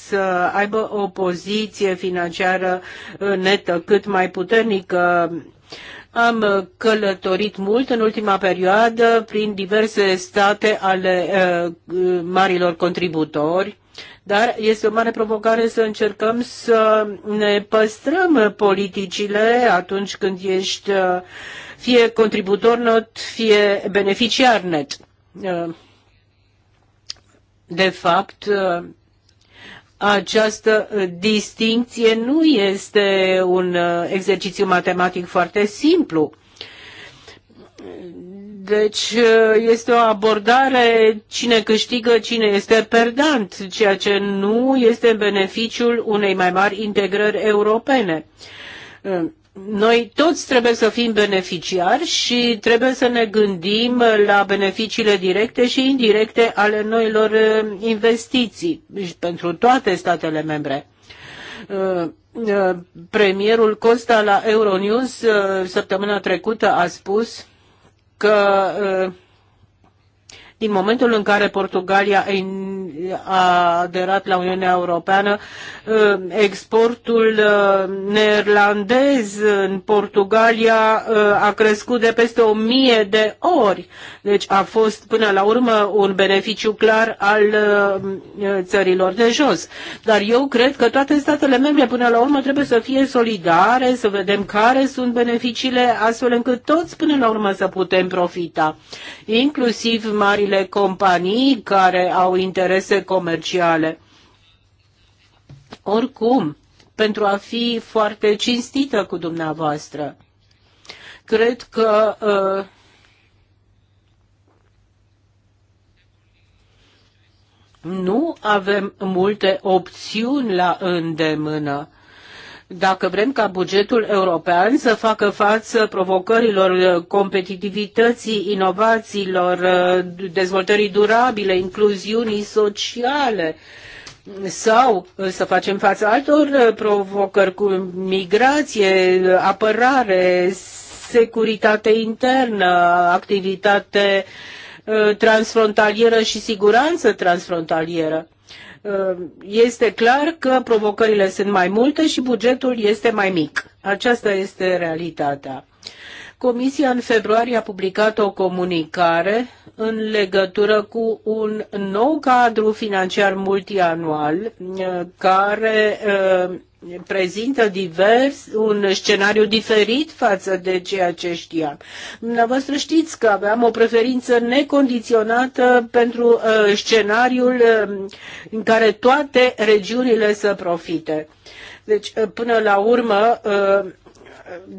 să aibă o poziție financiară netă cât mai puternică. Am călătorit mult în ultima perioadă prin diverse state ale uh, marilor contributori dar este o mare provocare să încercăm să ne păstrăm politicile atunci când ești uh, fie contributor net, fie beneficiar net. Uh, de fapt, uh, această distinție nu este un exercițiu matematic foarte simplu. Deci uh, este o abordare cine câștigă, cine este perdant, ceea ce nu este în beneficiul unei mai mari integrări europene. Uh, noi toți trebuie să fim beneficiari și trebuie să ne gândim la beneficiile directe și indirecte ale noilor uh, investiții pentru toate statele membre premierul Costa la Euronews săptămâna trecută a spus că uh, din momentul în care Portugalia a aderat la Uniunea Europeană, ă, exportul ă, neerlandez în Portugalia ă, a crescut de peste o mie de ori. Deci a fost până la urmă un beneficiu clar al țărilor de jos. Dar eu cred că toate statele membre până la urmă trebuie să fie solidare, să vedem care sunt beneficiile, astfel încât toți până la urmă să putem profita. Inclusiv marile companii care au interes interese comerciale. Oricum, pentru a fi foarte cinstită cu dumneavoastră, cred că uh, nu avem multe opțiuni la îndemână. Dacă vrem ca bugetul european să facă față provocărilor uh, competitivității, inovațiilor, uh, dezvoltării durabile, incluziunii sociale, sau uh, să facem față altor provocări cu migrație, apărare, securitate internă, activitate transfrontalieră și siguranță transfrontalieră. Uh, este clar că provocările sunt mai multe și bugetul este mai mic. Aceasta este realitatea. Comisia în februarie a publicat o comunicare în legătură cu un nou cadru financiar multianual uh, care uh, prezintă divers, un scenariu diferit față de ceea ce știam. Dumneavoastră știți că aveam o preferință necondiționată pentru uh, scenariul uh, în care toate regiunile să profite. Deci, uh, până la urmă, uh,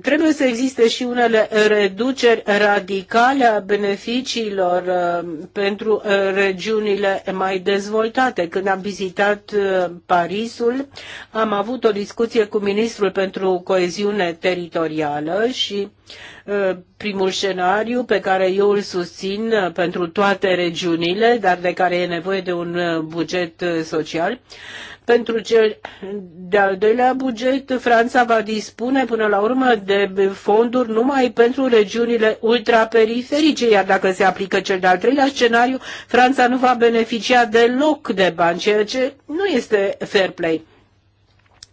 trebuie să existe și unele reduceri radicale a beneficiilor uh, pentru uh, regiunile mai dezvoltate. Când am vizitat uh, Parisul, am avut o discuție cu ministrul pentru coeziune teritorială și primul scenariu pe care eu îl susțin pentru toate regiunile, dar de care e nevoie de un buget social, pentru cel de-al doilea buget, Franța va dispune până la urmă de fonduri numai pentru regiunile ultraperiferice, iar dacă se aplică cel de-al treilea scenariu, Franța nu va beneficia deloc de bani, ceea ce nu este fair play.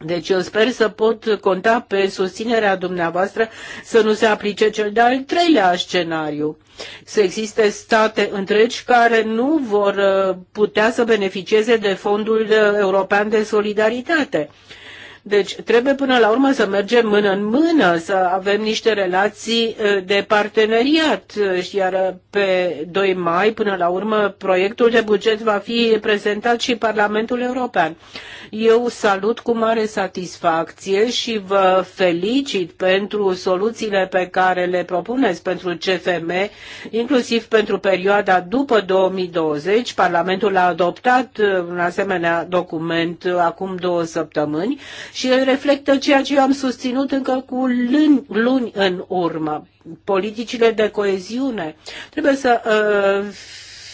Deci eu sper să pot conta pe susținerea dumneavoastră să nu se aplice cel de-al treilea scenariu. Să existe state întregi care nu vor uh, putea să beneficieze de Fondul European de Solidaritate. Deci trebuie până la urmă să mergem mână în mână, să avem niște relații ă, de parteneriat. Iar pe 2 mai, până la urmă, proiectul de buget va fi prezentat și Parlamentul European. Eu salut cu mare satisfacție și vă felicit pentru soluțiile pe care le propuneți pentru CFM, inclusiv pentru perioada după 2020. Parlamentul a adoptat ă, un asemenea document acum două săptămâni și el reflectă ceea ce eu am susținut încă cu luni, luni în urmă. Politicile de coeziune trebuie să uh,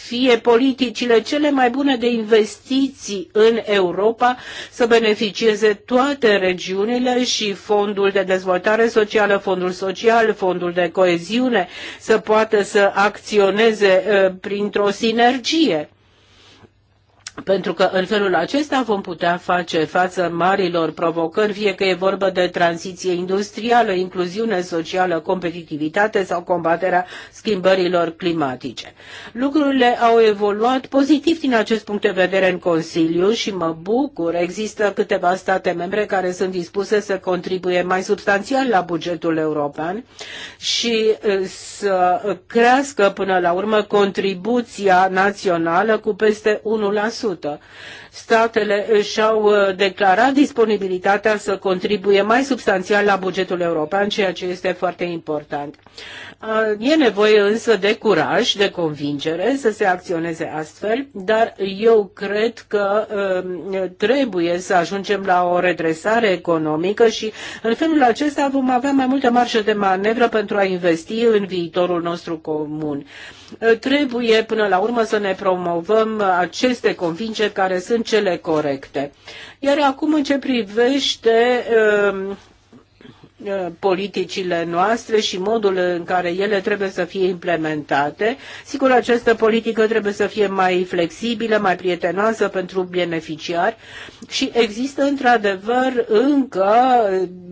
fie politicile cele mai bune de investiții în Europa, să beneficieze toate regiunile și fondul de dezvoltare socială, fondul social, fondul de coeziune, să poată să acționeze uh, printr-o sinergie pentru că în felul acesta vom putea face față marilor provocări, fie că e vorba de tranziție industrială, incluziune socială, competitivitate sau combaterea schimbărilor climatice. Lucrurile au evoluat pozitiv din acest punct de vedere în Consiliu și mă bucur. Există câteva state membre care sunt dispuse să contribuie mai substanțial la bugetul european și să crească până la urmă contribuția națională cu peste 1%. 100% statele și-au uh, declarat disponibilitatea să contribuie mai substanțial la bugetul european, ceea ce este foarte important. Uh, e nevoie însă de curaj, de convingere să se acționeze astfel, dar eu cred că uh, trebuie să ajungem la o redresare economică și în felul acesta vom avea mai multă marjă de manevră pentru a investi în viitorul nostru comun. Trebuie până la urmă să ne promovăm aceste convingeri care sunt cele corecte. Iar acum în ce privește uh, Uh, politicile noastre și modul în care ele trebuie să fie implementate. Sigur, această politică trebuie să fie mai flexibilă, mai prietenoasă pentru beneficiari și există într-adevăr încă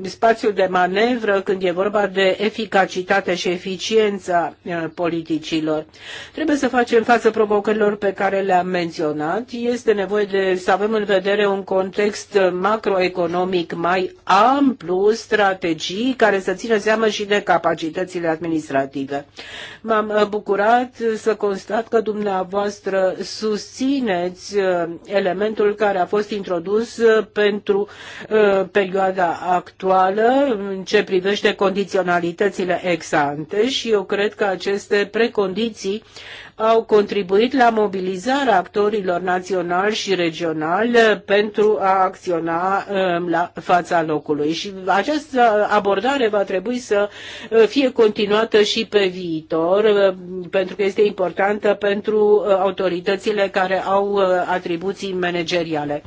spațiul de manevră când e vorba de eficacitate și eficiența uh, politicilor. Trebuie să facem față provocărilor pe care le-am menționat. Este nevoie de să avem în vedere un context macroeconomic mai amplu, strategic, strategii care să țină seamă și de capacitățile administrative. M-am uh, bucurat să constat că dumneavoastră susțineți uh, elementul care a fost introdus uh, pentru perioada actuală în ce privește condiționalitățile ex ante și eu cred că aceste precondiții au contribuit la mobilizarea actorilor național și regional uh, pentru a acționa um, la fața locului. Și această abordare va trebui să uh, fie continuată și pe viitor, uh, pentru că este importantă pentru autoritățile care au atribuții manageriale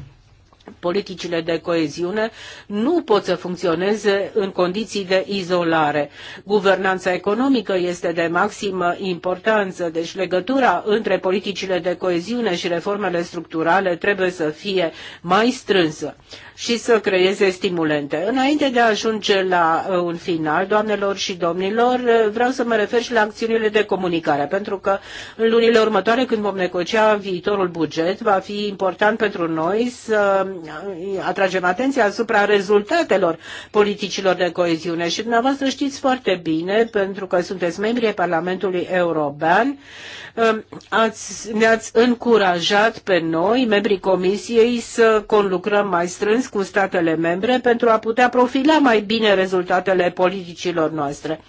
politicile de coeziune nu pot să funcționeze în condiții de izolare. Guvernanța economică este de maximă importanță, deci legătura între politicile de coeziune și reformele structurale trebuie să fie mai strânsă și să creeze stimulente. Înainte de a ajunge la uh, un final, doamnelor și domnilor, uh, vreau să mă refer și la acțiunile de comunicare, pentru că în lunile următoare, când vom negocia viitorul buget, va fi important pentru noi să uh, atragem atenția asupra rezultatelor politicilor de coeziune. Și dumneavoastră știți foarte bine, pentru că sunteți membri ai Parlamentului European, um, ați, ne-ați încurajat pe noi, membrii Comisiei, să conlucrăm mai strâns cu statele membre pentru a putea profila mai bine rezultatele politicilor noastre.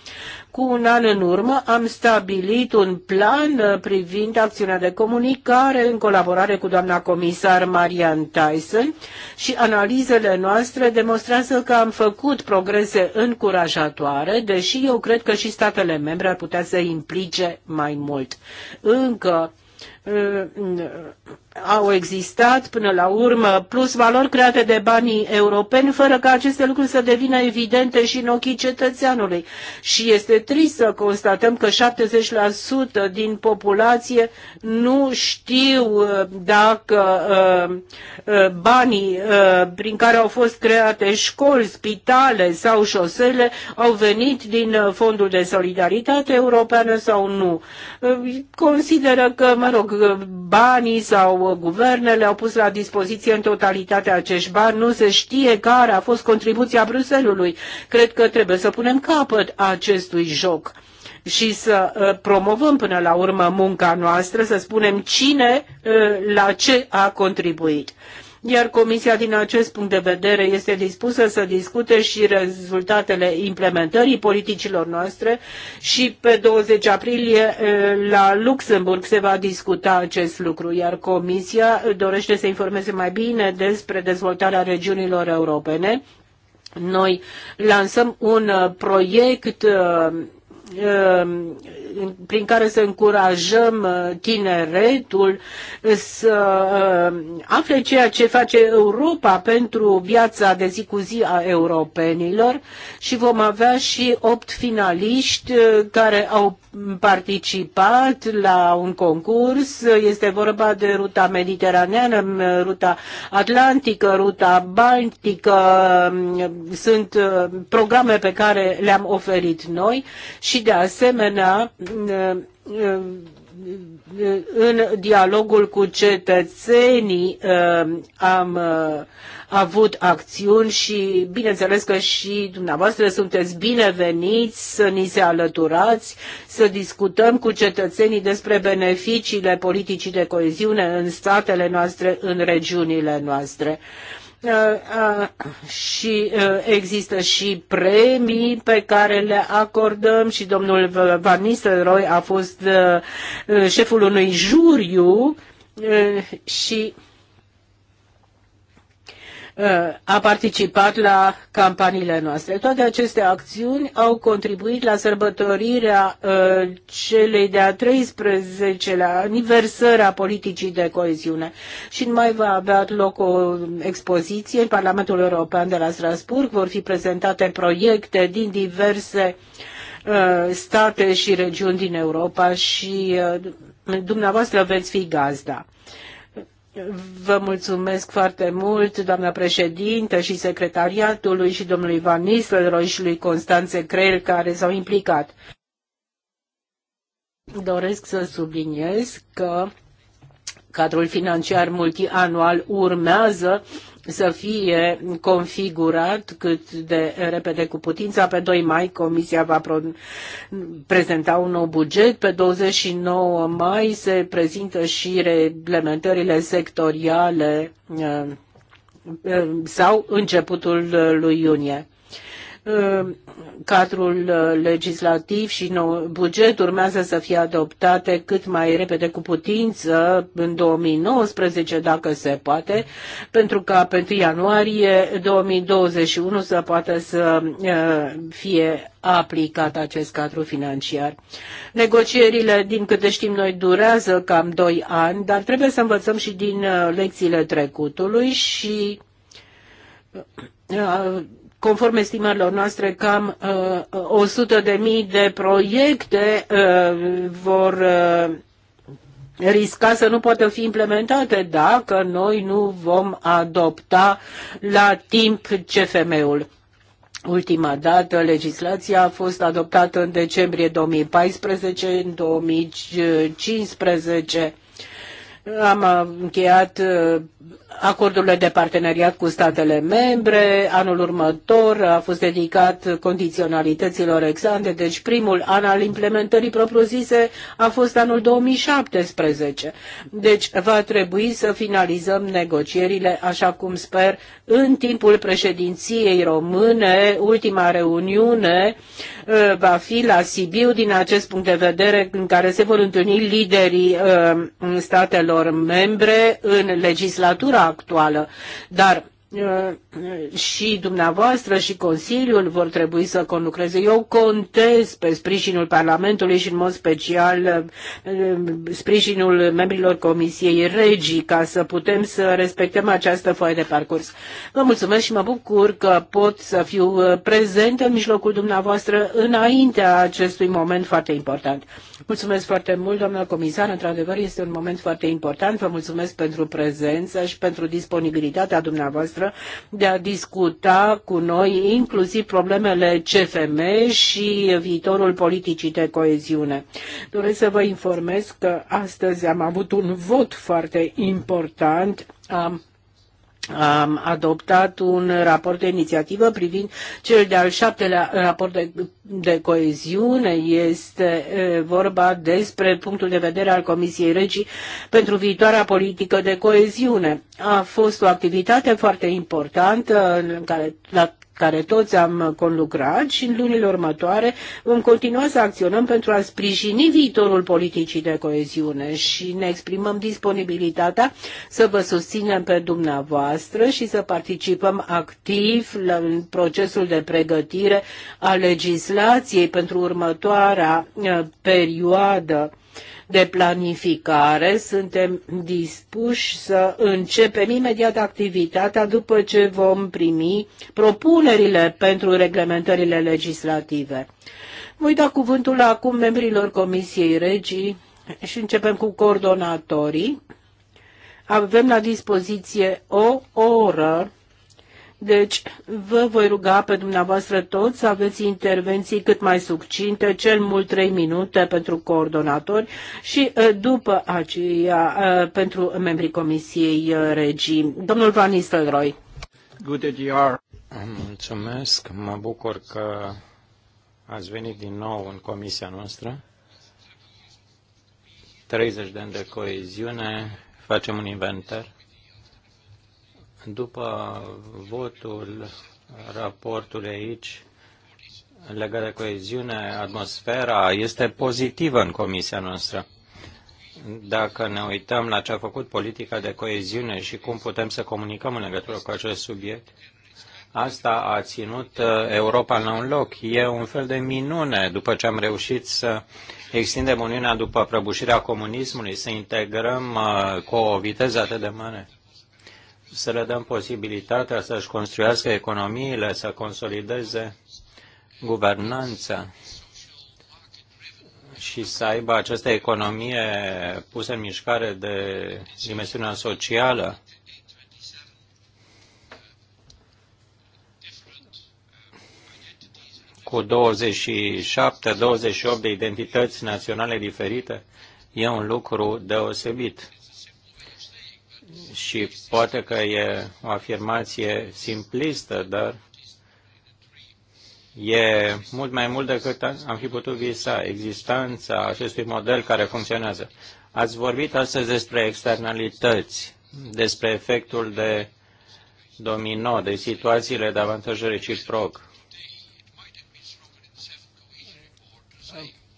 Cu un an în urmă am stabilit un plan uh, privind acțiunea de comunicare în colaborare cu doamna comisar Marian Tyson și analizele noastre demonstrează că am făcut progrese încurajatoare, deși eu cred că și statele membre ar putea să implice mai mult. Încă Uh, au existat până la urmă, plus valori create de banii europeni, fără ca aceste lucruri să devină evidente și în ochii cetățeanului. Și este trist să constatăm că 70% din populație nu știu uh, dacă uh, banii prin care au fost create școli, spitale sau șosele au venit din Fondul de Solidaritate Europeană sau nu. Consideră că, mă rog, banii sau uh, guvernele au pus la dispoziție în totalitate acești bani, nu se știe care a fost contribuția Bruselului. Cred că trebuie să punem capăt acestui joc și să uh, promovăm până la urmă munca noastră, să spunem cine uh, la ce a contribuit iar Comisia din acest punct de vedere este dispusă să discute și rezultatele implementării politicilor noastre și pe 20 aprilie la Luxemburg se va discuta acest lucru, iar Comisia dorește să informeze mai bine despre dezvoltarea regiunilor europene. Noi lansăm un uh, proiect uh, uh, prin care să încurajăm uh, tineretul să uh, afle ceea ce face Europa pentru viața de zi cu zi a europenilor și vom avea și opt finaliști uh, care au participat la un concurs. Este vorba de ruta mediteraneană, ruta atlantică, ruta baltică. Sunt programe pe care le-am oferit noi și de asemenea în dialogul cu cetățenii uh, am uh, avut acțiuni și bineînțeles că și dumneavoastră sunteți bineveniți să ni se alăturați, să discutăm cu cetățenii despre beneficiile politicii de coeziune în statele noastre, în regiunile noastre. Uh, uh, și uh, există și premii pe care le acordăm și domnul Van Nistelrooy a fost șeful unui juriu și a participat la campaniile noastre. Toate aceste acțiuni au contribuit la sărbătorirea uh, celei de-a 13-lea aniversări a politicii de coeziune. Și mai va avea loc o expoziție în Parlamentul European de la Strasburg. Vor fi prezentate proiecte din diverse uh, state și regiuni din Europa și uh, dumneavoastră veți fi gazda. Vă mulțumesc foarte mult, doamna președintă și secretariatului și domnului Van Nistelrooy și lui Constanțe Creel care s-au implicat. Doresc să subliniez că cadrul financiar multianual urmează să fie configurat cât de repede cu putința. Pe 2 mai Comisia va prezenta un nou buget, pe 29 mai se prezintă și reglementările sectoriale uh, uh, sau începutul lui iunie. Uh, cadrul uh, legislativ și buget urmează să fie adoptate cât mai repede cu putință în 2019, dacă se poate, pentru ca pentru ianuarie 2021 să poată să uh, fie aplicat acest cadru financiar. Negocierile, din câte știm noi, durează cam 2 ani, dar trebuie să învățăm și din lecțiile trecutului și conform estimărilor noastre, cam uh, uh sută de, mii de proiecte uh, vor uh, risca să nu poată fi implementate dacă noi nu vom adopta la timp CFM-ul. Ultima dată legislația a fost adoptată în decembrie 2014, în 2015 am încheiat uh, acordurile de parteneriat cu statele membre. Anul următor a fost dedicat condiționalităților exante, deci primul an al implementării propriu-zise a fost anul 2017. Deci va trebui să finalizăm negocierile, așa cum sper, în timpul președinției române. Ultima reuniune uh, va fi la Sibiu din acest punct de vedere în care se vor întâlni liderii uh, statelor membre în legislație legislatura actuală, dar Uh, și dumneavoastră și Consiliul vor trebui să conlucreze. Eu contez pe sprijinul Parlamentului și în mod special uh, sprijinul membrilor Comisiei Regii ca să putem să respectăm această foaie de parcurs. Vă mulțumesc și mă bucur că pot să fiu uh, prezent în mijlocul dumneavoastră înaintea acestui moment foarte important. Mulțumesc foarte mult, doamna comisar. Într-adevăr, este un moment foarte important. Vă mulțumesc pentru prezență și pentru disponibilitatea dumneavoastră dumneavoastră de a discuta cu noi inclusiv problemele CFM și viitorul politicii de coeziune. Doresc să vă informez că astăzi am avut un vot foarte important. Am am adoptat un raport de inițiativă privind cel de-al șaptelea raport de, de coeziune. Este e, vorba despre punctul de vedere al Comisiei Regii pentru viitoarea politică de coeziune. A fost o activitate foarte importantă în care la care toți am conlucrat și în lunile următoare vom continua să acționăm pentru a sprijini viitorul politicii de coeziune și ne exprimăm disponibilitatea să vă susținem pe dumneavoastră și să participăm activ în procesul de pregătire a legislației pentru următoarea uh, perioadă de planificare. Suntem dispuși să începem imediat activitatea după ce vom primi propunerile pentru reglementările legislative. Voi da cuvântul acum membrilor Comisiei Regii și începem cu coordonatorii. Avem la dispoziție o oră deci, vă voi ruga pe dumneavoastră toți să aveți intervenții cât mai succinte, cel mult 3 minute pentru coordonatori și uh, după aceea uh, pentru membrii Comisiei uh, Regii. Domnul Van Nistelrooy. Good Mulțumesc, mă bucur că ați venit din nou în comisia noastră. 30 de ani de coeziune, facem un inventar după votul raportului aici legat de coeziune, atmosfera este pozitivă în comisia noastră. Dacă ne uităm la ce a făcut politica de coeziune și cum putem să comunicăm în legătură cu acest subiect, asta a ținut uh, Europa la un loc. E un fel de minune după ce am reușit să extindem Uniunea după prăbușirea comunismului, să integrăm uh, cu o viteză atât de mare să le dăm posibilitatea să-și construiască economiile, să consolideze guvernanța și să aibă această economie pusă în mișcare de dimensiunea socială. cu 27-28 de identități naționale diferite, e un lucru deosebit. Și poate că e o afirmație simplistă, dar e mult mai mult decât am fi putut visa existența acestui model care funcționează. Ați vorbit astăzi despre externalități, despre efectul de domino, de situațiile de avantaj reciproc.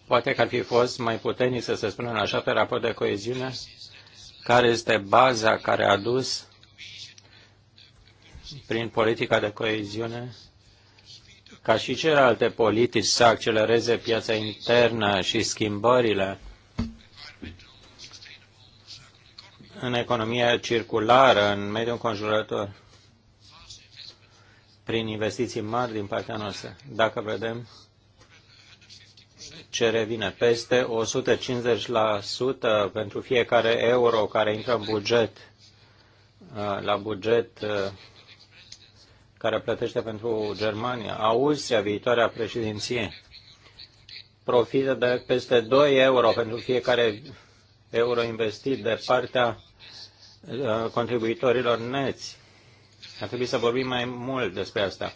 Poate că ar fi fost mai puternic să se spună în așa pe raport de coeziune care este baza care a dus prin politica de coeziune ca și celelalte politici să accelereze piața internă și schimbările în economia circulară, în mediul înconjurător, prin investiții mari din partea noastră. Dacă vedem ce revine peste 150% pentru fiecare euro care intră în buget, uh, la buget uh, care plătește pentru Germania. Austria, viitoarea președinție, profită de peste 2 euro pentru fiecare euro investit de partea uh, contribuitorilor neți. Ar trebui să vorbim mai mult despre asta.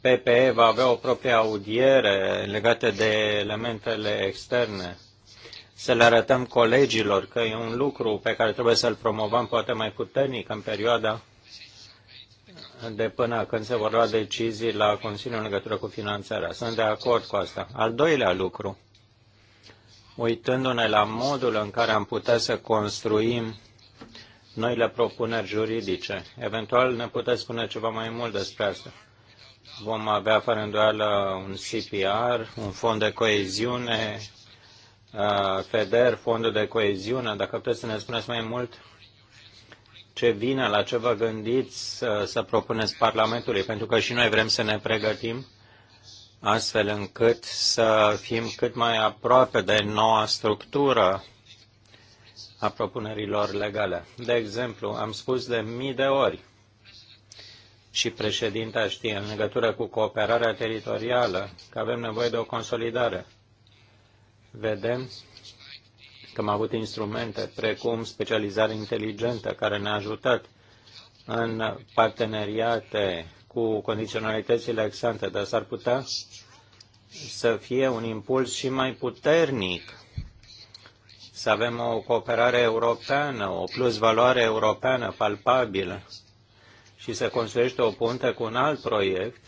PPE va avea o proprie audiere legată de elementele externe. Să le arătăm colegilor că e un lucru pe care trebuie să-l promovăm poate mai puternic în perioada de până când se vor lua decizii la Consiliul în legătură cu finanțarea. Sunt de acord cu asta. Al doilea lucru, uitându-ne la modul în care am putea să construim noile propuneri juridice. Eventual ne puteți spune ceva mai mult despre asta. Vom avea fără îndoială un CPR, un fond de coeziune, FEDER, fondul de coeziune. Dacă puteți să ne spuneți mai mult ce vine, la ce vă gândiți să, să propuneți Parlamentului, pentru că și noi vrem să ne pregătim astfel încât să fim cât mai aproape de noua structură a propunerilor legale. De exemplu, am spus de mii de ori și președinta știe în legătură cu cooperarea teritorială, că avem nevoie de o consolidare. Vedem că am avut instrumente precum specializare inteligentă care ne-a ajutat în parteneriate cu condiționalitățile exante, dar s-ar putea să fie un impuls și mai puternic să avem o cooperare europeană, o plus valoare europeană palpabilă și se construiește o punte cu un alt proiect,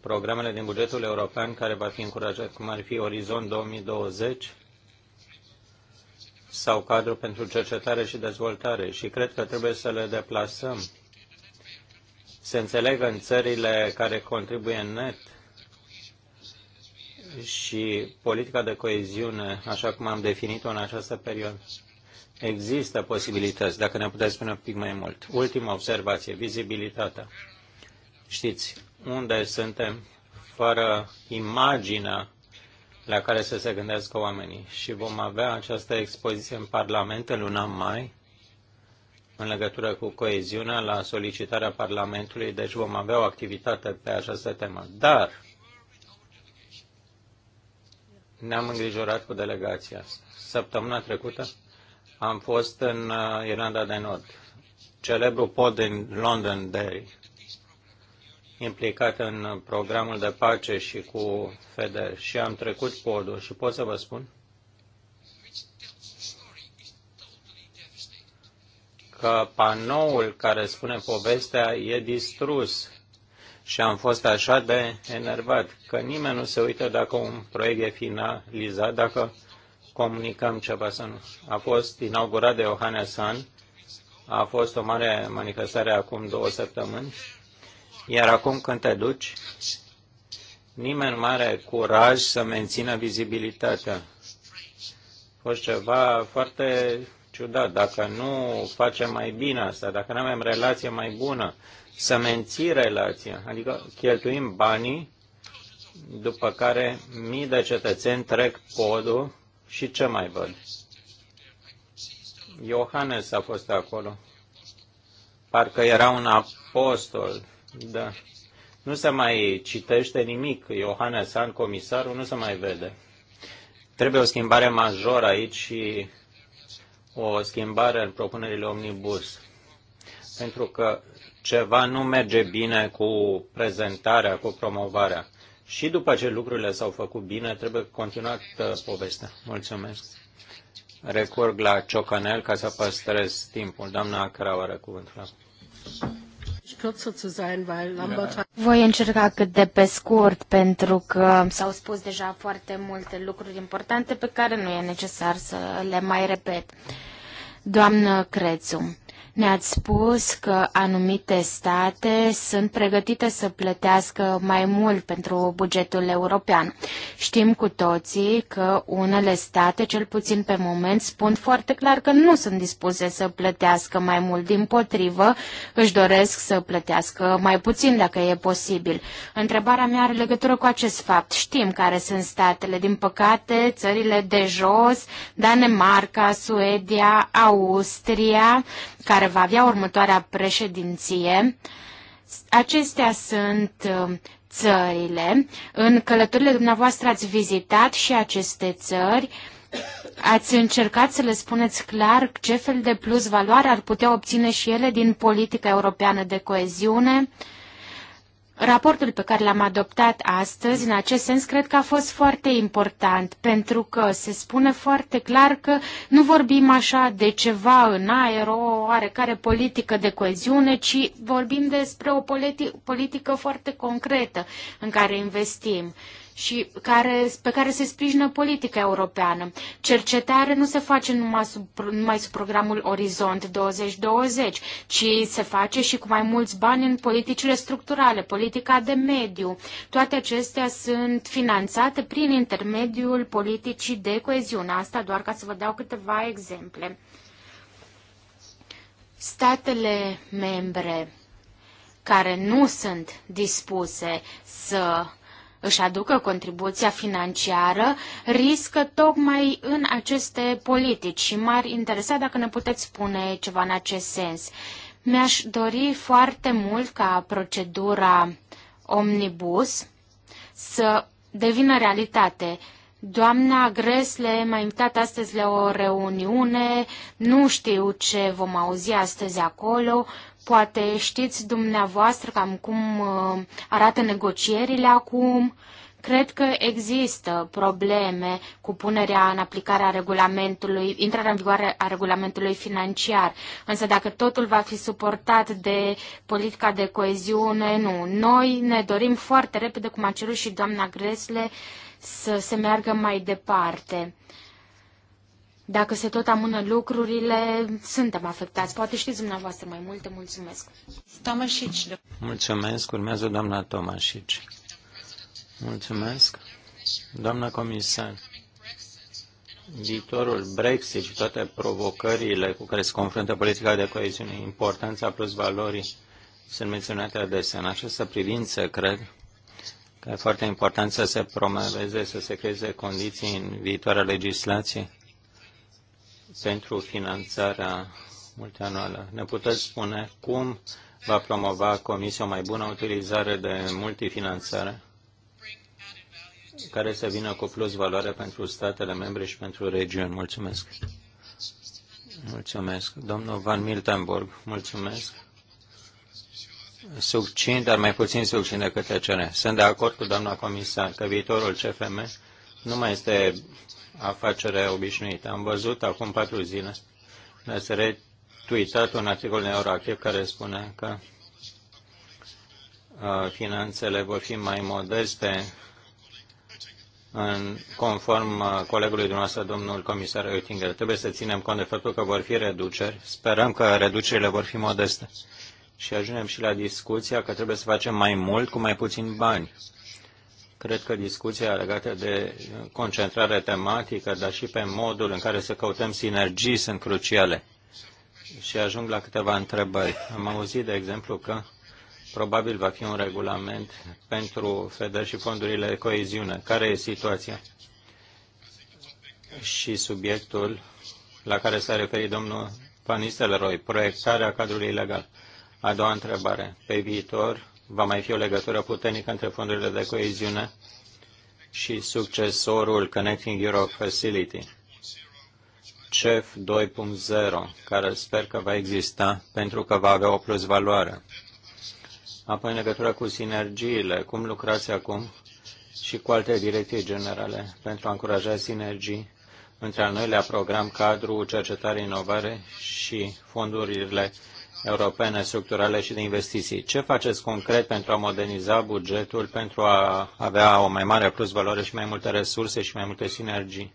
programele din bugetul european care va fi încurajat, cum ar fi Orizont 2020 sau cadru pentru cercetare și dezvoltare. Și cred că trebuie să le deplasăm. Se înțeleg în țările care contribuie net și politica de coeziune, așa cum am definit-o în această perioadă. Există posibilități, dacă ne puteți spune un pic mai mult. Ultima observație, vizibilitatea. Știți, unde suntem fără imaginea la care să se gândească oamenii. Și vom avea această expoziție în Parlament în luna mai, în legătură cu coeziunea, la solicitarea Parlamentului, deci vom avea o activitate pe această temă. Dar ne-am îngrijorat cu delegația. Săptămâna trecută am fost în uh, Irlanda de Nord, celebru pod din Londonderry, implicat în programul de pace și cu FEDER și am trecut podul și pot să vă spun că panoul care spune povestea e distrus și am fost așa de enervat că nimeni nu se uită dacă un proiect e finalizat, dacă comunicăm ceva să nu. A fost inaugurat de Johannes San, a fost o mare manifestare acum două săptămâni, iar acum când te duci, nimeni nu are curaj să mențină vizibilitatea. A fost ceva foarte ciudat. Dacă nu facem mai bine asta, dacă nu avem relație mai bună, să menții relația, adică cheltuim banii, după care mii de cetățeni trec podul și ce mai văd? Iohannes a fost acolo. Parcă era un apostol. Da. Nu se mai citește nimic. Iohannes San comisarul, nu se mai vede. Trebuie o schimbare majoră aici și o schimbare în propunerile omnibus. Pentru că ceva nu merge bine cu prezentarea, cu promovarea și după ce lucrurile s-au făcut bine, trebuie continuat povestea. Mulțumesc. Recurg la ciocanel ca să păstrez timpul. Doamna Crau are cuvântul. Voi încerca cât de pe scurt, pentru că s-au spus deja foarte multe lucruri importante pe care nu e necesar să le mai repet. Doamnă Crețu, ne-ați spus că anumite state sunt pregătite să plătească mai mult pentru bugetul european. Știm cu toții că unele state, cel puțin pe moment, spun foarte clar că nu sunt dispuse să plătească mai mult. Din potrivă, își doresc să plătească mai puțin dacă e posibil. Întrebarea mea are legătură cu acest fapt. Știm care sunt statele. Din păcate, țările de jos, Danemarca, Suedia, Austria, care va avea următoarea președinție. Acestea sunt uh, țările. În călătorile dumneavoastră ați vizitat și aceste țări. Ați încercat să le spuneți clar ce fel de plus valoare ar putea obține și ele din politica europeană de coeziune? Uh, Raportul pe care l-am adoptat astăzi, în acest sens, cred că a fost foarte important, pentru că se spune foarte clar că nu vorbim așa de ceva în aer, o oarecare politică de coeziune, ci vorbim despre o politi- politică foarte concretă în care investim. Uh, și care, pe care se sprijină politica europeană. Cercetare nu se face numai sub, numai sub programul Orizont 2020, ci se face și cu mai mulți bani în politicile structurale, politica de mediu. Toate acestea sunt finanțate prin intermediul politicii de coeziune. Asta doar ca să vă dau câteva exemple. Statele membre care nu sunt dispuse să își aducă contribuția financiară, riscă tocmai în aceste politici și m-ar interesa dacă ne puteți spune ceva în acest sens. Mi-aș dori foarte mult ca procedura omnibus să devină realitate. Doamna Gresle m-a invitat astăzi la o reuniune, nu știu ce vom auzi astăzi acolo, Poate știți dumneavoastră cam cum uh, arată negocierile acum. Cred că există probleme cu punerea în aplicare a regulamentului, intrarea în vigoare a regulamentului financiar. Însă dacă totul va fi suportat de politica de coeziune, nu. Noi ne dorim foarte repede, cum a cerut și doamna Gresle, să se meargă mai departe. Dacă se tot amână lucrurile, suntem afectați. Poate știți dumneavoastră mai multe. Mulțumesc. Tomașici. Mulțumesc. Urmează doamna Tomașici. Mulțumesc. Doamna comisar, viitorul Brexit și toate provocările cu care se confruntă politica de coeziune, importanța plus valorii, sunt menționate adesea. În această privință, cred că e foarte important să se promoveze, să se creeze condiții în viitoarea legislație pentru finanțarea multianuală. Ne puteți spune cum va promova Comisia o mai bună utilizare de multifinanțare care să vină cu plus valoare pentru statele membre și pentru regiuni. Mulțumesc. Mulțumesc. Domnul Van Miltenburg, mulțumesc. Succint, dar mai puțin succint decât TCR. Sunt de acord cu doamna comisar că viitorul CFM nu mai este afacerea obișnuită. Am văzut acum patru zile, mi-ați retuitat un articol în care spune că uh, finanțele vor fi mai modeste în, conform uh, colegului dumneavoastră, domnul comisar Oettinger. Trebuie să ținem cont de faptul că vor fi reduceri. Sperăm că reducerile vor fi modeste. Și ajungem și la discuția că trebuie să facem mai mult cu mai puțin bani. Cred că discuția legată de concentrare tematică, dar și pe modul în care să căutăm sinergii sunt cruciale. Și ajung la câteva întrebări. Am auzit, de exemplu, că probabil va fi un regulament pentru FEDER și fondurile de coeziune. Care e situația? Și subiectul la care s-a referit domnul Roy? proiectarea cadrului legal. A doua întrebare. Pe viitor, va mai fi o legătură puternică între fondurile de coeziune și succesorul Connecting Europe Facility, CEF 2.0, care sper că va exista pentru că va avea o plusvaloare. Apoi, în legătură cu sinergiile, cum lucrați acum și cu alte direcții generale pentru a încuraja sinergii între al noilea program cadru cercetare inovare și fondurile europene structurale și de investiții. Ce faceți concret pentru a moderniza bugetul, pentru a avea o mai mare plus valoare și mai multe resurse și mai multe sinergii?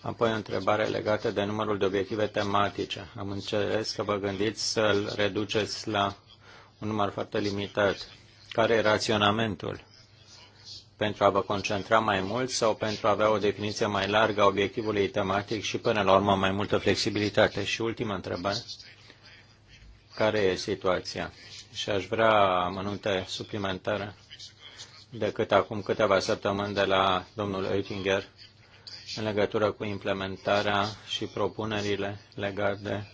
Apoi o întrebare legată de numărul de obiective tematice. Am înțeles că vă gândiți să-l reduceți la un număr foarte limitat. Care e raționamentul? Pentru a vă concentra mai mult sau pentru a avea o definiție mai largă a obiectivului tematic și până la urmă mai multă flexibilitate? Și ultima întrebare care e situația. Și aș vrea amănunte suplimentare decât acum câteva săptămâni de la domnul Oettinger în legătură cu implementarea și propunerile legate de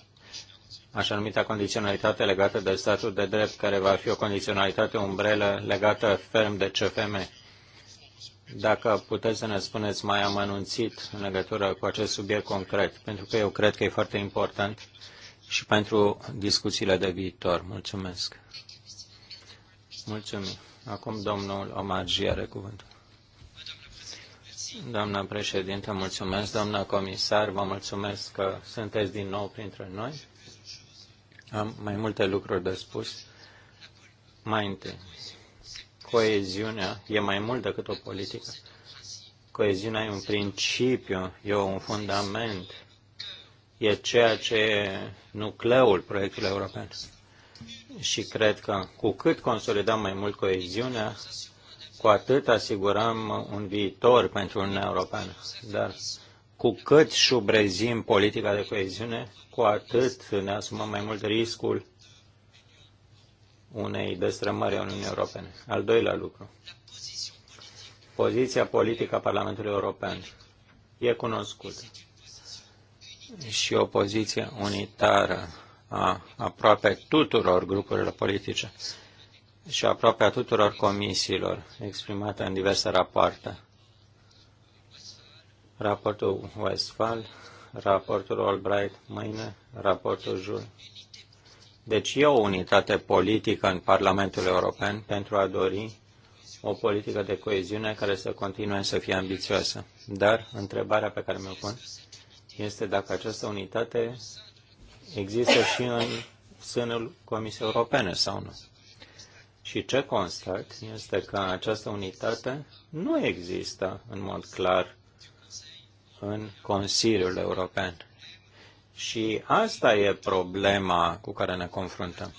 așa numită condiționalitate legată de statul de drept, care va fi o condiționalitate umbrelă legată ferm de CFM. Dacă puteți să ne spuneți mai amănunțit în legătură cu acest subiect concret, pentru că eu cred că e foarte important și pentru discuțiile de viitor. Mulțumesc! Mulțumim! Acum domnul Omagi are cuvântul. Doamna președintă, mulțumesc. Doamna comisar, vă mulțumesc că sunteți din nou printre noi. Am mai multe lucruri de spus. Mai întâi, coeziunea e mai mult decât o politică. Coeziunea e un principiu, e un fundament e ceea ce e nucleul proiectului european. Și cred că cu cât consolidăm mai mult coeziunea, cu atât asigurăm un viitor pentru Uniunea Europeană. Dar cu cât șubrezim politica de coeziune, cu atât ne asumăm mai mult riscul unei destrămări a Uniunii Europene. Al doilea lucru. Poziția politică a Parlamentului European e cunoscută și o poziție unitară a aproape tuturor grupurilor politice și aproape a tuturor comisiilor exprimată în diverse rapoarte. Raportul Westphal, raportul Albright mâine, raportul Jul. Deci e o unitate politică în Parlamentul European pentru a dori o politică de coeziune care să continue să fie ambițioasă. Dar întrebarea pe care mi-o pun este dacă această unitate există și în sânul Comisiei Europene sau nu. Și ce constat este că această unitate nu există în mod clar în Consiliul European. Și asta e problema cu care ne confruntăm.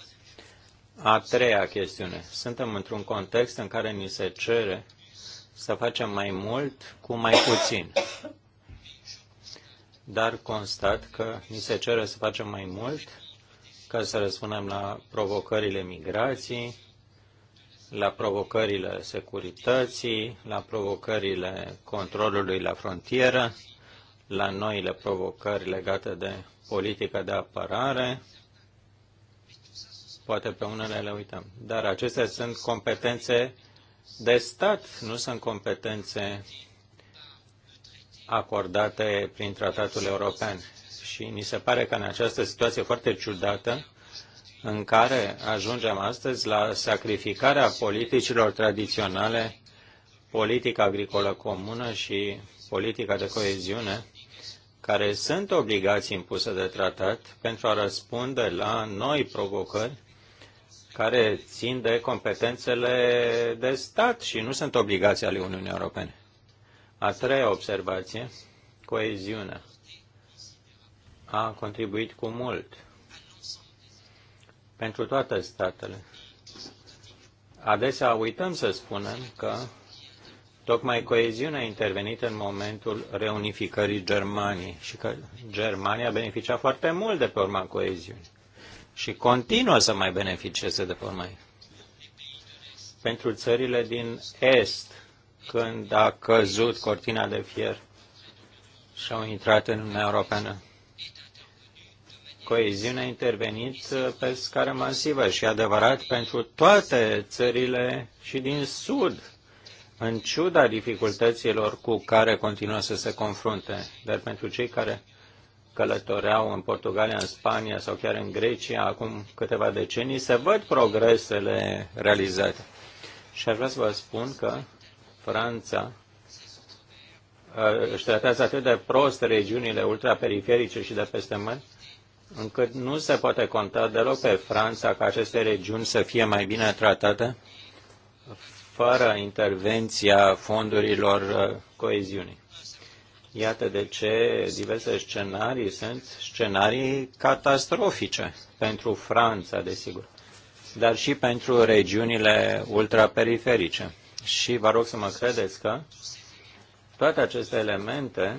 A treia chestiune. Suntem într-un context în care ni se cere să facem mai mult cu mai puțin dar constat că ni se cere să facem mai mult ca să răspundem la provocările migrației, la provocările securității, la provocările controlului la frontieră, la noile provocări legate de politică de apărare. Poate pe unele le uităm. Dar acestea sunt competențe de stat, nu sunt competențe acordate prin tratatul european. Și mi se pare că în această situație foarte ciudată, în care ajungem astăzi la sacrificarea politicilor tradiționale, politica agricolă comună și politica de coeziune, care sunt obligații impuse de tratat pentru a răspunde la noi provocări care țin de competențele de stat și nu sunt obligații ale Uniunii Europene. A treia observație, coeziunea, a contribuit cu mult pentru toate statele. Adesea uităm să spunem că tocmai coeziunea a intervenit în momentul reunificării Germaniei și că Germania a beneficiat foarte mult de pe urma coeziunii și continuă să mai beneficieze de pe urma ei. Pentru țările din Est, când a căzut cortina de fier și au intrat în Uniunea Europeană. Coeziunea a intervenit uh, pe scară masivă și adevărat pentru toate țările și din Sud, în ciuda dificultăților cu care continuă să se confrunte. Dar pentru cei care călătoreau în Portugalia, în Spania sau chiar în Grecia acum câteva decenii, se văd progresele realizate. Și aș vrea să vă spun că Franța uh, își tratează atât de prost regiunile ultraperiferice și de peste mări, încât nu se poate conta deloc pe Franța ca aceste regiuni să fie mai bine tratate fără intervenția fondurilor uh, coeziunii. Iată de ce diverse scenarii sunt scenarii catastrofice pentru Franța, desigur, dar și pentru regiunile ultraperiferice. Și vă rog să mă credeți că toate aceste elemente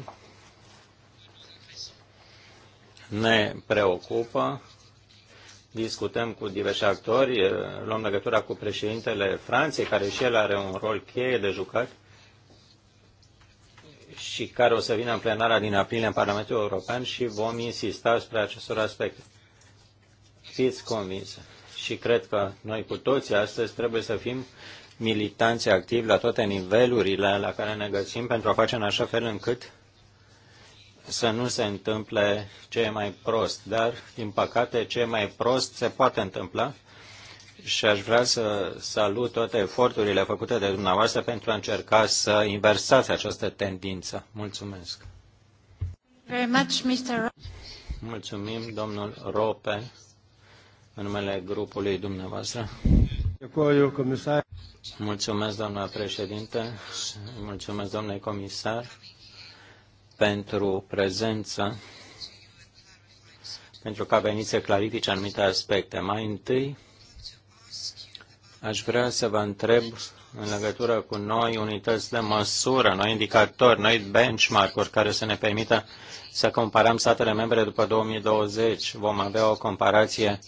ne preocupă. Discutăm cu diversi actori, eh, luăm legătura cu președintele Franței, care și el are un rol cheie de jucat și care o să vină în plenara din aprilie în Parlamentul European și vom insista spre acestor aspecte. Fiți convinsă. Și cred că noi cu toții astăzi trebuie să fim militanți activi la toate nivelurile la care ne găsim pentru a face în așa fel încât să nu se întâmple ce e mai prost. Dar, din păcate, ce e mai prost se poate întâmpla și aș vrea să salut toate eforturile făcute de dumneavoastră pentru a încerca să inversați această tendință. Mulțumesc! Very much, Mr. Mulțumim, domnul Rope, în numele grupului dumneavoastră. Mulțumesc, doamna președinte, mulțumesc, domnule comisar, pentru prezență, pentru că a venit să clarifice anumite aspecte. Mai întâi, aș vrea să vă întreb în legătură cu noi unități de măsură, noi indicatori, noi benchmark-uri care să ne permită să comparăm statele membre după 2020. Vom avea o comparație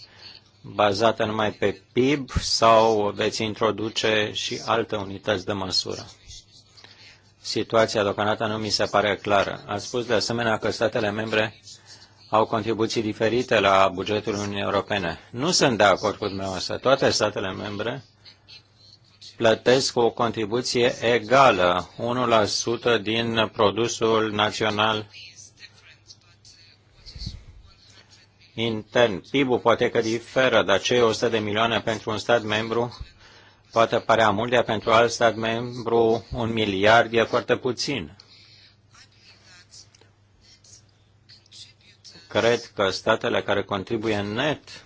bazată numai pe PIB sau veți introduce și alte unități de măsură? Situația deocamdată nu mi se pare clară. A spus de asemenea că statele membre au contribuții diferite la bugetul Uniunii Europene. Nu sunt de acord cu dumneavoastră. Toate statele membre plătesc o contribuție egală, 1% din produsul național intern. PIB-ul poate că diferă, dar cei 100 de milioane pentru un stat membru poate părea mult, iar pentru alt stat membru un miliard e foarte puțin. Cred că statele care contribuie net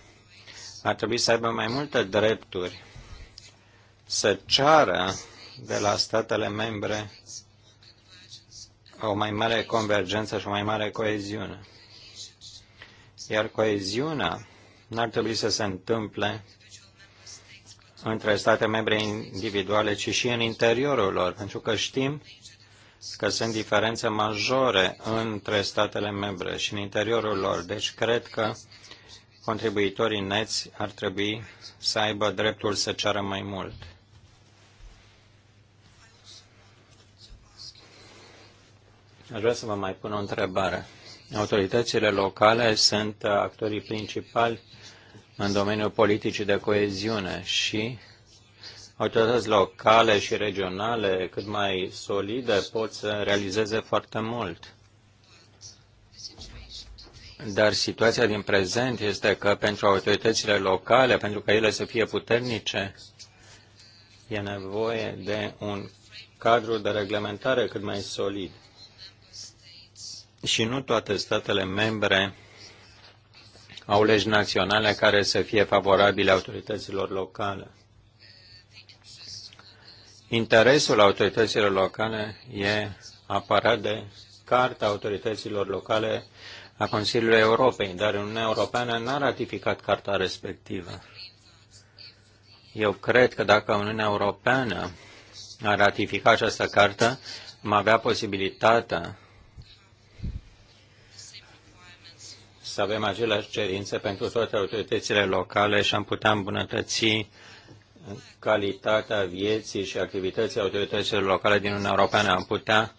ar trebui să aibă mai multe drepturi să ceară de la statele membre o mai mare convergență și o mai mare coeziune. Iar coeziunea n-ar trebui să se întâmple între state membre individuale, ci și în interiorul lor, pentru că știm că sunt diferențe majore între statele membre și în interiorul lor. Deci cred că contribuitorii neți ar trebui să aibă dreptul să ceară mai mult. Aș vrea să vă mai pun o întrebare. Autoritățile locale sunt actorii principali în domeniul politicii de coeziune și autorități locale și regionale cât mai solide pot să realizeze foarte mult. Dar situația din prezent este că pentru autoritățile locale, pentru ca ele să fie puternice, e nevoie de un cadru de reglementare cât mai solid și nu toate statele membre au legi naționale care să fie favorabile autorităților locale. Interesul autorităților locale e apărat de Carta Autorităților Locale a Consiliului Europei, dar Uniunea Europeană n-a ratificat carta respectivă. Eu cred că dacă Uniunea Europeană a ratificat această carte, am avea posibilitatea să avem aceleași cerințe pentru toate autoritățile locale și am putea îmbunătăți calitatea vieții și activității autorităților locale din Uniunea Europeană. Am putea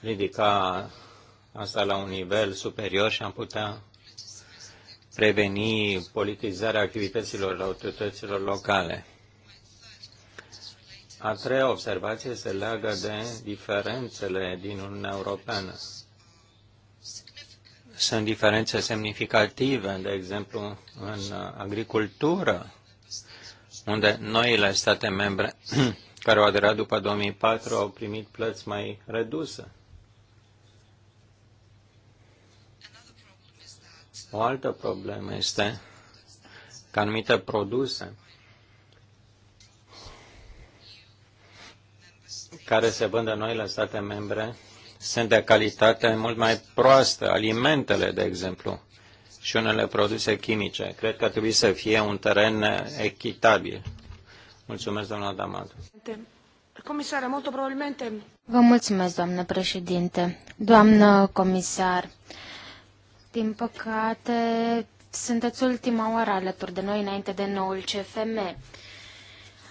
ridica asta la un nivel superior și am putea preveni politizarea activităților autorităților locale. A treia observație se leagă de diferențele din Uniunea Europeană. Sunt diferențe semnificative, de exemplu, în agricultură, unde noile state membre care au aderat după 2004 au primit plăți mai reduse. O altă problemă este că anumite produse care se vând în noile state membre sunt de calitate mult mai proastă, alimentele, de exemplu, și unele produse chimice. Cred că trebuie să fie un teren echitabil. Mulțumesc, doamna Damad. Comisară, mult probabilmente... Vă mulțumesc, doamnă președinte. Doamnă comisar, din păcate, sunteți ultima oară alături de noi înainte de noul CFM.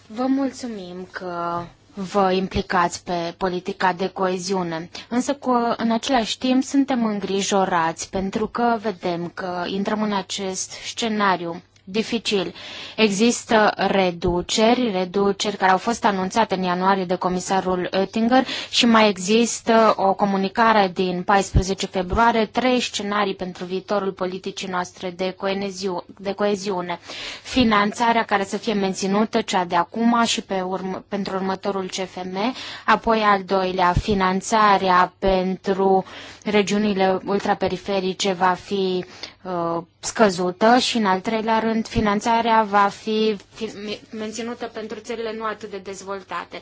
Vă mulțumim că vă implicați pe politica de coeziune, însă cu, în același timp suntem îngrijorați pentru că vedem că intrăm în acest scenariu dificil. Există reduceri, reduceri care au fost anunțate în ianuarie de comisarul Oettinger și mai există o comunicare din 14 februarie, trei scenarii pentru viitorul politicii noastre de, coeneziu, de coeziune. Finanțarea care să fie menținută, cea de acum și pe urm- pentru următorul CFM, apoi al doilea, finanțarea pentru uh, regiunile ultraperiferice va fi uh, scăzută și, în al treilea rând, finanțarea va fi, fi menținută pentru țările nu atât de dezvoltate.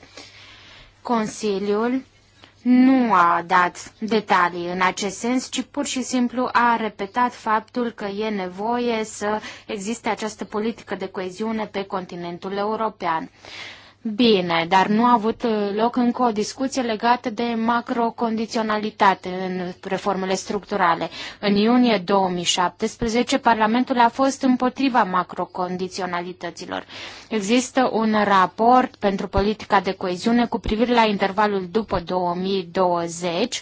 Consiliul nu a dat detalii în acest sens, ci pur și simplu a repetat faptul că e nevoie să existe această politică de coeziune pe continentul european bine, dar nu a avut uh, loc încă o discuție legată de macrocondiționalitate în reformele structurale. În iunie 2017, Parlamentul a fost împotriva macrocondiționalităților. Există un raport pentru politica de coeziune cu privire la intervalul după 2020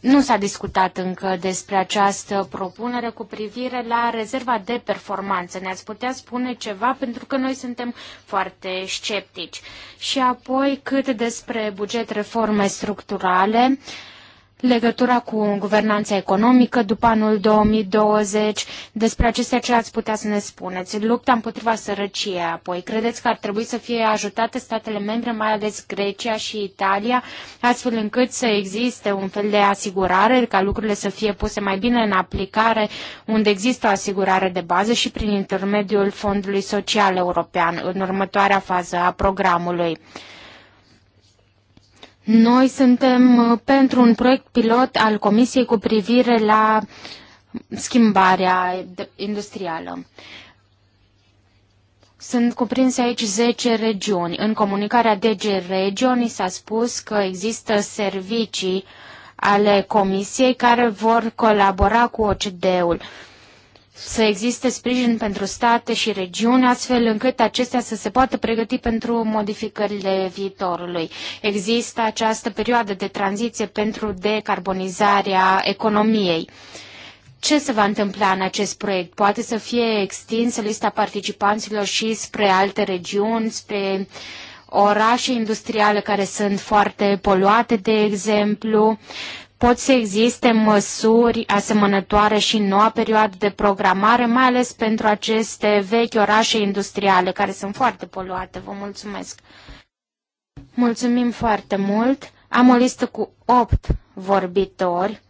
nu s-a discutat încă despre această propunere cu privire la rezerva de performanță. Ne-ați putea spune ceva pentru că noi suntem foarte sceptici. Și apoi cât despre buget reforme structurale, uh, legătura cu guvernanța economică după anul 2020. Despre acestea ce ați putea să ne spuneți? Lupta împotriva sărăciei apoi. Credeți că ar trebui să fie ajutate statele membre, mai ales Grecia și Italia, astfel încât să existe un fel de asigurare ca lucrurile să fie puse mai bine în aplicare, unde există o asigurare de bază și prin intermediul Fondului Social European în următoarea fază a programului. Noi suntem uh, pentru un proiect pilot al Comisiei cu privire la schimbarea industrială. Sunt cuprinse aici 10 regiuni. În comunicarea DG Regioni s-a spus că există servicii ale Comisiei care vor colabora cu ocd ul să existe sprijin pentru state și regiuni, astfel încât acestea să se poată pregăti pentru modificările viitorului. Există această perioadă de tranziție pentru decarbonizarea economiei. Ce se va întâmpla în acest proiect? Poate să fie extinsă lista participanților și spre alte regiuni, spre orașe industriale care sunt foarte poluate, de exemplu. Uh, Pot să existe măsuri asemănătoare și în noua perioadă de programare, mai ales pentru aceste vechi orașe industriale, care sunt foarte poluate. Vă mulțumesc! Mulțumim foarte mult! Am o listă cu 8 vorbitori.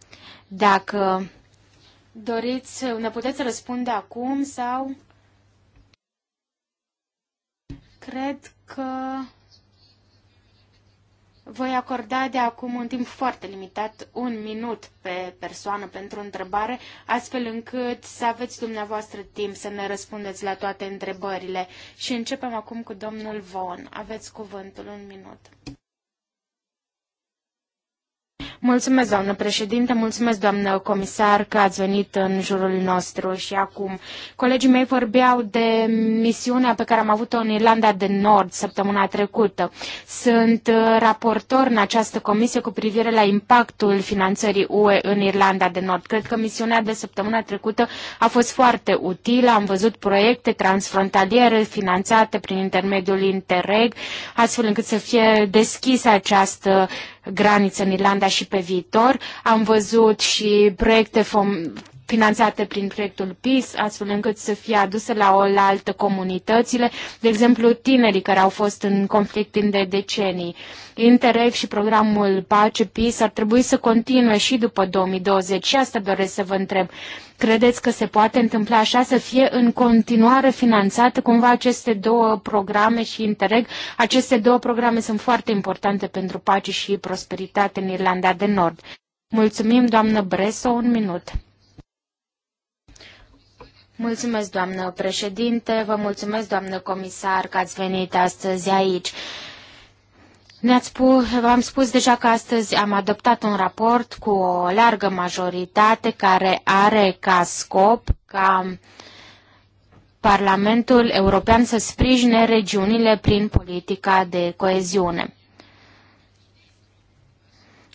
Dacă doriți, ne puteți răspunde acum sau... Cred că voi acorda de acum un timp foarte limitat, un minut pe persoană pentru întrebare, astfel încât să aveți dumneavoastră timp să ne răspundeți la toate întrebările. Și începem acum cu domnul Von. Aveți cuvântul, un minut. Mulțumesc, doamnă președinte, mulțumesc, doamnă comisar, că ați venit în jurul nostru și acum. Colegii mei vorbeau de misiunea pe care am avut-o în Irlanda de Nord săptămâna trecută. Sunt uh, raportor în această comisie cu privire la impactul finanțării UE în Irlanda de Nord. Cred că misiunea de săptămâna trecută a fost foarte utilă. Am văzut proiecte transfrontaliere finanțate prin intermediul Interreg, astfel încât să fie deschisă această uh, graniță în Irlanda și pe viitor. Am văzut și proiecte finanțate prin proiectul PIS, astfel încât să fie aduse la o la altă comunitățile, de exemplu tinerii care au fost în conflict timp de decenii. Interreg și programul Pace PIS ar trebui să continue și după 2020 și asta doresc să vă întreb. Credeți că se poate întâmpla așa să fie în continuare finanțate cumva aceste două programe și Interreg? Aceste două programe sunt foarte importante pentru pace și prosperitate în Irlanda de Nord. Mulțumim, doamnă Breso, un minut. Mulțumesc, doamnă președinte, vă mulțumesc, doamnă comisar, că ați venit astăzi aici. Ne-ați spus, v-am spus deja că astăzi am adoptat un raport cu o largă majoritate care are ca scop ca Parlamentul European să sprijine regiunile prin politica de coeziune.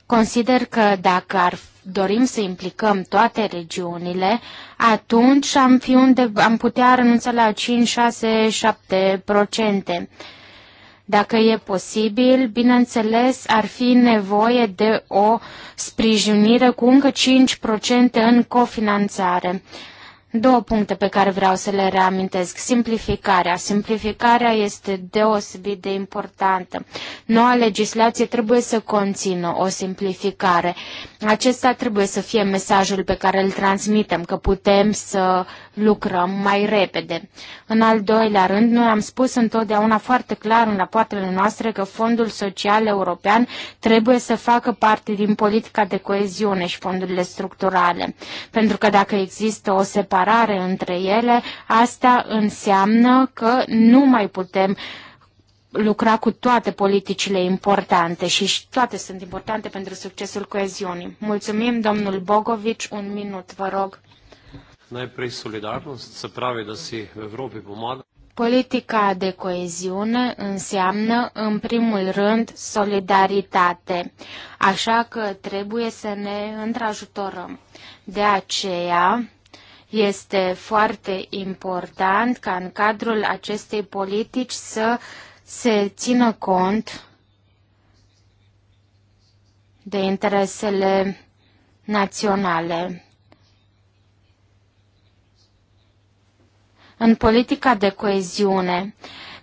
Consider că dacă ar dorim să implicăm toate regiunile, atunci am, fi unde, am putea renunța la 5, 6, 7 procente. Dacă e posibil, bineînțeles, ar fi nevoie de o sprijinire cu încă 5% în cofinanțare. Două puncte pe care vreau să le reamintesc. Simplificarea. Simplificarea este deosebit de importantă. Noua legislație trebuie să conțină o simplificare. Acesta trebuie să fie mesajul pe care îl transmitem, că putem să lucrăm mai repede. În al doilea rând, noi am spus întotdeauna foarte clar în rapoartele noastre că Fondul Social European trebuie să facă parte din politica de coeziune și fondurile structurale. Pentru că dacă există o separare, separare între ele, asta înseamnă că nu mai putem lucra cu toate politicile importante și toate sunt importante pentru succesul coeziunii. Mulțumim, domnul Bogovici, un minut, vă rog. Najprej solidarnost, se pravi, da si v Evropi pomaga. Politica de coeziune înseamnă, în primul rând, solidaritate, așa că trebuie să ne întrajutorăm. De aceea, este foarte important ca în cadrul acestei politici să se țină cont de interesele naționale. În politica de coeziune,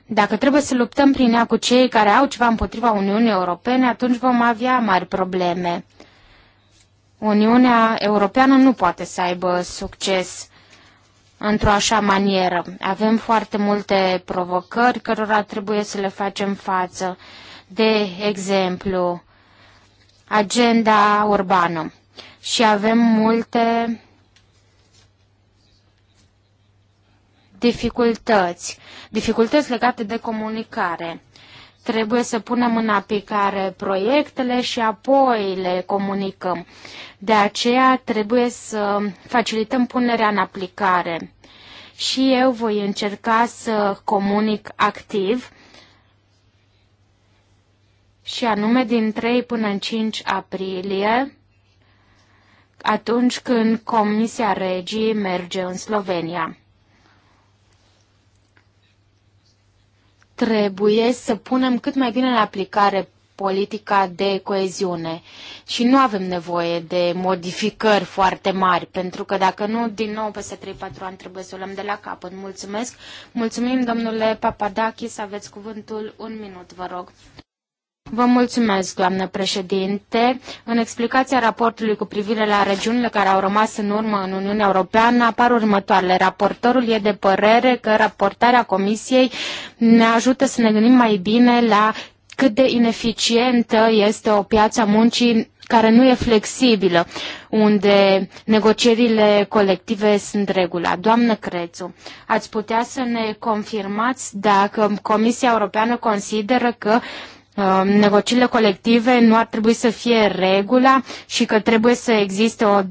dacă trebuie să luptăm prin ea cu cei care au ceva împotriva Uniunii Europene, atunci vom avea mari probleme. Uniunea Europeană nu poate să aibă succes într-o așa manieră. Avem foarte multe provocări cărora trebuie să le facem față. De exemplu, agenda urbană. Și avem multe dificultăți, dificultăți legate de comunicare. Trebuie să punem în aplicare proiectele și apoi le comunicăm. De aceea trebuie să facilităm punerea în aplicare. Și eu voi încerca să comunic activ și anume din 3 până în 5 aprilie, atunci când Comisia Regii merge în Slovenia. Trebuie să punem cât mai bine în aplicare politica de coeziune și nu avem nevoie de modificări foarte mari, pentru că dacă nu, din nou peste 3-4 ani trebuie să o luăm de la capăt. Mulțumesc! Mulțumim, domnule Papadakis, aveți cuvântul un minut, vă rog. Vă mulțumesc, doamnă președinte. În explicația raportului cu privire la regiunile care au rămas în urmă în Uniunea Europeană apar următoarele. Raportorul e de părere că raportarea Comisiei ne ajută să ne gândim mai bine la cât de ineficientă este o piață a muncii care nu e flexibilă, unde negocierile colective sunt regula. Doamnă Crețu, ați putea să ne confirmați dacă Comisia Europeană consideră că uh, Um, negocierile colective nu ar trebui să fie regula și că trebuie să existe o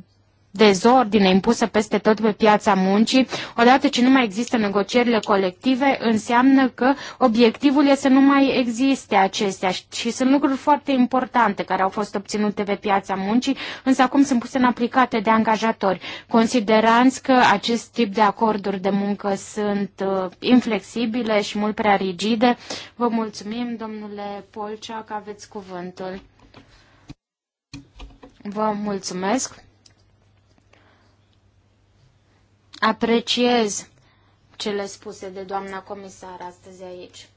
dezordine impusă peste tot pe piața muncii, odată ce nu mai există negocierile colective, înseamnă că obiectivul este să nu mai existe acestea și sunt lucruri foarte importante care au fost obținute pe piața muncii, însă acum sunt puse în aplicate de angajatori. Considerați că acest tip de acorduri de muncă sunt uh, inflexibile și mult prea rigide. Vă mulțumim, domnule Polcea, că aveți cuvântul. Vă mulțumesc. Apreciez cele spuse de doamna comisar astăzi aici.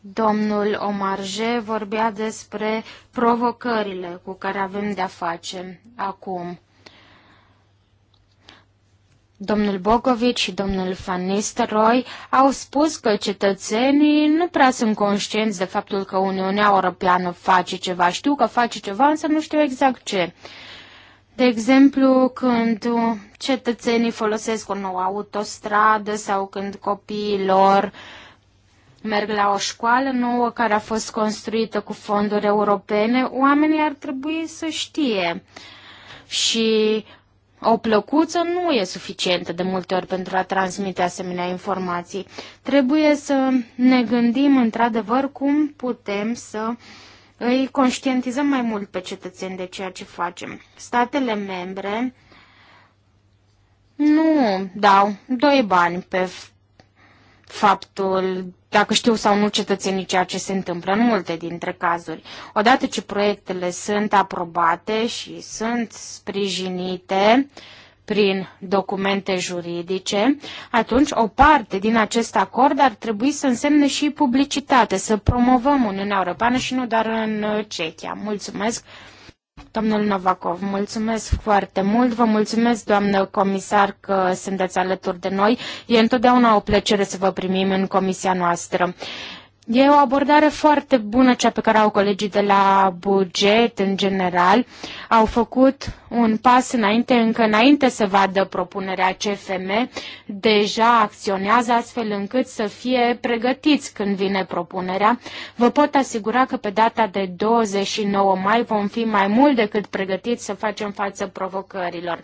Domnul Omarje vorbea despre provocările cu care avem de-a face acum. Domnul Bogovic și domnul Van Nistelrooy au spus că cetățenii nu prea sunt conștienți de faptul că Uniunea Europeană face ceva. Știu că face ceva, însă nu știu exact ce. De exemplu, când cetățenii folosesc o nouă autostradă sau când copiii lor merg la o școală nouă care a fost construită cu fonduri europene, oamenii ar trebui să știe. Și o plăcuță nu e suficientă de multe ori pentru a transmite asemenea informații. Trebuie să ne gândim într-adevăr cum putem să îi conștientizăm mai mult pe cetățeni de ceea ce facem. Statele membre nu dau doi bani pe faptul dacă știu sau nu cetățenii ceea ce se întâmplă în multe dintre cazuri. Odată ce proiectele sunt aprobate și sunt sprijinite, prin documente juridice, atunci o parte din acest acord ar trebui să însemne și publicitate, să promovăm Uniunea Europeană și nu doar în Cehia. Mulțumesc! Domnul Novakov, mulțumesc foarte mult, vă mulțumesc, doamnă comisar, că sunteți alături de noi. E întotdeauna o plăcere să vă primim în comisia noastră. E o abordare foarte bună cea pe care au colegii de la buget în general. Au făcut un pas înainte, încă înainte să vadă propunerea CFM, deja acționează astfel încât să fie pregătiți când vine propunerea. Vă pot asigura că pe data de 29 mai vom fi mai mult decât pregătiți să facem față provocărilor.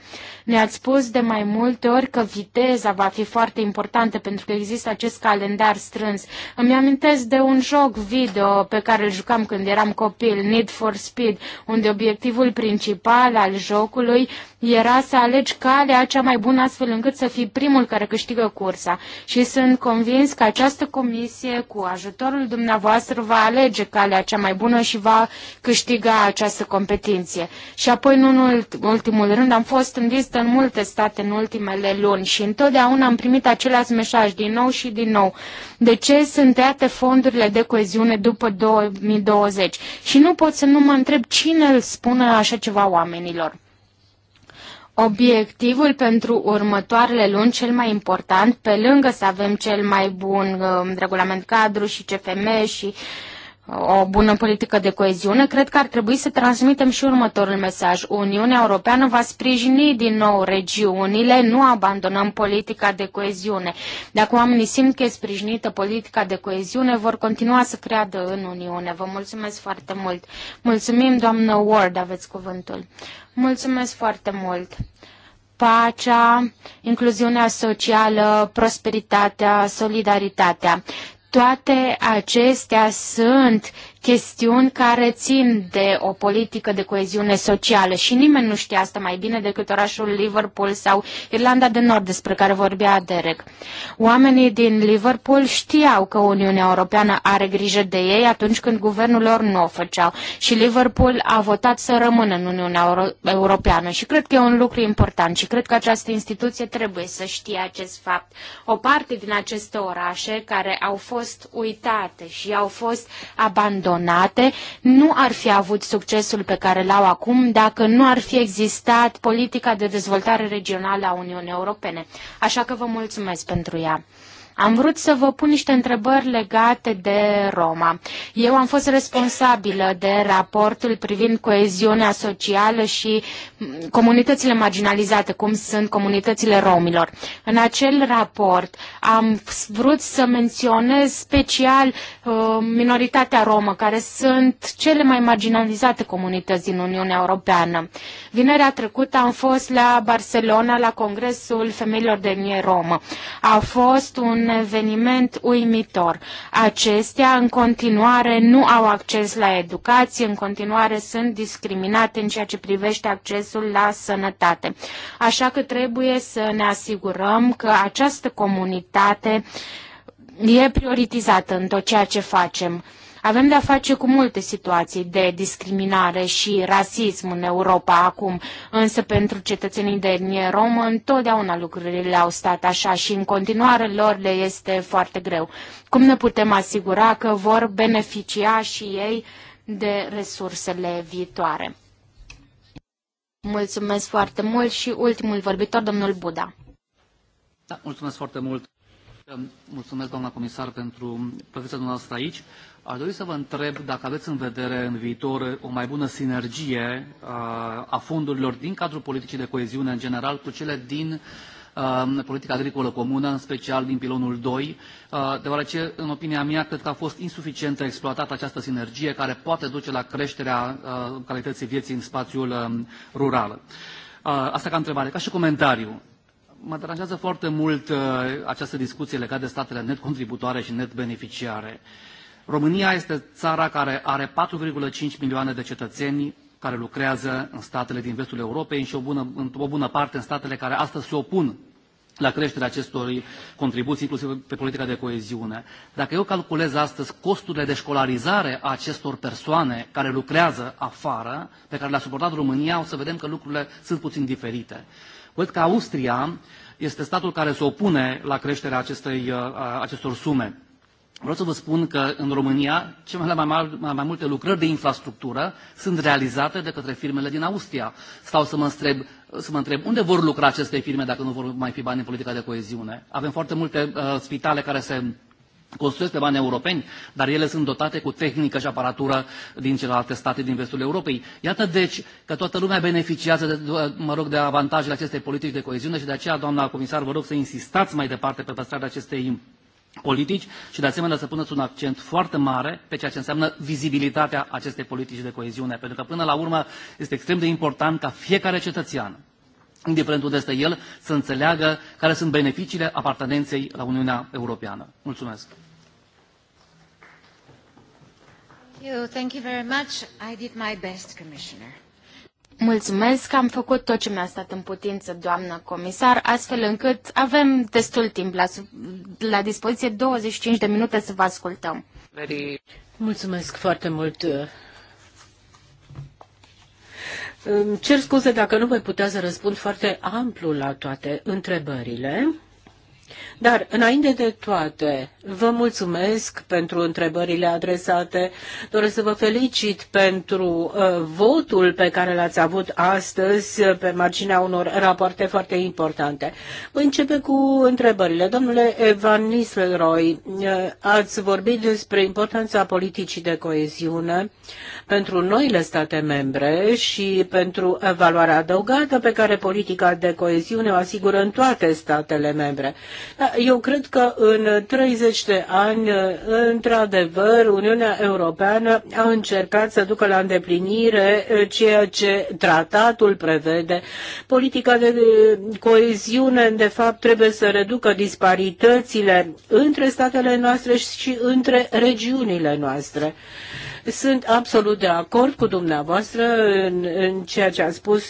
Ne-ați spus de mai multe ori că viteza va fi foarte importantă pentru că există acest calendar strâns. Îmi amintesc de un joc video pe care îl jucam când eram copil, Need for Speed, unde obiectivul principal al jocului jocului era să alegi calea cea mai bună astfel încât să fii primul care câștigă cursa. Și sunt convins că această comisie, cu ajutorul dumneavoastră, va alege calea cea mai bună și va câștiga această competiție. Și apoi, nu în ultimul rând, am fost în vizită în multe state în ultimele luni și întotdeauna am primit același mesaj din nou și din nou. De ce sunt tăiate fondurile de coeziune după 2020? Și nu pot să nu mă întreb cine îl spune așa ceva oamenilor. Obiectivul pentru următoarele luni cel mai important, pe lângă să avem cel mai bun uh, regulament cadru și CFM și uh, o bună politică de coeziune, cred că ar trebui să transmitem și următorul mesaj. Uniunea Europeană va sprijini din nou regiunile, nu abandonăm politica de coeziune. Dacă oamenii simt că e sprijinită politica de coeziune, vor continua să creadă în Uniune. Vă mulțumesc foarte mult. Mulțumim, doamnă Ward, aveți cuvântul. Mulțumesc foarte mult pacea, incluziunea socială, prosperitatea, solidaritatea. Toate acestea sunt chestiuni care țin de o politică de coeziune socială și nimeni nu știe asta mai bine decât orașul Liverpool sau Irlanda de Nord despre care vorbea Derek. Oamenii din Liverpool știau că Uniunea Europeană are grijă de ei atunci când guvernul lor nu o făceau și Liverpool a votat să rămână în Uniunea Euro Europeană și cred că e un lucru important și cred că această instituție trebuie să știe acest fapt. O parte din aceste orașe care au fost uitate și au fost abandonate coordonate nu ar fi avut succesul pe care l-au acum dacă nu ar fi existat politica de dezvoltare regională a Uniunii Europene. Așa că vă mulțumesc pentru ea. Am vrut să vă pun niște întrebări legate de Roma. Eu am fost responsabilă de raportul privind coeziunea socială și mm, comunitățile marginalizate, cum sunt comunitățile romilor. În acel raport am vrut să menționez special uh, minoritatea romă, care sunt cele mai marginalizate comunități din Uniunea Europeană. Vinerea trecută am fost la Barcelona la Congresul Femeilor de Mie Romă. A fost un un eveniment uimitor. Acestea în continuare nu au acces la educație, în continuare sunt discriminate în ceea ce privește accesul la sănătate. Așa că trebuie să ne asigurăm că această comunitate e prioritizată în tot ceea ce facem. Avem de-a face cu multe situații de discriminare și rasism în Europa acum, însă pentru cetățenii de etnie romă întotdeauna lucrurile au stat așa și în continuare lor le este foarte greu. Cum ne putem asigura că vor beneficia și ei de resursele viitoare? Mulțumesc foarte mult și ultimul vorbitor, domnul Buda. Da, mulțumesc foarte mult. Mulțumesc, doamna comisar, pentru prezența noastră aici. Aș dori să vă întreb dacă aveți în vedere în viitor o mai bună sinergie uh, a fondurilor din cadrul politicii de coeziune în general cu cele din uh, politica agricolă comună, în special din pilonul 2, uh, deoarece, în opinia mea, cred că a fost insuficientă exploatată această sinergie care poate duce la creșterea calității vieții în spațiul um, rural. Asta ca întrebare. Ca și comentariu, mă deranjează foarte mult această discuție legată de statele net contributoare și net beneficiare. România este țara care are 4,5 milioane de cetățeni care lucrează în statele din vestul Europei și o bună, o bună parte în statele care astăzi se opun la creșterea acestor contribuții, inclusiv pe politica de coeziune. Dacă eu calculez astăzi costurile de școlarizare a acestor persoane care lucrează afară, pe care le-a suportat România, o să vedem că lucrurile sunt puțin diferite. Văd că Austria este statul care se opune la creșterea acestei, uh, acestor sume. Vreau să vă spun că în România cele mai, mai multe lucrări de infrastructură sunt realizate de către firmele din Austria. Stau să mă, întreb, să mă întreb unde vor lucra aceste firme dacă nu vor mai fi bani în politica de coeziune. Avem foarte multe uh, spitale care se construiesc pe bani europeni, dar ele sunt dotate cu tehnică și aparatură din celelalte state din vestul Europei. Iată deci că toată lumea beneficiază de, uh, mă rog, de avantajele acestei politici de coeziune și de aceea, doamna comisar, vă rog să insistați mai departe pe păstrarea acestei politici și, de asemenea, să puneți un accent foarte mare pe ceea ce înseamnă vizibilitatea acestei politici de coeziune, pentru că, până la urmă, este extrem de important ca fiecare cetățean, indiferent unde este el, să înțeleagă care sunt beneficiile apartenenței la Uniunea Europeană. Mulțumesc! Thank you very much. I did my best, Commissioner. Mulțumesc, am făcut tot ce mi-a stat în putință, doamnă comisar, astfel încât avem destul timp la, la dispoziție, 25 de minute să vă ascultăm. Mulțumesc foarte mult. Îmi cer scuze dacă nu voi putea să răspund foarte amplu la toate întrebările. Dar, înainte de toate, vă mulțumesc pentru întrebările adresate. Doresc să vă felicit pentru uh, votul pe care l-ați avut astăzi uh, pe marginea unor rapoarte foarte importante. Voi începe cu întrebările. Domnule Evan Nisleroy, uh, ați vorbit despre importanța politicii de coeziune pentru noile state membre și pentru valoarea adăugată pe care politica de coeziune o asigură în toate statele membre. Da, eu cred că în 30 de ani, într-adevăr, Uniunea Europeană a încercat să ducă la îndeplinire eh, ceea ce tratatul prevede. Politica de coeziune, de fapt, trebuie să reducă disparitățile între statele noastre și între regiunile noastre. Sunt absolut de acord cu dumneavoastră în, în ceea ce ați spus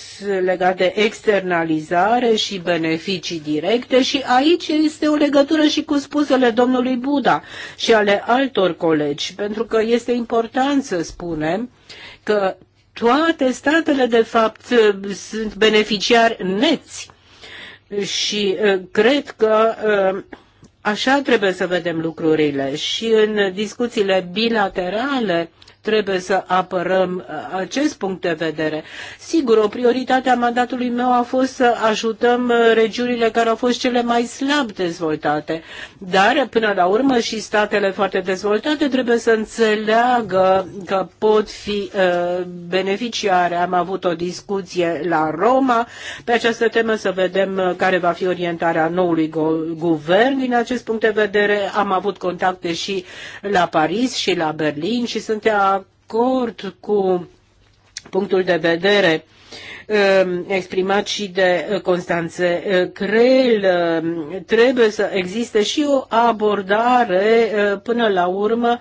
legat de externalizare și beneficii directe și aici este o legătură și cu spusele domnului Buda și ale altor colegi, pentru că este important să spunem că toate statele, de fapt, sunt beneficiari neți. Și uh, cred că uh, așa trebuie să vedem lucrurile. Și în discuțiile bilaterale trebuie să apărăm uh, acest punct de vedere. Sigur, o prioritate a mandatului meu a fost să ajutăm uh, regiunile care au fost cele mai slab dezvoltate, dar până la urmă și statele foarte dezvoltate trebuie să înțeleagă că pot fi uh, beneficiare. Am avut o discuție la Roma pe această temă să vedem uh, care va fi orientarea noului guvern din acest punct de vedere. Am avut contacte și la Paris și la Berlin și suntem acord cu punctul de vedere um, exprimat și de uh, Constanțe uh, Crel, um, trebuie să existe și o abordare uh, până la urmă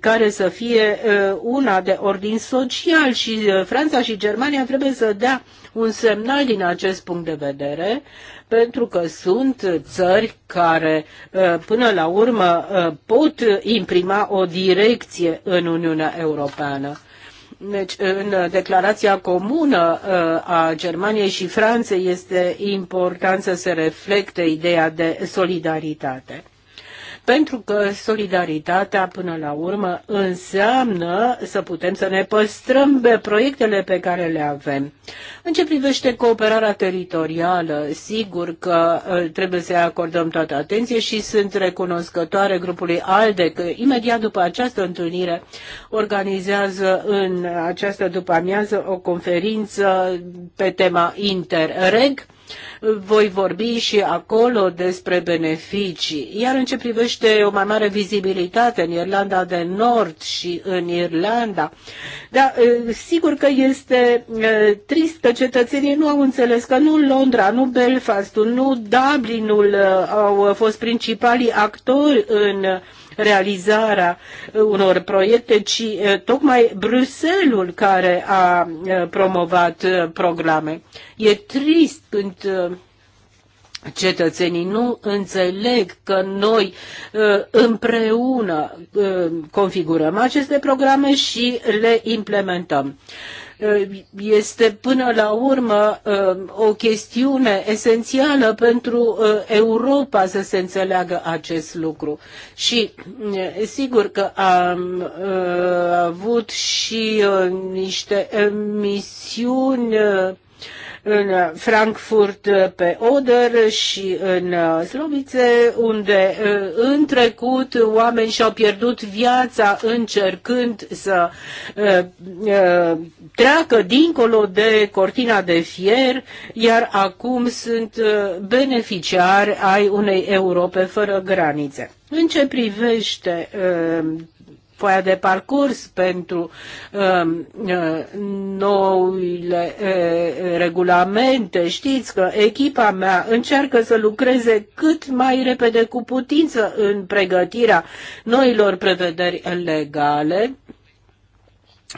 care să fie uh, una de ordin social și uh, Franța și Germania trebuie să dea un semnal din acest punct de vedere, pentru că sunt țări care uh, până la urmă pot imprima o direcție în Uniunea Europeană. Deci, în declarația comună a Germaniei și Franței este important să se reflecte ideea de solidaritate pentru că solidaritatea până la urmă înseamnă să putem să ne păstrăm pe proiectele pe care le avem. În ce privește cooperarea teritorială, sigur că uh, trebuie să acordăm toată atenție și sunt recunoscătoare grupului ALDE că imediat după această întâlnire organizează în această după amiază o conferință pe tema Interreg voi vorbi și acolo despre beneficii. Iar în ce privește o mai mare vizibilitate în Irlanda de Nord și în Irlanda, da, sigur că este trist că cetățenii nu au înțeles că nu Londra, nu Belfastul, nu Dublinul au fost principalii actori în realizarea unor proiecte, ci tocmai Bruselul care a promovat programe. E trist când cetățenii nu înțeleg că noi împreună configurăm aceste programe și le implementăm. Uh, este până la urmă uh, o chestiune esențială pentru uh, Europa să se înțeleagă acest lucru. Și sigur că am avut și niște misiuni în uh, Frankfurt uh, pe Oder și în uh, Slovice, unde în trecut oameni și-au pierdut viața încercând să treacă dincolo de cortina de fier, iar acum sunt beneficiari ai unei Europe fără granițe. În ce privește foaia de parcurs pentru um, uh, noile uh, regulamente. Știți că echipa mea încearcă să lucreze cât mai repede cu putință în pregătirea noilor prevederi legale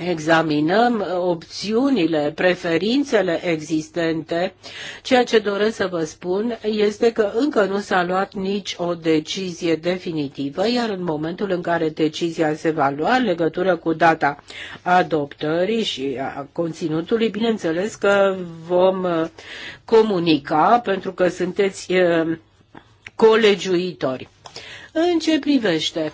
examinăm opțiunile, preferințele existente, ceea ce doresc să vă spun este că încă nu s-a luat nici o decizie definitivă, iar în momentul în care decizia se va lua în legătură cu data adoptării și a conținutului, bineînțeles că vom uh, comunica pentru că sunteți uh, colegiuitori. În ce privește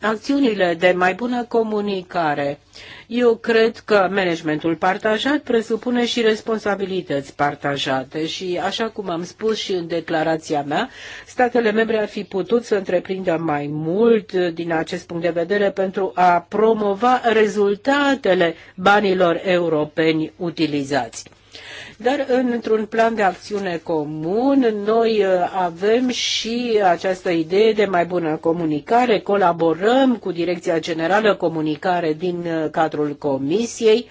acțiunile de mai bună comunicare. Eu cred că managementul partajat presupune și responsabilități partajate și, așa cum am spus și în declarația mea, statele membre ar fi putut să întreprindă mai mult din acest punct de vedere pentru a promova rezultatele banilor europeni utilizați. Dar într-un plan de acțiune comun, noi uh, avem și această idee de mai bună comunicare, colaborăm cu Direcția Generală Comunicare din uh, cadrul Comisiei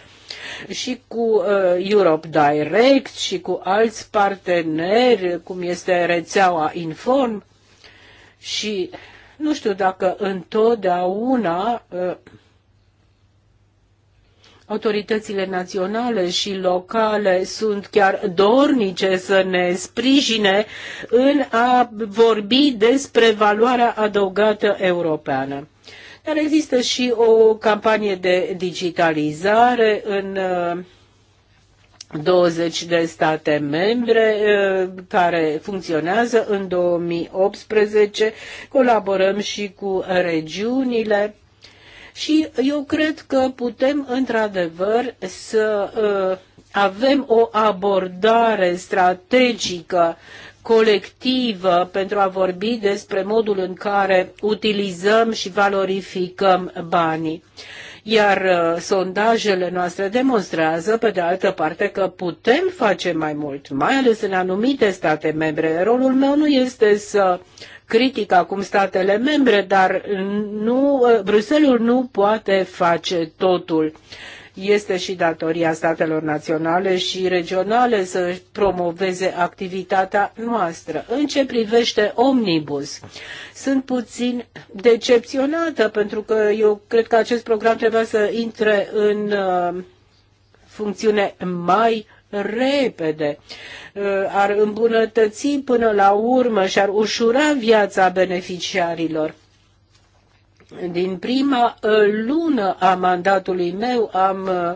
și cu uh, Europe Direct și cu alți parteneri, cum este rețeaua Inform. Și nu știu dacă întotdeauna autoritățile naționale și locale sunt chiar dornice să ne sprijine în a vorbi despre valoarea adăugată europeană. Dar există și o campanie de digitalizare în 20 uh, de state membre uh, care funcționează în 2018. Colaborăm și cu regiunile și eu cred că putem într-adevăr să uh, avem o abordare strategică colectivă pentru a vorbi despre modul în care utilizăm și valorificăm banii. Iar uh, sondajele noastre demonstrează, pe de altă parte, că putem face mai mult, mai ales în anumite state membre. Rolul meu nu este să uh, critică acum statele membre, dar nu, Bruselul nu poate face totul. Este și datoria statelor naționale și regionale să promoveze activitatea noastră. În ce privește omnibus, sunt puțin decepționată pentru că eu cred că acest program trebuia să intre în uh, funcțiune mai repede. Uh, ar îmbunătăți până la urmă și ar ușura viața beneficiarilor. Din prima uh, lună a mandatului meu am uh,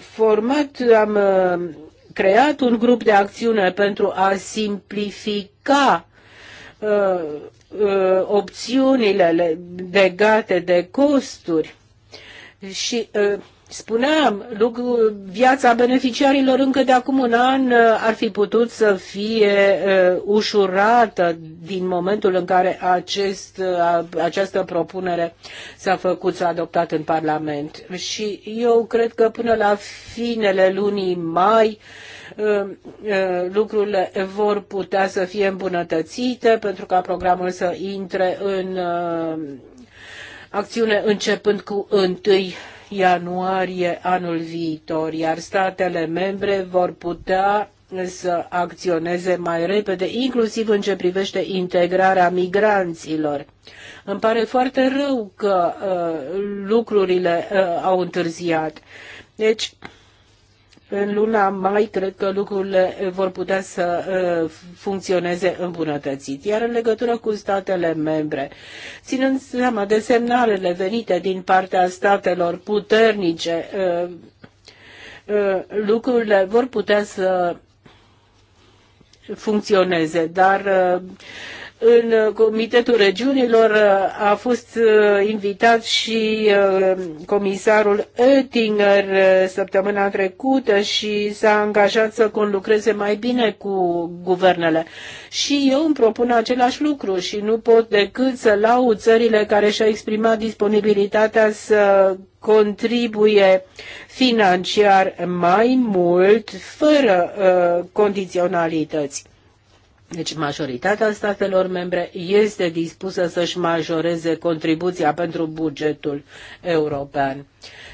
format, am creat un grup de acțiune pentru a simplifica opțiunile legate de costuri și uh, Spuneam, lucru, viața beneficiarilor încă de acum un an uh, ar fi putut să fie uh, ușurată din momentul în care acest, uh, această propunere s-a făcut, s-a adoptat în Parlament. Și eu cred că până la finele lunii mai uh, uh, lucrurile vor putea să fie îmbunătățite pentru ca programul să intre în acțiune începând cu 1 ianuarie anul viitor, iar statele membre vor putea să acționeze mai repede, inclusiv în ce privește integrarea migranților. Îmi pare foarte rău că uh, lucrurile uh, au întârziat. Deci, în luna mai cred că lucrurile eh, vor putea să eh, funcționeze îmbunătățit. Iar în legătură cu statele membre, ținând seama de semnalele venite din partea statelor puternice, eh, lucrurile vor putea să funcționeze, dar uh, în Comitetul Regiunilor a fost uh, invitat și uh, comisarul Oettinger uh, săptămâna trecută și s-a angajat să conlucreze mai bine cu guvernele. Și eu îmi propun același lucru și nu pot decât să lau țările care și-au exprimat disponibilitatea să contribuie financiar mai mult, fără uh, condiționalități. Deci majoritatea statelor membre este dispusă să-și majoreze contribuția pentru bugetul european.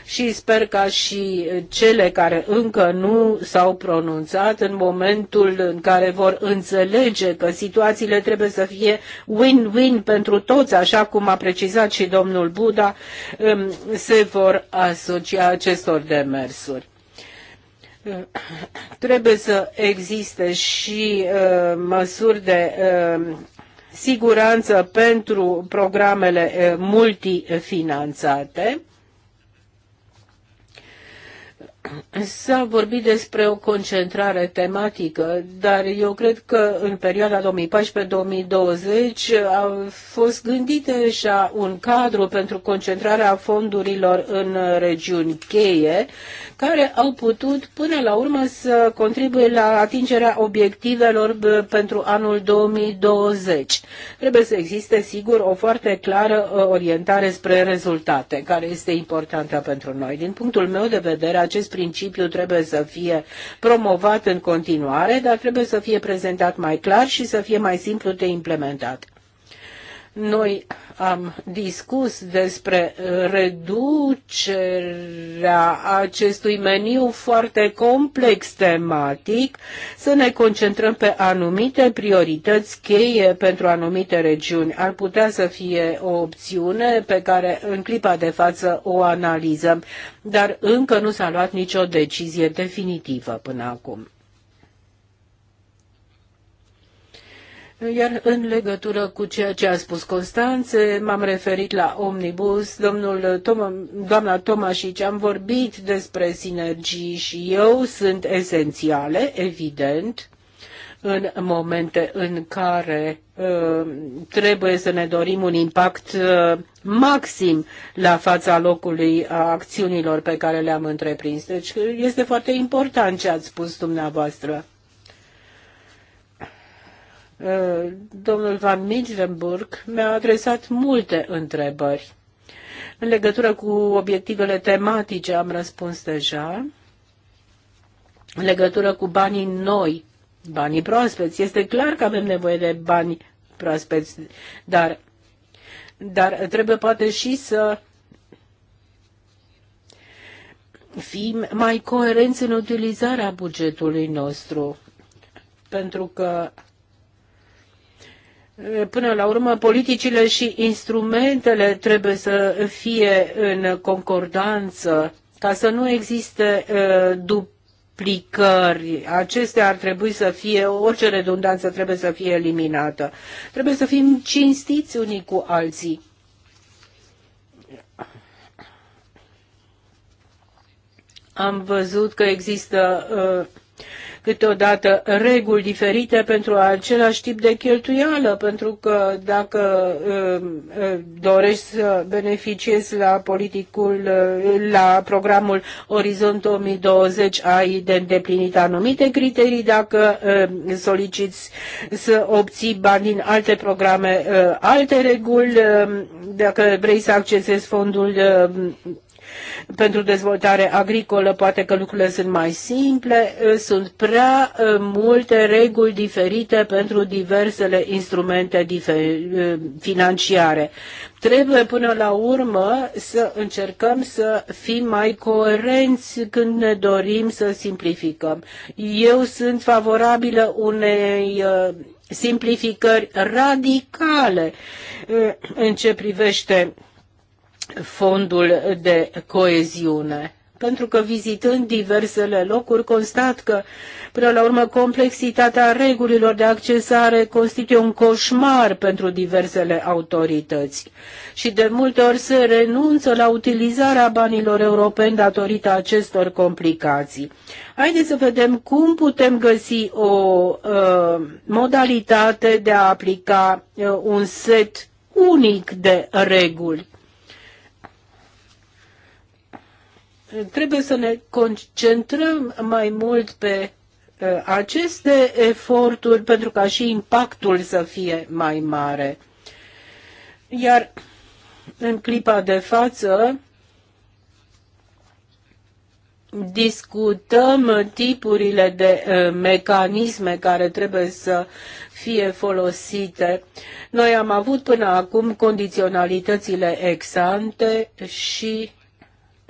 Și sper ca și cele care încă nu s-au pronunțat în momentul în care vor înțelege că situațiile trebuie să fie win-win pentru toți, așa cum a precizat și domnul Buda, se vor asocia acestor demersuri. Trebuie să existe și uh, măsuri de uh, siguranță pentru programele uh, multifinanțate S-a vorbit despre o concentrare tematică, dar eu cred că în perioada 2014-2020 a fost gândită deja un cadru pentru concentrarea fondurilor în regiuni cheie, care au putut până la urmă să contribuie la atingerea obiectivelor pentru anul 2020. Trebuie să existe, sigur, o foarte clară uh, orientare spre rezultate, care este importantă pentru noi. Din punctul meu de vedere, acest principiu trebuie să fie promovat în continuare, dar trebuie să fie prezentat mai clar și să fie mai simplu de implementat. Noi am discus despre uh, reducerea acestui meniu foarte complex tematic, să ne concentrăm pe anumite priorități cheie pentru anumite regiuni. Ar putea să fie o opțiune pe care în clipa de față o analizăm, dar încă nu s-a luat nicio decizie definitivă până acum. Iar în legătură cu ceea ce a spus Constanțe, m-am referit la Omnibus, domnul Toma, doamna Tomașici, am vorbit despre sinergii și eu sunt esențiale, evident, în momente în care uh, trebuie să ne dorim un impact uh, maxim la fața locului a acțiunilor pe care le-am întreprins. Deci este foarte important ce ați spus dumneavoastră. Uh, domnul Van Miltenburg mi-a adresat multe întrebări. În legătură cu obiectivele tematice am răspuns deja. În legătură cu banii noi, banii proaspeți, este clar că avem nevoie de bani proaspeți, dar, dar trebuie poate și să fim mai coerenți în utilizarea bugetului nostru, pentru că Până la urmă, politicile și instrumentele trebuie să fie în concordanță ca să nu existe uh, duplicări. Acestea ar trebui să fie, orice redundanță trebuie să fie eliminată. Trebuie să fim cinstiți unii cu alții. Am văzut că există uh, câteodată reguli diferite pentru același tip de cheltuială, pentru că dacă um, um, dorești să beneficiezi la politicul, um, la programul Orizont 2020, ai de îndeplinit anumite criterii, dacă soliciți să obții bani din alte programe, uh, alte reguli, dacă vrei să accesezi fondul pentru dezvoltare agricolă poate că lucrurile sunt mai simple, sunt prea multe reguli diferite pentru diversele instrumente financiare. Trebuie până la urmă să încercăm să fim mai coerenți când ne dorim să simplificăm. Eu sunt favorabilă unei simplificări radicale în ce privește fondul de coeziune pentru că vizitând diversele locuri constat că, până la urmă, complexitatea regulilor de accesare constituie un coșmar pentru diversele autorități și de multe ori se renunță la utilizarea banilor europeni datorită acestor complicații. Haideți să vedem cum putem găsi o uh, modalitate de a aplica uh, un set unic de reguli trebuie să ne concentrăm mai mult pe uh, aceste eforturi pentru ca și impactul să fie mai mare. Iar în clipa de față discutăm tipurile de uh, mecanisme care trebuie să fie folosite. Noi am avut până acum condiționalitățile exante și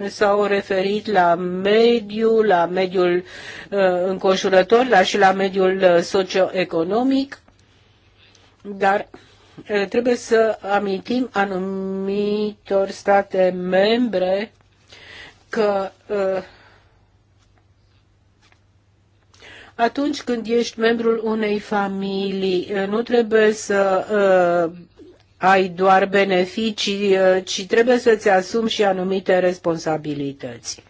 s-au referit la mediu, la mediul uh, înconjurător, la și la mediul uh, socioeconomic, dar uh, trebuie să amintim anumitor state membre că uh, atunci când ești membrul unei familii, uh, nu trebuie să uh, ai doar beneficii, uh, ci trebuie să-ți asumi și anumite responsabilități.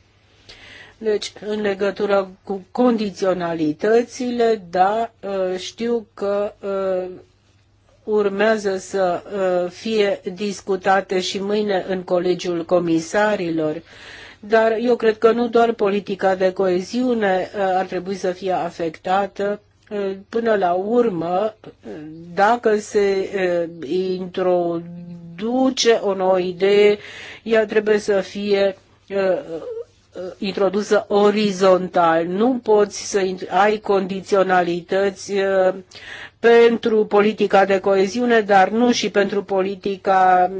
Deci, în legătură cu condiționalitățile, da, uh, știu că uh, urmează să fie discutate și mâine în Colegiul Comisarilor, dar eu cred că nu doar politica de coeziune ar trebui să fie afectată, până la urmă, dacă se introduce o nouă idee, ea trebuie să fie introdusă orizontal. Nu poți să ai condiționalități pentru politica de coeziune, dar nu și pentru politica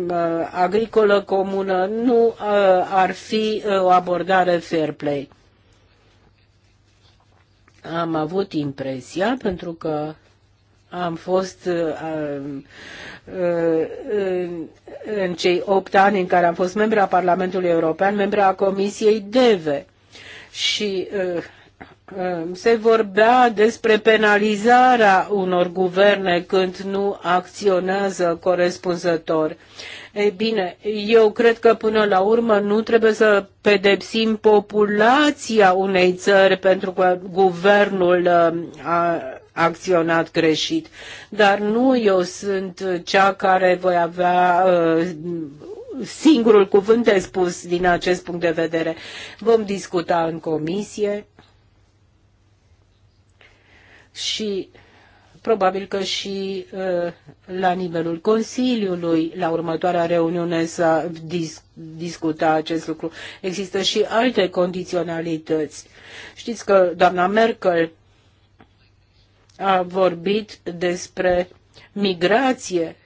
agricolă comună. Nu ar fi o abordare fair play am avut impresia, pentru că am fost uh, uh, uh, în cei opt ani în care am fost membra Parlamentului European, membra a Comisiei DEVE. Și uh, se vorbea despre penalizarea unor guverne când nu acționează corespunzător. Ei bine, eu cred că până la urmă nu trebuie să pedepsim populația unei țări pentru că guvernul uh, a acționat greșit. Dar nu eu sunt cea care voi avea uh, singurul cuvânt de spus din acest punct de vedere. Vom discuta în comisie și probabil că și uh, la nivelul Consiliului, la următoarea reuniune, să dis- discuta acest lucru. Există și alte condiționalități. Știți că doamna Merkel a vorbit despre migrație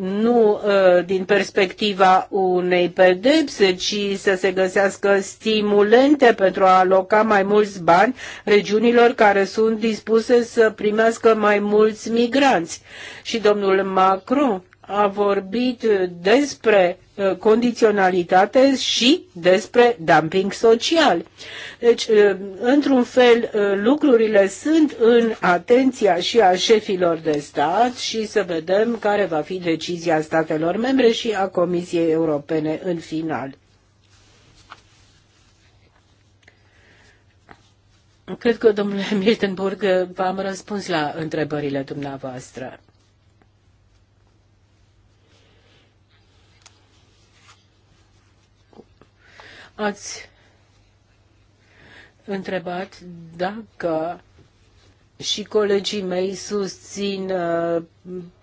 nu uh, din perspectiva unei pedepse, ci să se găsească stimulente pentru a aloca mai mulți bani regiunilor care sunt dispuse să primească mai mulți migranți. Și domnul Macron a vorbit despre Uh, condiționalitate și despre dumping social. Deci, uh, într-un fel, uh, lucrurile sunt în atenția și a șefilor de stat și să vedem care va fi decizia statelor membre și a Comisiei Europene în final. Cred că, domnule Miltenburg, v-am răspuns la întrebările dumneavoastră. Ați întrebat dacă și colegii mei susțin uh,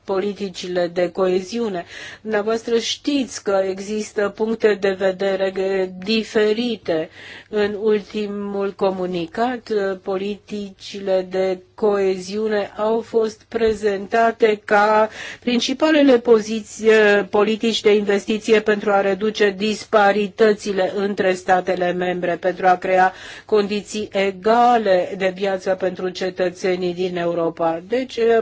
politicile de coeziune. Dumneavoastră știți că există puncte de vedere diferite. În ultimul comunicat, uh, politicile de coeziune au fost prezentate ca principalele poziții, eh, politici de investiție pentru a reduce disparitățile între statele membre, pentru a crea condiții egale de viață pentru cetățenii din Europa. Deci, eh,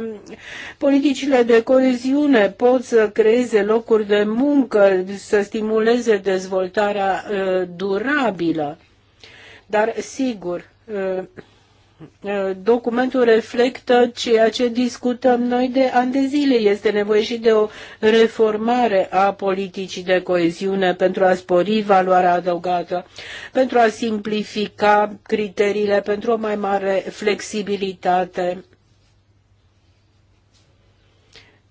politicile de coeziune pot să creeze locuri de muncă, să stimuleze dezvoltarea eh, durabilă. Dar, sigur, Eh, documentul reflectă ceea ce discutăm noi de ani de zile. Este nevoie și de o reformare a politicii de coeziune pentru a spori valoarea adăugată, pentru a simplifica criteriile, pentru o mai mare flexibilitate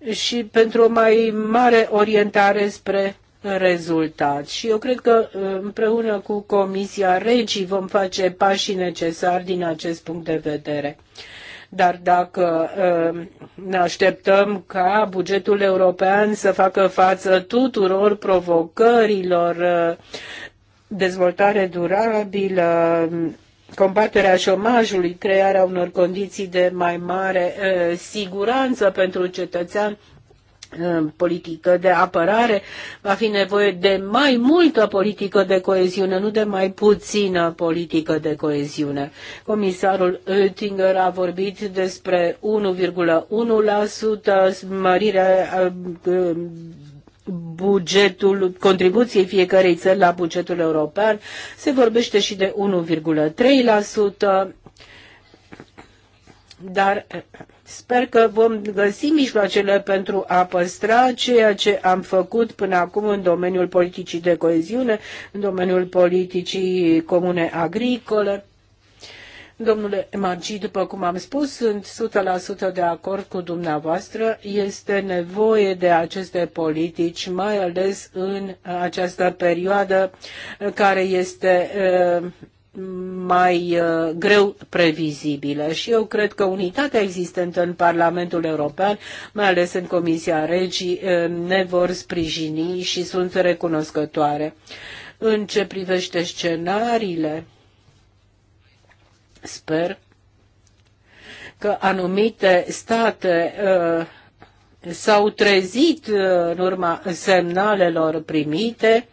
și pentru o mai mare orientare spre rezultat. Și eu cred că uh, împreună cu Comisia Regii vom face pașii necesari din acest punct de vedere. Dar dacă uh, ne așteptăm ca bugetul european să facă față tuturor provocărilor, uh, dezvoltare durabilă, combaterea șomajului, crearea unor condiții de mai mare siguranță pentru cetățean, Uh, politică de apărare, va fi nevoie de mai multă politică de coeziune, nu de mai puțină politică de coeziune. Comisarul Oettinger a vorbit despre 1,1% mărire uh, bugetul, contribuției fiecarei țări la bugetul european. Se vorbește și de 1,3%, dar Sper că vom găsi mijloacele pentru a păstra ceea ce am făcut până acum în domeniul politicii de coeziune, în domeniul politicii comune agricole. Domnule Margi, după cum am spus, sunt 100% de acord cu dumneavoastră. Este nevoie de aceste politici, mai ales în această perioadă care este uh, mai uh, greu previzibile și eu cred că unitatea existentă în Parlamentul European, mai ales în Comisia Regii, uh, ne vor sprijini și sunt recunoscătoare. În ce privește scenariile, sper că anumite state uh, s-au trezit uh, în urma semnalelor primite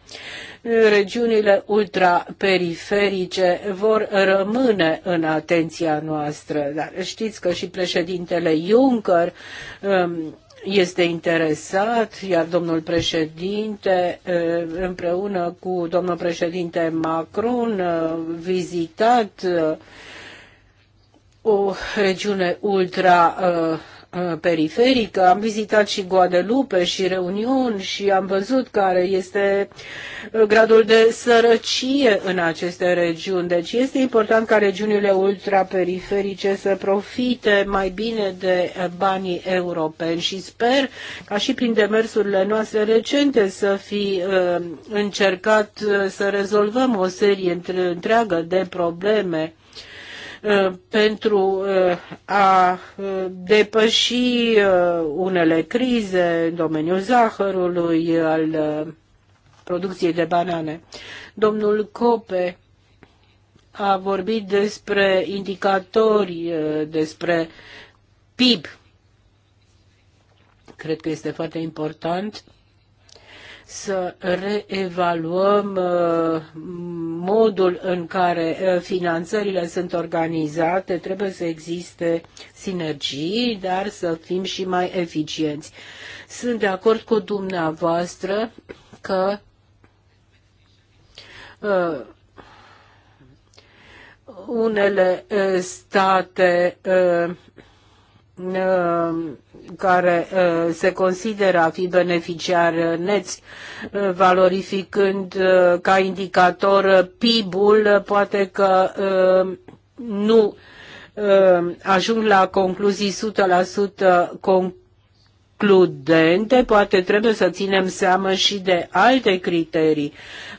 regiunile ultraperiferice vor rămâne în atenția noastră. Dar știți că și președintele Juncker um, este interesat, iar domnul președinte um, împreună cu domnul președinte Macron uh, vizitat uh, o regiune ultra uh, Uh, periferică. Am vizitat și Guadelupe și Reunion și am văzut care este uh, gradul de sărăcie în aceste regiuni. Deci este important ca regiunile ultraperiferice să profite mai bine de uh, banii europeni și sper ca și prin demersurile noastre recente să fi încercat să rezolvăm o serie întreagă de probleme Uh, pentru uh, a uh, depăși unele crize în domeniul zahărului, al producției de banane. Domnul Cope a vorbit despre indicatori, despre PIB. Cred că este foarte important să reevaluăm uh, modul în care uh, finanțările sunt organizate, trebuie să existe sinergii, dar să fim și mai eficienți. Sunt de acord cu dumneavoastră că uh, unele state care uh, se consideră a fi beneficiari neți, uh, valorificând uh, ca indicator PIB-ul, poate că nu ajung la concluzii 100% concluzii includente, poate trebuie să ținem seama și de alte criterii,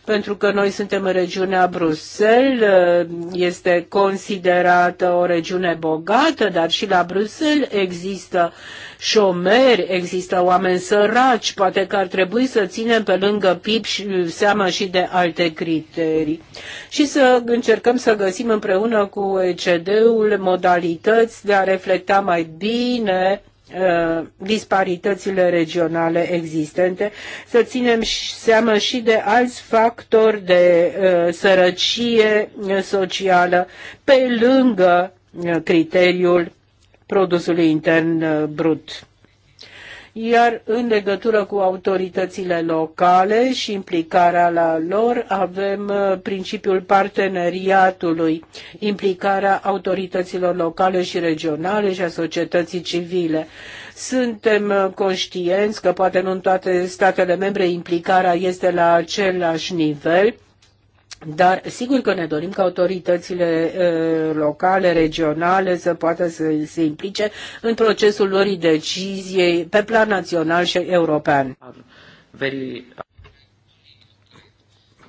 pentru că noi suntem în regiunea Bruxelles, uh, este considerată o regiune bogată, dar și la Bruxelles există șomeri, există oameni săraci, poate că ar trebui să ținem pe lângă PIB și uh, seama și de alte criterii și să încercăm să găsim împreună cu ECD-ul modalități de a reflecta mai bine Uh, disparitățile regionale existente, să ținem seama și de alți factori de uh, sărăcie socială pe lângă uh, criteriul produsului intern brut iar în legătură cu autoritățile locale și implicarea la lor avem uh, principiul parteneriatului, implicarea autorităților locale și regionale și a societății civile. Suntem uh, conștienți că poate nu în toate statele membre implicarea este la același nivel, dar sigur că ne dorim ca autoritățile locale, regionale să poată să se implice în procesul lor deciziei pe plan național și european.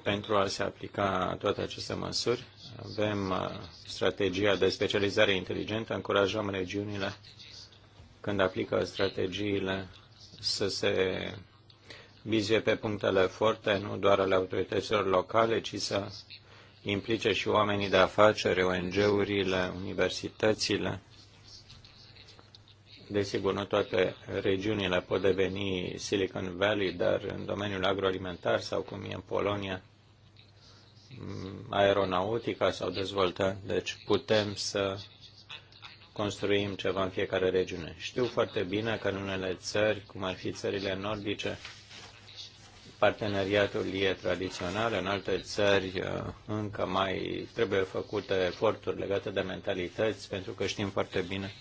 Pentru a se aplica toate aceste măsuri, avem strategia de specializare inteligentă, încurajăm regiunile când aplică strategiile să se vizie pe punctele forte, nu doar ale autorităților locale, ci să implice și oamenii de afaceri, ONG-urile, universitățile. Desigur, nu toate regiunile pot deveni Silicon Valley, dar în domeniul agroalimentar sau cum e în Polonia, aeronautica s-au dezvoltat, deci putem să construim ceva în fiecare regiune. Știu foarte bine că în unele țări, cum ar fi țările nordice, parteneriatul e tradițional, în alte țări uh, încă mai trebuie făcute eforturi legate de mentalități, pentru că știm foarte bine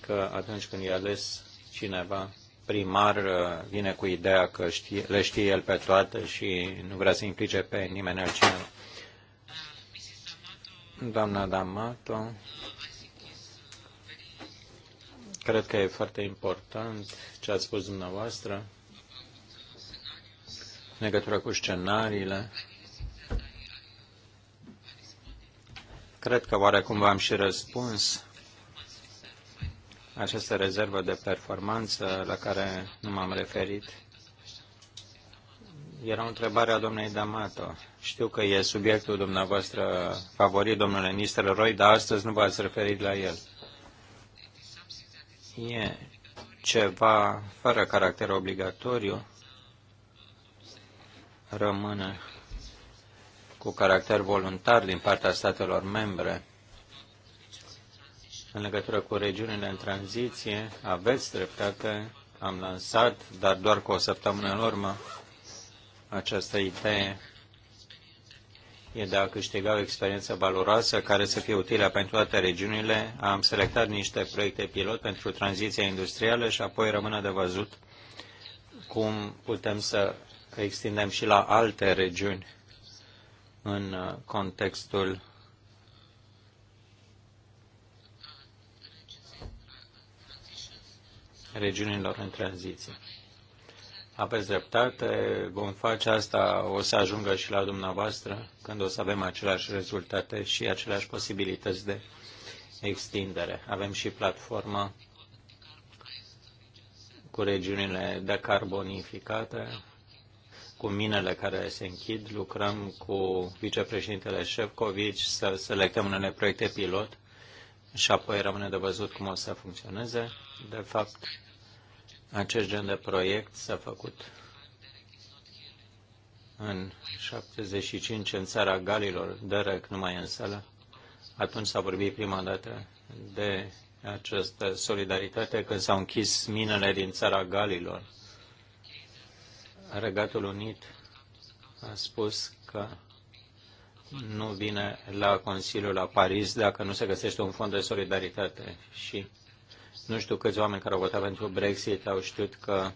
că atunci când e ales cineva primar, uh, vine cu ideea că știe, le știe el pe toate și nu vrea să implice pe nimeni altcineva. Doamna D'Amato, cred că e foarte important ce ați spus dumneavoastră în legătură cu scenariile. Cred că oarecum v-am și răspuns această rezervă de performanță la care nu m-am referit. Era o întrebare a domnului D'Amato. Știu că e subiectul dumneavoastră favorit, domnule Roy, dar astăzi nu v-ați referit la el. E ceva fără caracter obligatoriu rămână cu caracter voluntar din partea statelor membre în legătură cu regiunile în tranziție, aveți dreptate, am lansat, dar doar cu o săptămână în urmă, această idee e de a câștiga o experiență valoroasă care să fie utilă pentru toate regiunile. Am selectat niște proiecte pilot pentru tranziția industrială și apoi rămâne de văzut cum putem să că extindem și la alte regiuni în uh, contextul regiunilor în tranziție. Aveți dreptate, vom face asta, o să ajungă și la dumneavoastră când o să avem aceleași rezultate și aceleași posibilități de extindere. Avem și platforma cu regiunile decarbonificate, cu minele care se închid, lucrăm cu vicepreședintele Șefcovici să selectăm unele proiecte pilot și apoi rămâne de văzut cum o să funcționeze. De fapt, acest gen de proiect s-a făcut în 75 în țara Galilor, Derek numai în sală. Atunci s-a vorbit prima dată de această solidaritate când s-au închis minele din țara Galilor Regatul Unit a spus că nu vine la Consiliul la Paris dacă nu se găsește un fond de solidaritate și nu știu câți oameni care au votat pentru Brexit au știut că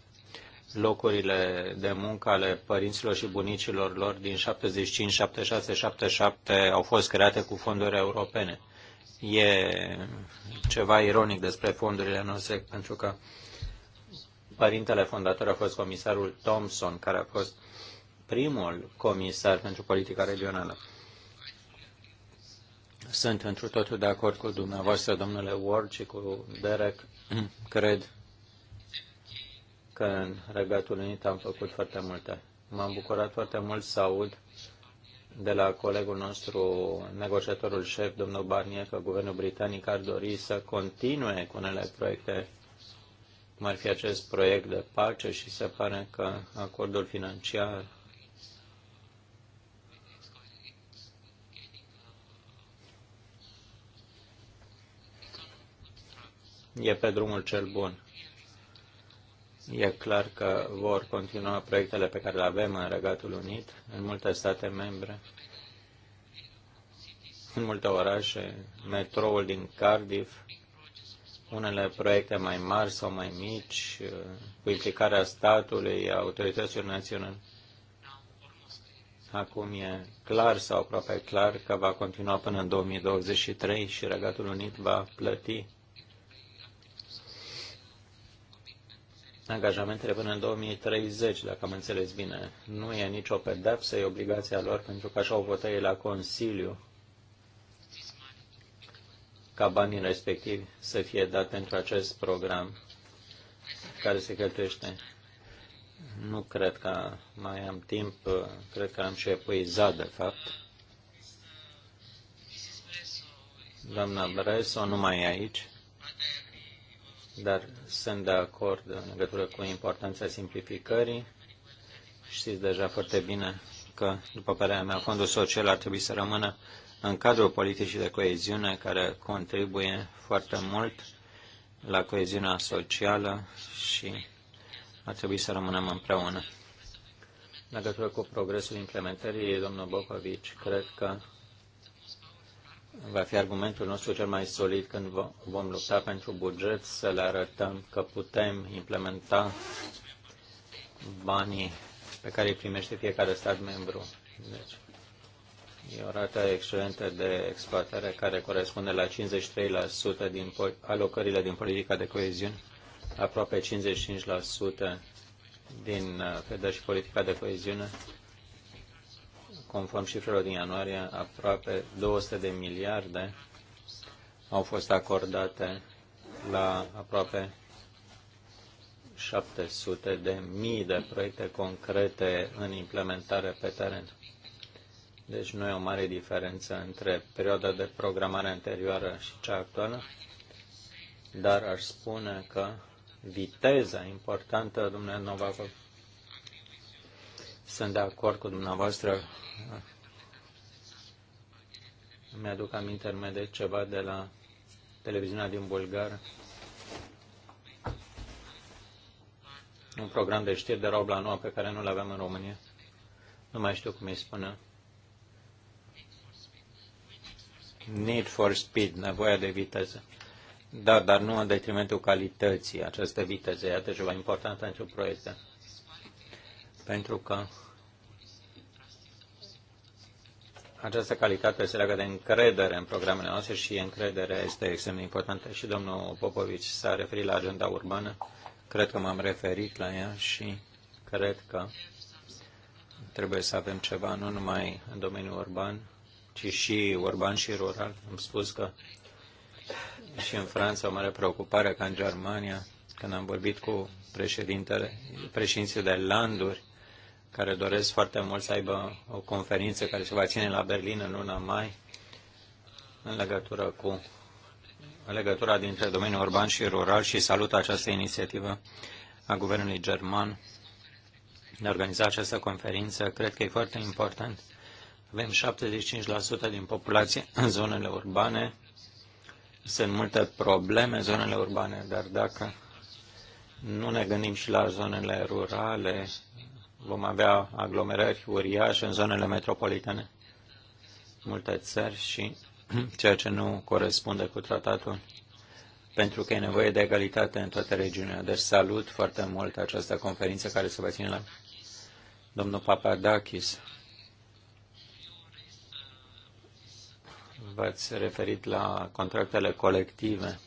locurile de muncă ale părinților și bunicilor lor din 75, 76, 77 au fost create cu fonduri europene. E ceva ironic despre fondurile noastre, pentru că părintele fondator a fost comisarul Thompson, care a fost primul comisar pentru politica regională. Sunt întru totul de acord cu dumneavoastră, domnule Ward, și cu Derek. Cred că în Regatul Unit am făcut foarte multe. M-am bucurat foarte mult să aud de la colegul nostru, negociatorul șef, domnul Barnier, că guvernul britanic ar dori să continue cu unele proiecte cum ar fi acest proiect de pace și se pare că acordul financiar e pe drumul cel bun. E clar că vor continua proiectele pe care le avem în Regatul Unit, în multe state membre, în multe orașe, metroul din Cardiff, unele proiecte mai mari sau mai mici, uh, cu implicarea statului, a autorităților naționale. Acum e clar sau aproape clar că va continua până în 2023 și Regatul Unit va plăti angajamentele până în 2030, dacă am înțeles bine. Nu e nicio pedepsă, e obligația lor pentru că așa au votat ei la Consiliu ca banii respectivi să fie dat pentru acest program care se cheltuiește. Nu cred că mai am timp, cred că am și epuizat, de fapt. Doamna Bresso nu mai e aici, dar sunt de acord în legătură cu importanța simplificării. Știți deja foarte bine că, după părerea mea, fondul social ar trebui să rămână în cadrul politicii de coeziune care contribuie foarte mult la coeziunea socială și ar trebui să rămânem împreună. În legătură cu progresul implementării, domnul Bocovici, cred că va fi argumentul nostru cel mai solid când vom lupta pentru buget, să le arătăm că putem implementa banii pe care îi primește fiecare stat membru. Deci, E o rată excelentă de exploatare care corespunde la 53% din alocările din politica de coeziune, aproape 55% din FEDER uh, și politica de coeziune, conform cifrelor din ianuarie, aproape 200 de miliarde au fost acordate la aproape 700 de mii de proiecte concrete în implementare pe teren. Deci nu e o mare diferență între perioada de programare anterioară și cea actuală, dar aș spune că viteza importantă, domnule Novakov, sunt de acord cu dumneavoastră. Mi-aduc aminte în de ceva de la televiziunea din Bulgar. Un program de știri de rob la nouă pe care nu-l avem în România. Nu mai știu cum îi spunea. Need for speed, nevoia de viteză. Da, dar nu în detrimentul calității. Această viteză e atât ceva important pentru proiecte. Pentru că această calitate se leagă de încredere în programele noastre și încrederea este extrem de importantă. Și domnul Popovici s-a referit la agenda urbană. Cred că m-am referit la ea și cred că trebuie să avem ceva nu numai în domeniul urban, ci și urban și rural. Am spus că și în Franța o mare preocupare ca în Germania, când am vorbit cu președintele, președinții de landuri, care doresc foarte mult să aibă o conferință care se va ține la Berlin în luna mai, în legătură cu în legătura dintre domeniul urban și rural și salut această inițiativă a guvernului german de a organiza această conferință. Cred că e foarte important avem 75% din populație în zonele urbane. Sunt multe probleme în zonele urbane, dar dacă nu ne gândim și la zonele rurale, vom avea aglomerări uriașe în zonele metropolitane, multe țări și ceea ce nu corespunde cu tratatul, pentru că e nevoie de egalitate în toate regiunile. Deci salut foarte mult această conferință care se va ține la domnul Papadakis. v-ați referit la contractele colective.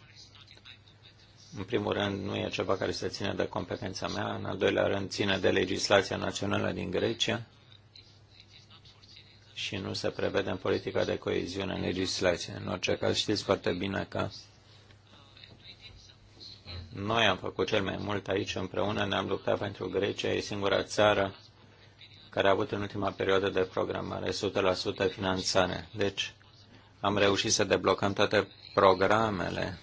În primul rând, nu e ceva care se ține de competența mea, în al doilea rând, ține de legislația națională din Grecia și nu se prevede în politica de coeziune în legislație. În orice caz, știți foarte bine că noi am făcut cel mai mult aici împreună, ne-am luptat pentru Grecia, e singura țară care a avut în ultima perioadă de programare 100% finanțare. Deci, am reușit să deblocăm toate programele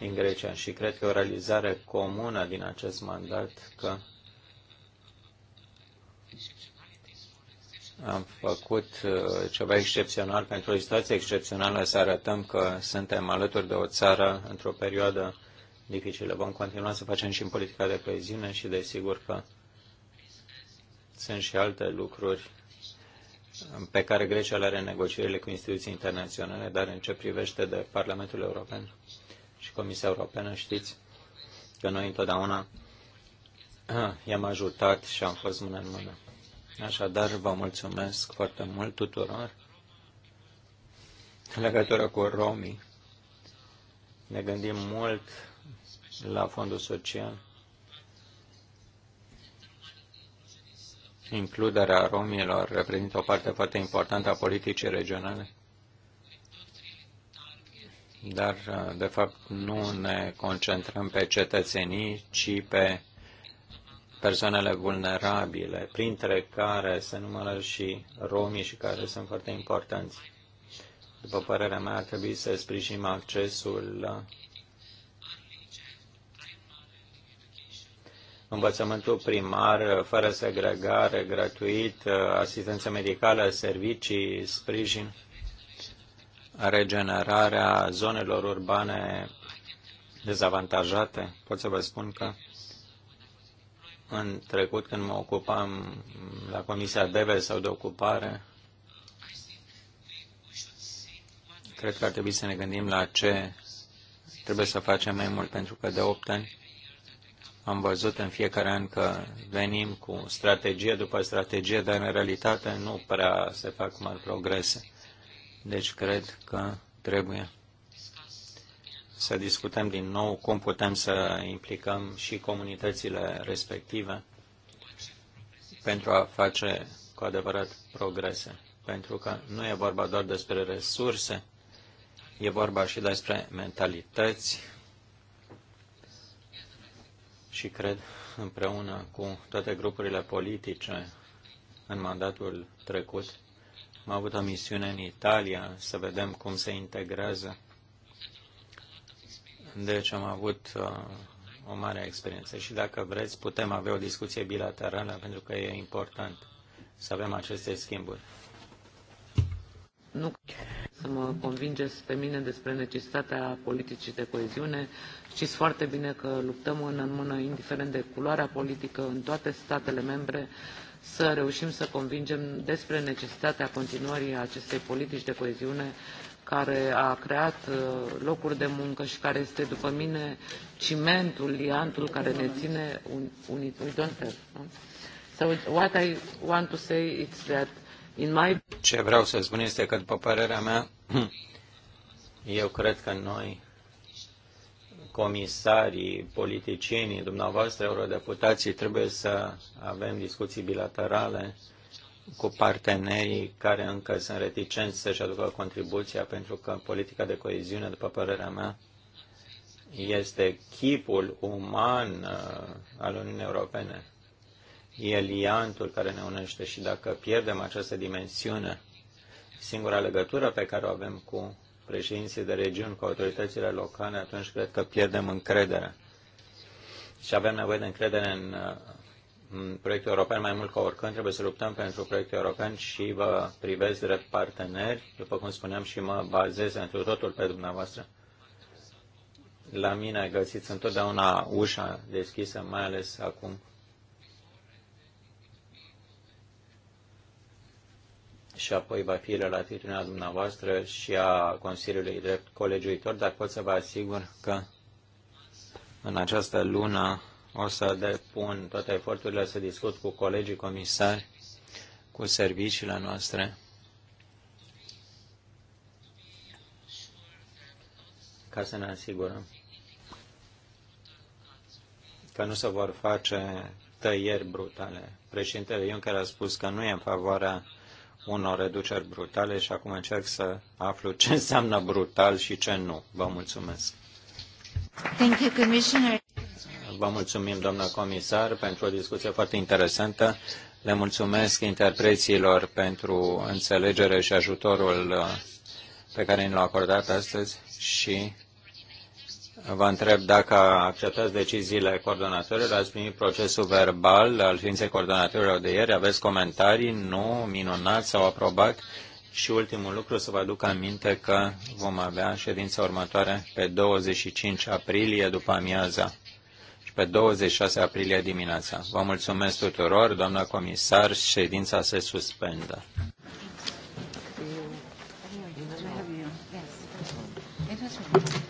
în Grecia și cred că o realizare comună din acest mandat că am făcut uh, ceva excepțional pentru o situație excepțională să arătăm că suntem alături de o țară într-o perioadă dificilă. Vom continua să facem și în politica de coeziune și desigur că sunt și alte lucruri pe care Grecia le are în negocierile cu instituții internaționale, dar în ce privește de Parlamentul European și Comisia Europeană, știți că noi întotdeauna i-am ajutat și am fost mână în mână. Așadar, vă mulțumesc foarte mult tuturor în legătură cu romii. Ne gândim mult la fondul social includerea romilor reprezintă o parte foarte importantă a politicii regionale, dar, de fapt, nu ne concentrăm pe cetățenii, ci pe persoanele vulnerabile, printre care se numără și romii și care sunt foarte importanți. După părerea mea, ar trebui să sprijinim accesul învățământul primar, fără segregare, gratuit, asistență medicală, servicii, sprijin, regenerarea zonelor urbane dezavantajate. Pot să vă spun că în trecut, când mă ocupam la Comisia DEVE sau de ocupare, cred că ar trebui să ne gândim la ce trebuie să facem mai mult, pentru că de 8 ani am văzut în fiecare an că venim cu strategie după strategie, dar în realitate nu prea se fac mari progrese. Deci cred că trebuie să discutăm din nou cum putem să implicăm și comunitățile respective pentru a face cu adevărat progrese. Pentru că nu e vorba doar despre resurse, e vorba și despre mentalități, și cred împreună cu toate grupurile politice în mandatul trecut. Am avut o misiune în Italia să vedem cum se integrează. Deci am avut uh, o mare experiență și dacă vreți putem avea o discuție bilaterală pentru că e important să avem aceste schimburi. Nu să mă convingeți pe mine despre necesitatea politicii de coeziune. Știți foarte bine că luptăm în mână, indiferent de culoarea politică, în toate statele membre, să reușim să convingem despre necesitatea continuării acestei politici de coeziune care a creat locuri de muncă și care este, după mine, cimentul, liantul care ne ține un, un, un, un. So what I want to say is that ce vreau să spun este că, după părerea mea, eu cred că noi, comisarii, politicienii, dumneavoastră, eurodeputații, trebuie să avem discuții bilaterale cu partenerii care încă sunt reticenți să-și aducă contribuția, pentru că politica de coeziune, după părerea mea, este chipul uman uh, al Uniunii Europene e liantul care ne unește și dacă pierdem această dimensiune, singura legătură pe care o avem cu președinții de regiuni, cu autoritățile locale, atunci cred că pierdem încrederea. Și avem nevoie de încredere în, în proiectul european mai mult ca oricând. Trebuie să luptăm pentru proiectul european și vă privesc drept parteneri, după cum spuneam și mă bazez întru totul pe dumneavoastră. La mine găsiți întotdeauna ușa deschisă, mai ales acum și apoi va fi la latitudinea dumneavoastră și a Consiliului drept colegiuitor, dar pot să vă asigur că în această lună o să depun toate eforturile să discut cu colegii comisari, cu serviciile noastre, ca să ne asigurăm că nu se vor face tăieri brutale. Președintele Juncker a spus că nu e în favoarea unor reduceri brutale și acum încerc să aflu ce înseamnă brutal și ce nu. Vă mulțumesc. Thank you, Commissioner. Vă mulțumim, doamnă comisar, pentru o discuție foarte interesantă. Le mulțumesc interpreților pentru înțelegere și ajutorul uh, pe care ni l-au acordat astăzi și Vă întreb dacă acceptați deciziile coordonatorilor, ați primit procesul verbal al ființei coordonatorilor de ieri, aveți comentarii, nu, minunat, sau aprobat. Și ultimul lucru, să vă aduc aminte că vom avea ședința următoare pe 25 aprilie după amiaza și pe 26 aprilie dimineața. Vă mulțumesc tuturor, doamna comisar, ședința se suspendă. Thank you.